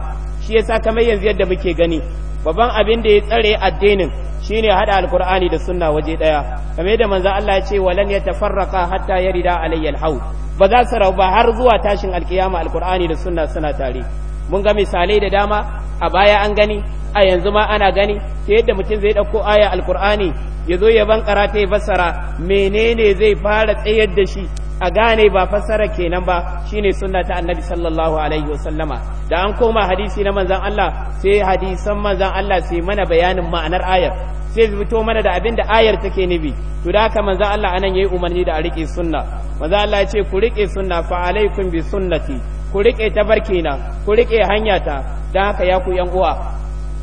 shi yasa kamar yanzu yadda muke gani babban abin da ya tsare addinin shine haɗa alkur'ani da sunna waje ɗaya kamar da manzo Allah ya ce walan yatafarraqa hatta yarida alayya hau ba za su rabu har zuwa tashin alkiyama alkur'ani da sunna suna tare mun ga misalai da dama a baya an gani a yanzu ma ana gani ta yadda mutum zai ɗauko aya alkur'ani ya zo ya ban karata ya fassara menene zai fara tsayar da shi a gane ba fassara kenan ba shine sunna ta annabi sallallahu alaihi wasallama da an koma hadisi na manzan Allah sai hadisan manzan Allah sai mana bayanin ma'anar ayar sai fito mana da abin da ayar take nufi to da haka manzan Allah anan yayi umarni da a rike sunna maza Allah ya ce ku rike sunna fa alaikum bi sunnati ku rike ta na ku rike hanyata da haka ya ku yan uwa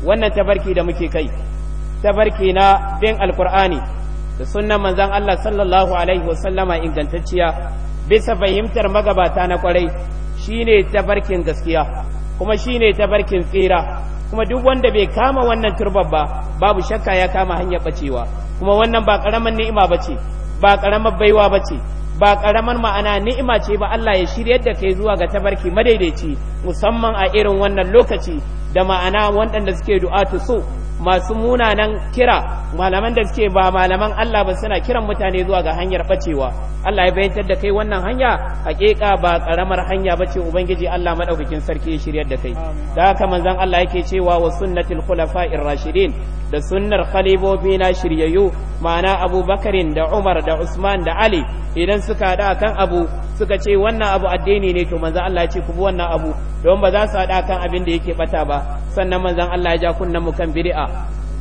wannan ta tabarki da muke kai tabarki na bin alqur'ani da sunnan manzon Allah sallallahu alaihi wasallama ingantacciya bisa fahimtar magabata na kwarai ta barkin gaskiya kuma shi shine barkin tsira kuma duk wanda bai kama wannan turbar ba babu shakka ya kama hanyar bacewa kuma wannan ba karaman ni'ima ba ce ba karamar baiwa ba ce ba karamar ma'ana ni'ima ce ba Allah ya shiryar da kai zuwa ga tabarki madaidaici musamman a irin wannan lokaci da ma'ana waɗanda suke du'a du'atu so masu munanan kira malaman da suke ba malaman Allah ba suna kiran mutane zuwa ga hanyar bacewa Allah ya bayyantar da kai wannan hanya hakika ba karamar hanya ba ce ubangiji Allah madaukakin sarki ya shiryar da kai da haka manzon Allah yake cewa wa sunnatul khulafa'ir rashidin da sunnar khalibobi na shiryayyu ma'ana abubakarin da umar da usman da ali idan suka haɗa kan abu suka ce wannan abu addini ne to manzon Allah ya ce ku bi wannan abu don ba za su haɗa kan abin da yake bata ba sannan manzon Allah ya ja kunnen mu kan bid'a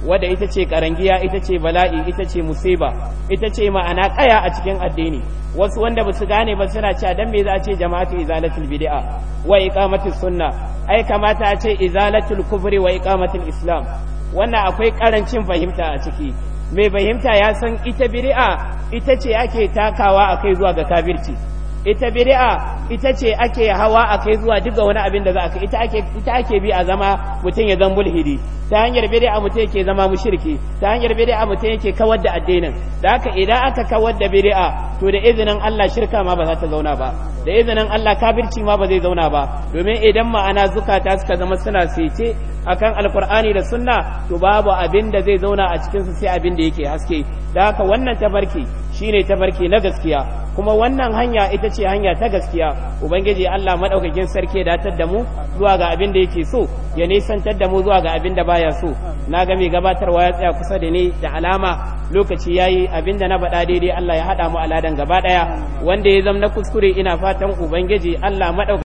wadda ita ce karangiya ita ce bala'i ita ce musiba ita ce ma'ana kaya a cikin addini wasu wanda ba su gane ba suna cewa dan me za a ce jama'atu izalatul bid'a wa iqamatus sunna ai kamata a ce izalatul kufri wa iqamatul islam wannan akwai karancin fahimta a ciki mai fahimta ya san ita bid'a ita ce ake takawa akai zuwa ga kafirci ita bid'a ita ce ake hawa a kai zuwa duka wani abin da za a kai ita ake ita ake bi a zama mutum ya zama mulhidi ta hanyar bid'a mutum yake zama mushriki ta hanyar bid'a mutum yake kawar da addinin da haka idan aka kawar da bid'a to da izinin Allah shirka ma ba za ta zauna ba da izinin Allah kafirci ma ba zai zauna ba domin idan ma'ana zukata suka zama suna sece akan alkur'ani da sunna to babu abin da zai zauna a cikin su sai abin da yake haske da haka wannan tabarki shi ne ta tafarki na gaskiya kuma wannan hanya ita ce hanya ta gaskiya ubangiji Allah madaukakin sarki ya datar da mu zuwa ga abin da yake so ya nisantar da mu zuwa ga abin da baya so na ga mai gabatarwa ya tsaya kusa da ni da alama lokaci yayi abin da na faɗa daidai Allah ya haɗa mu aladan gaba ɗaya wanda ya zama na kuskure ina fatan ubangiji Allah madaukakin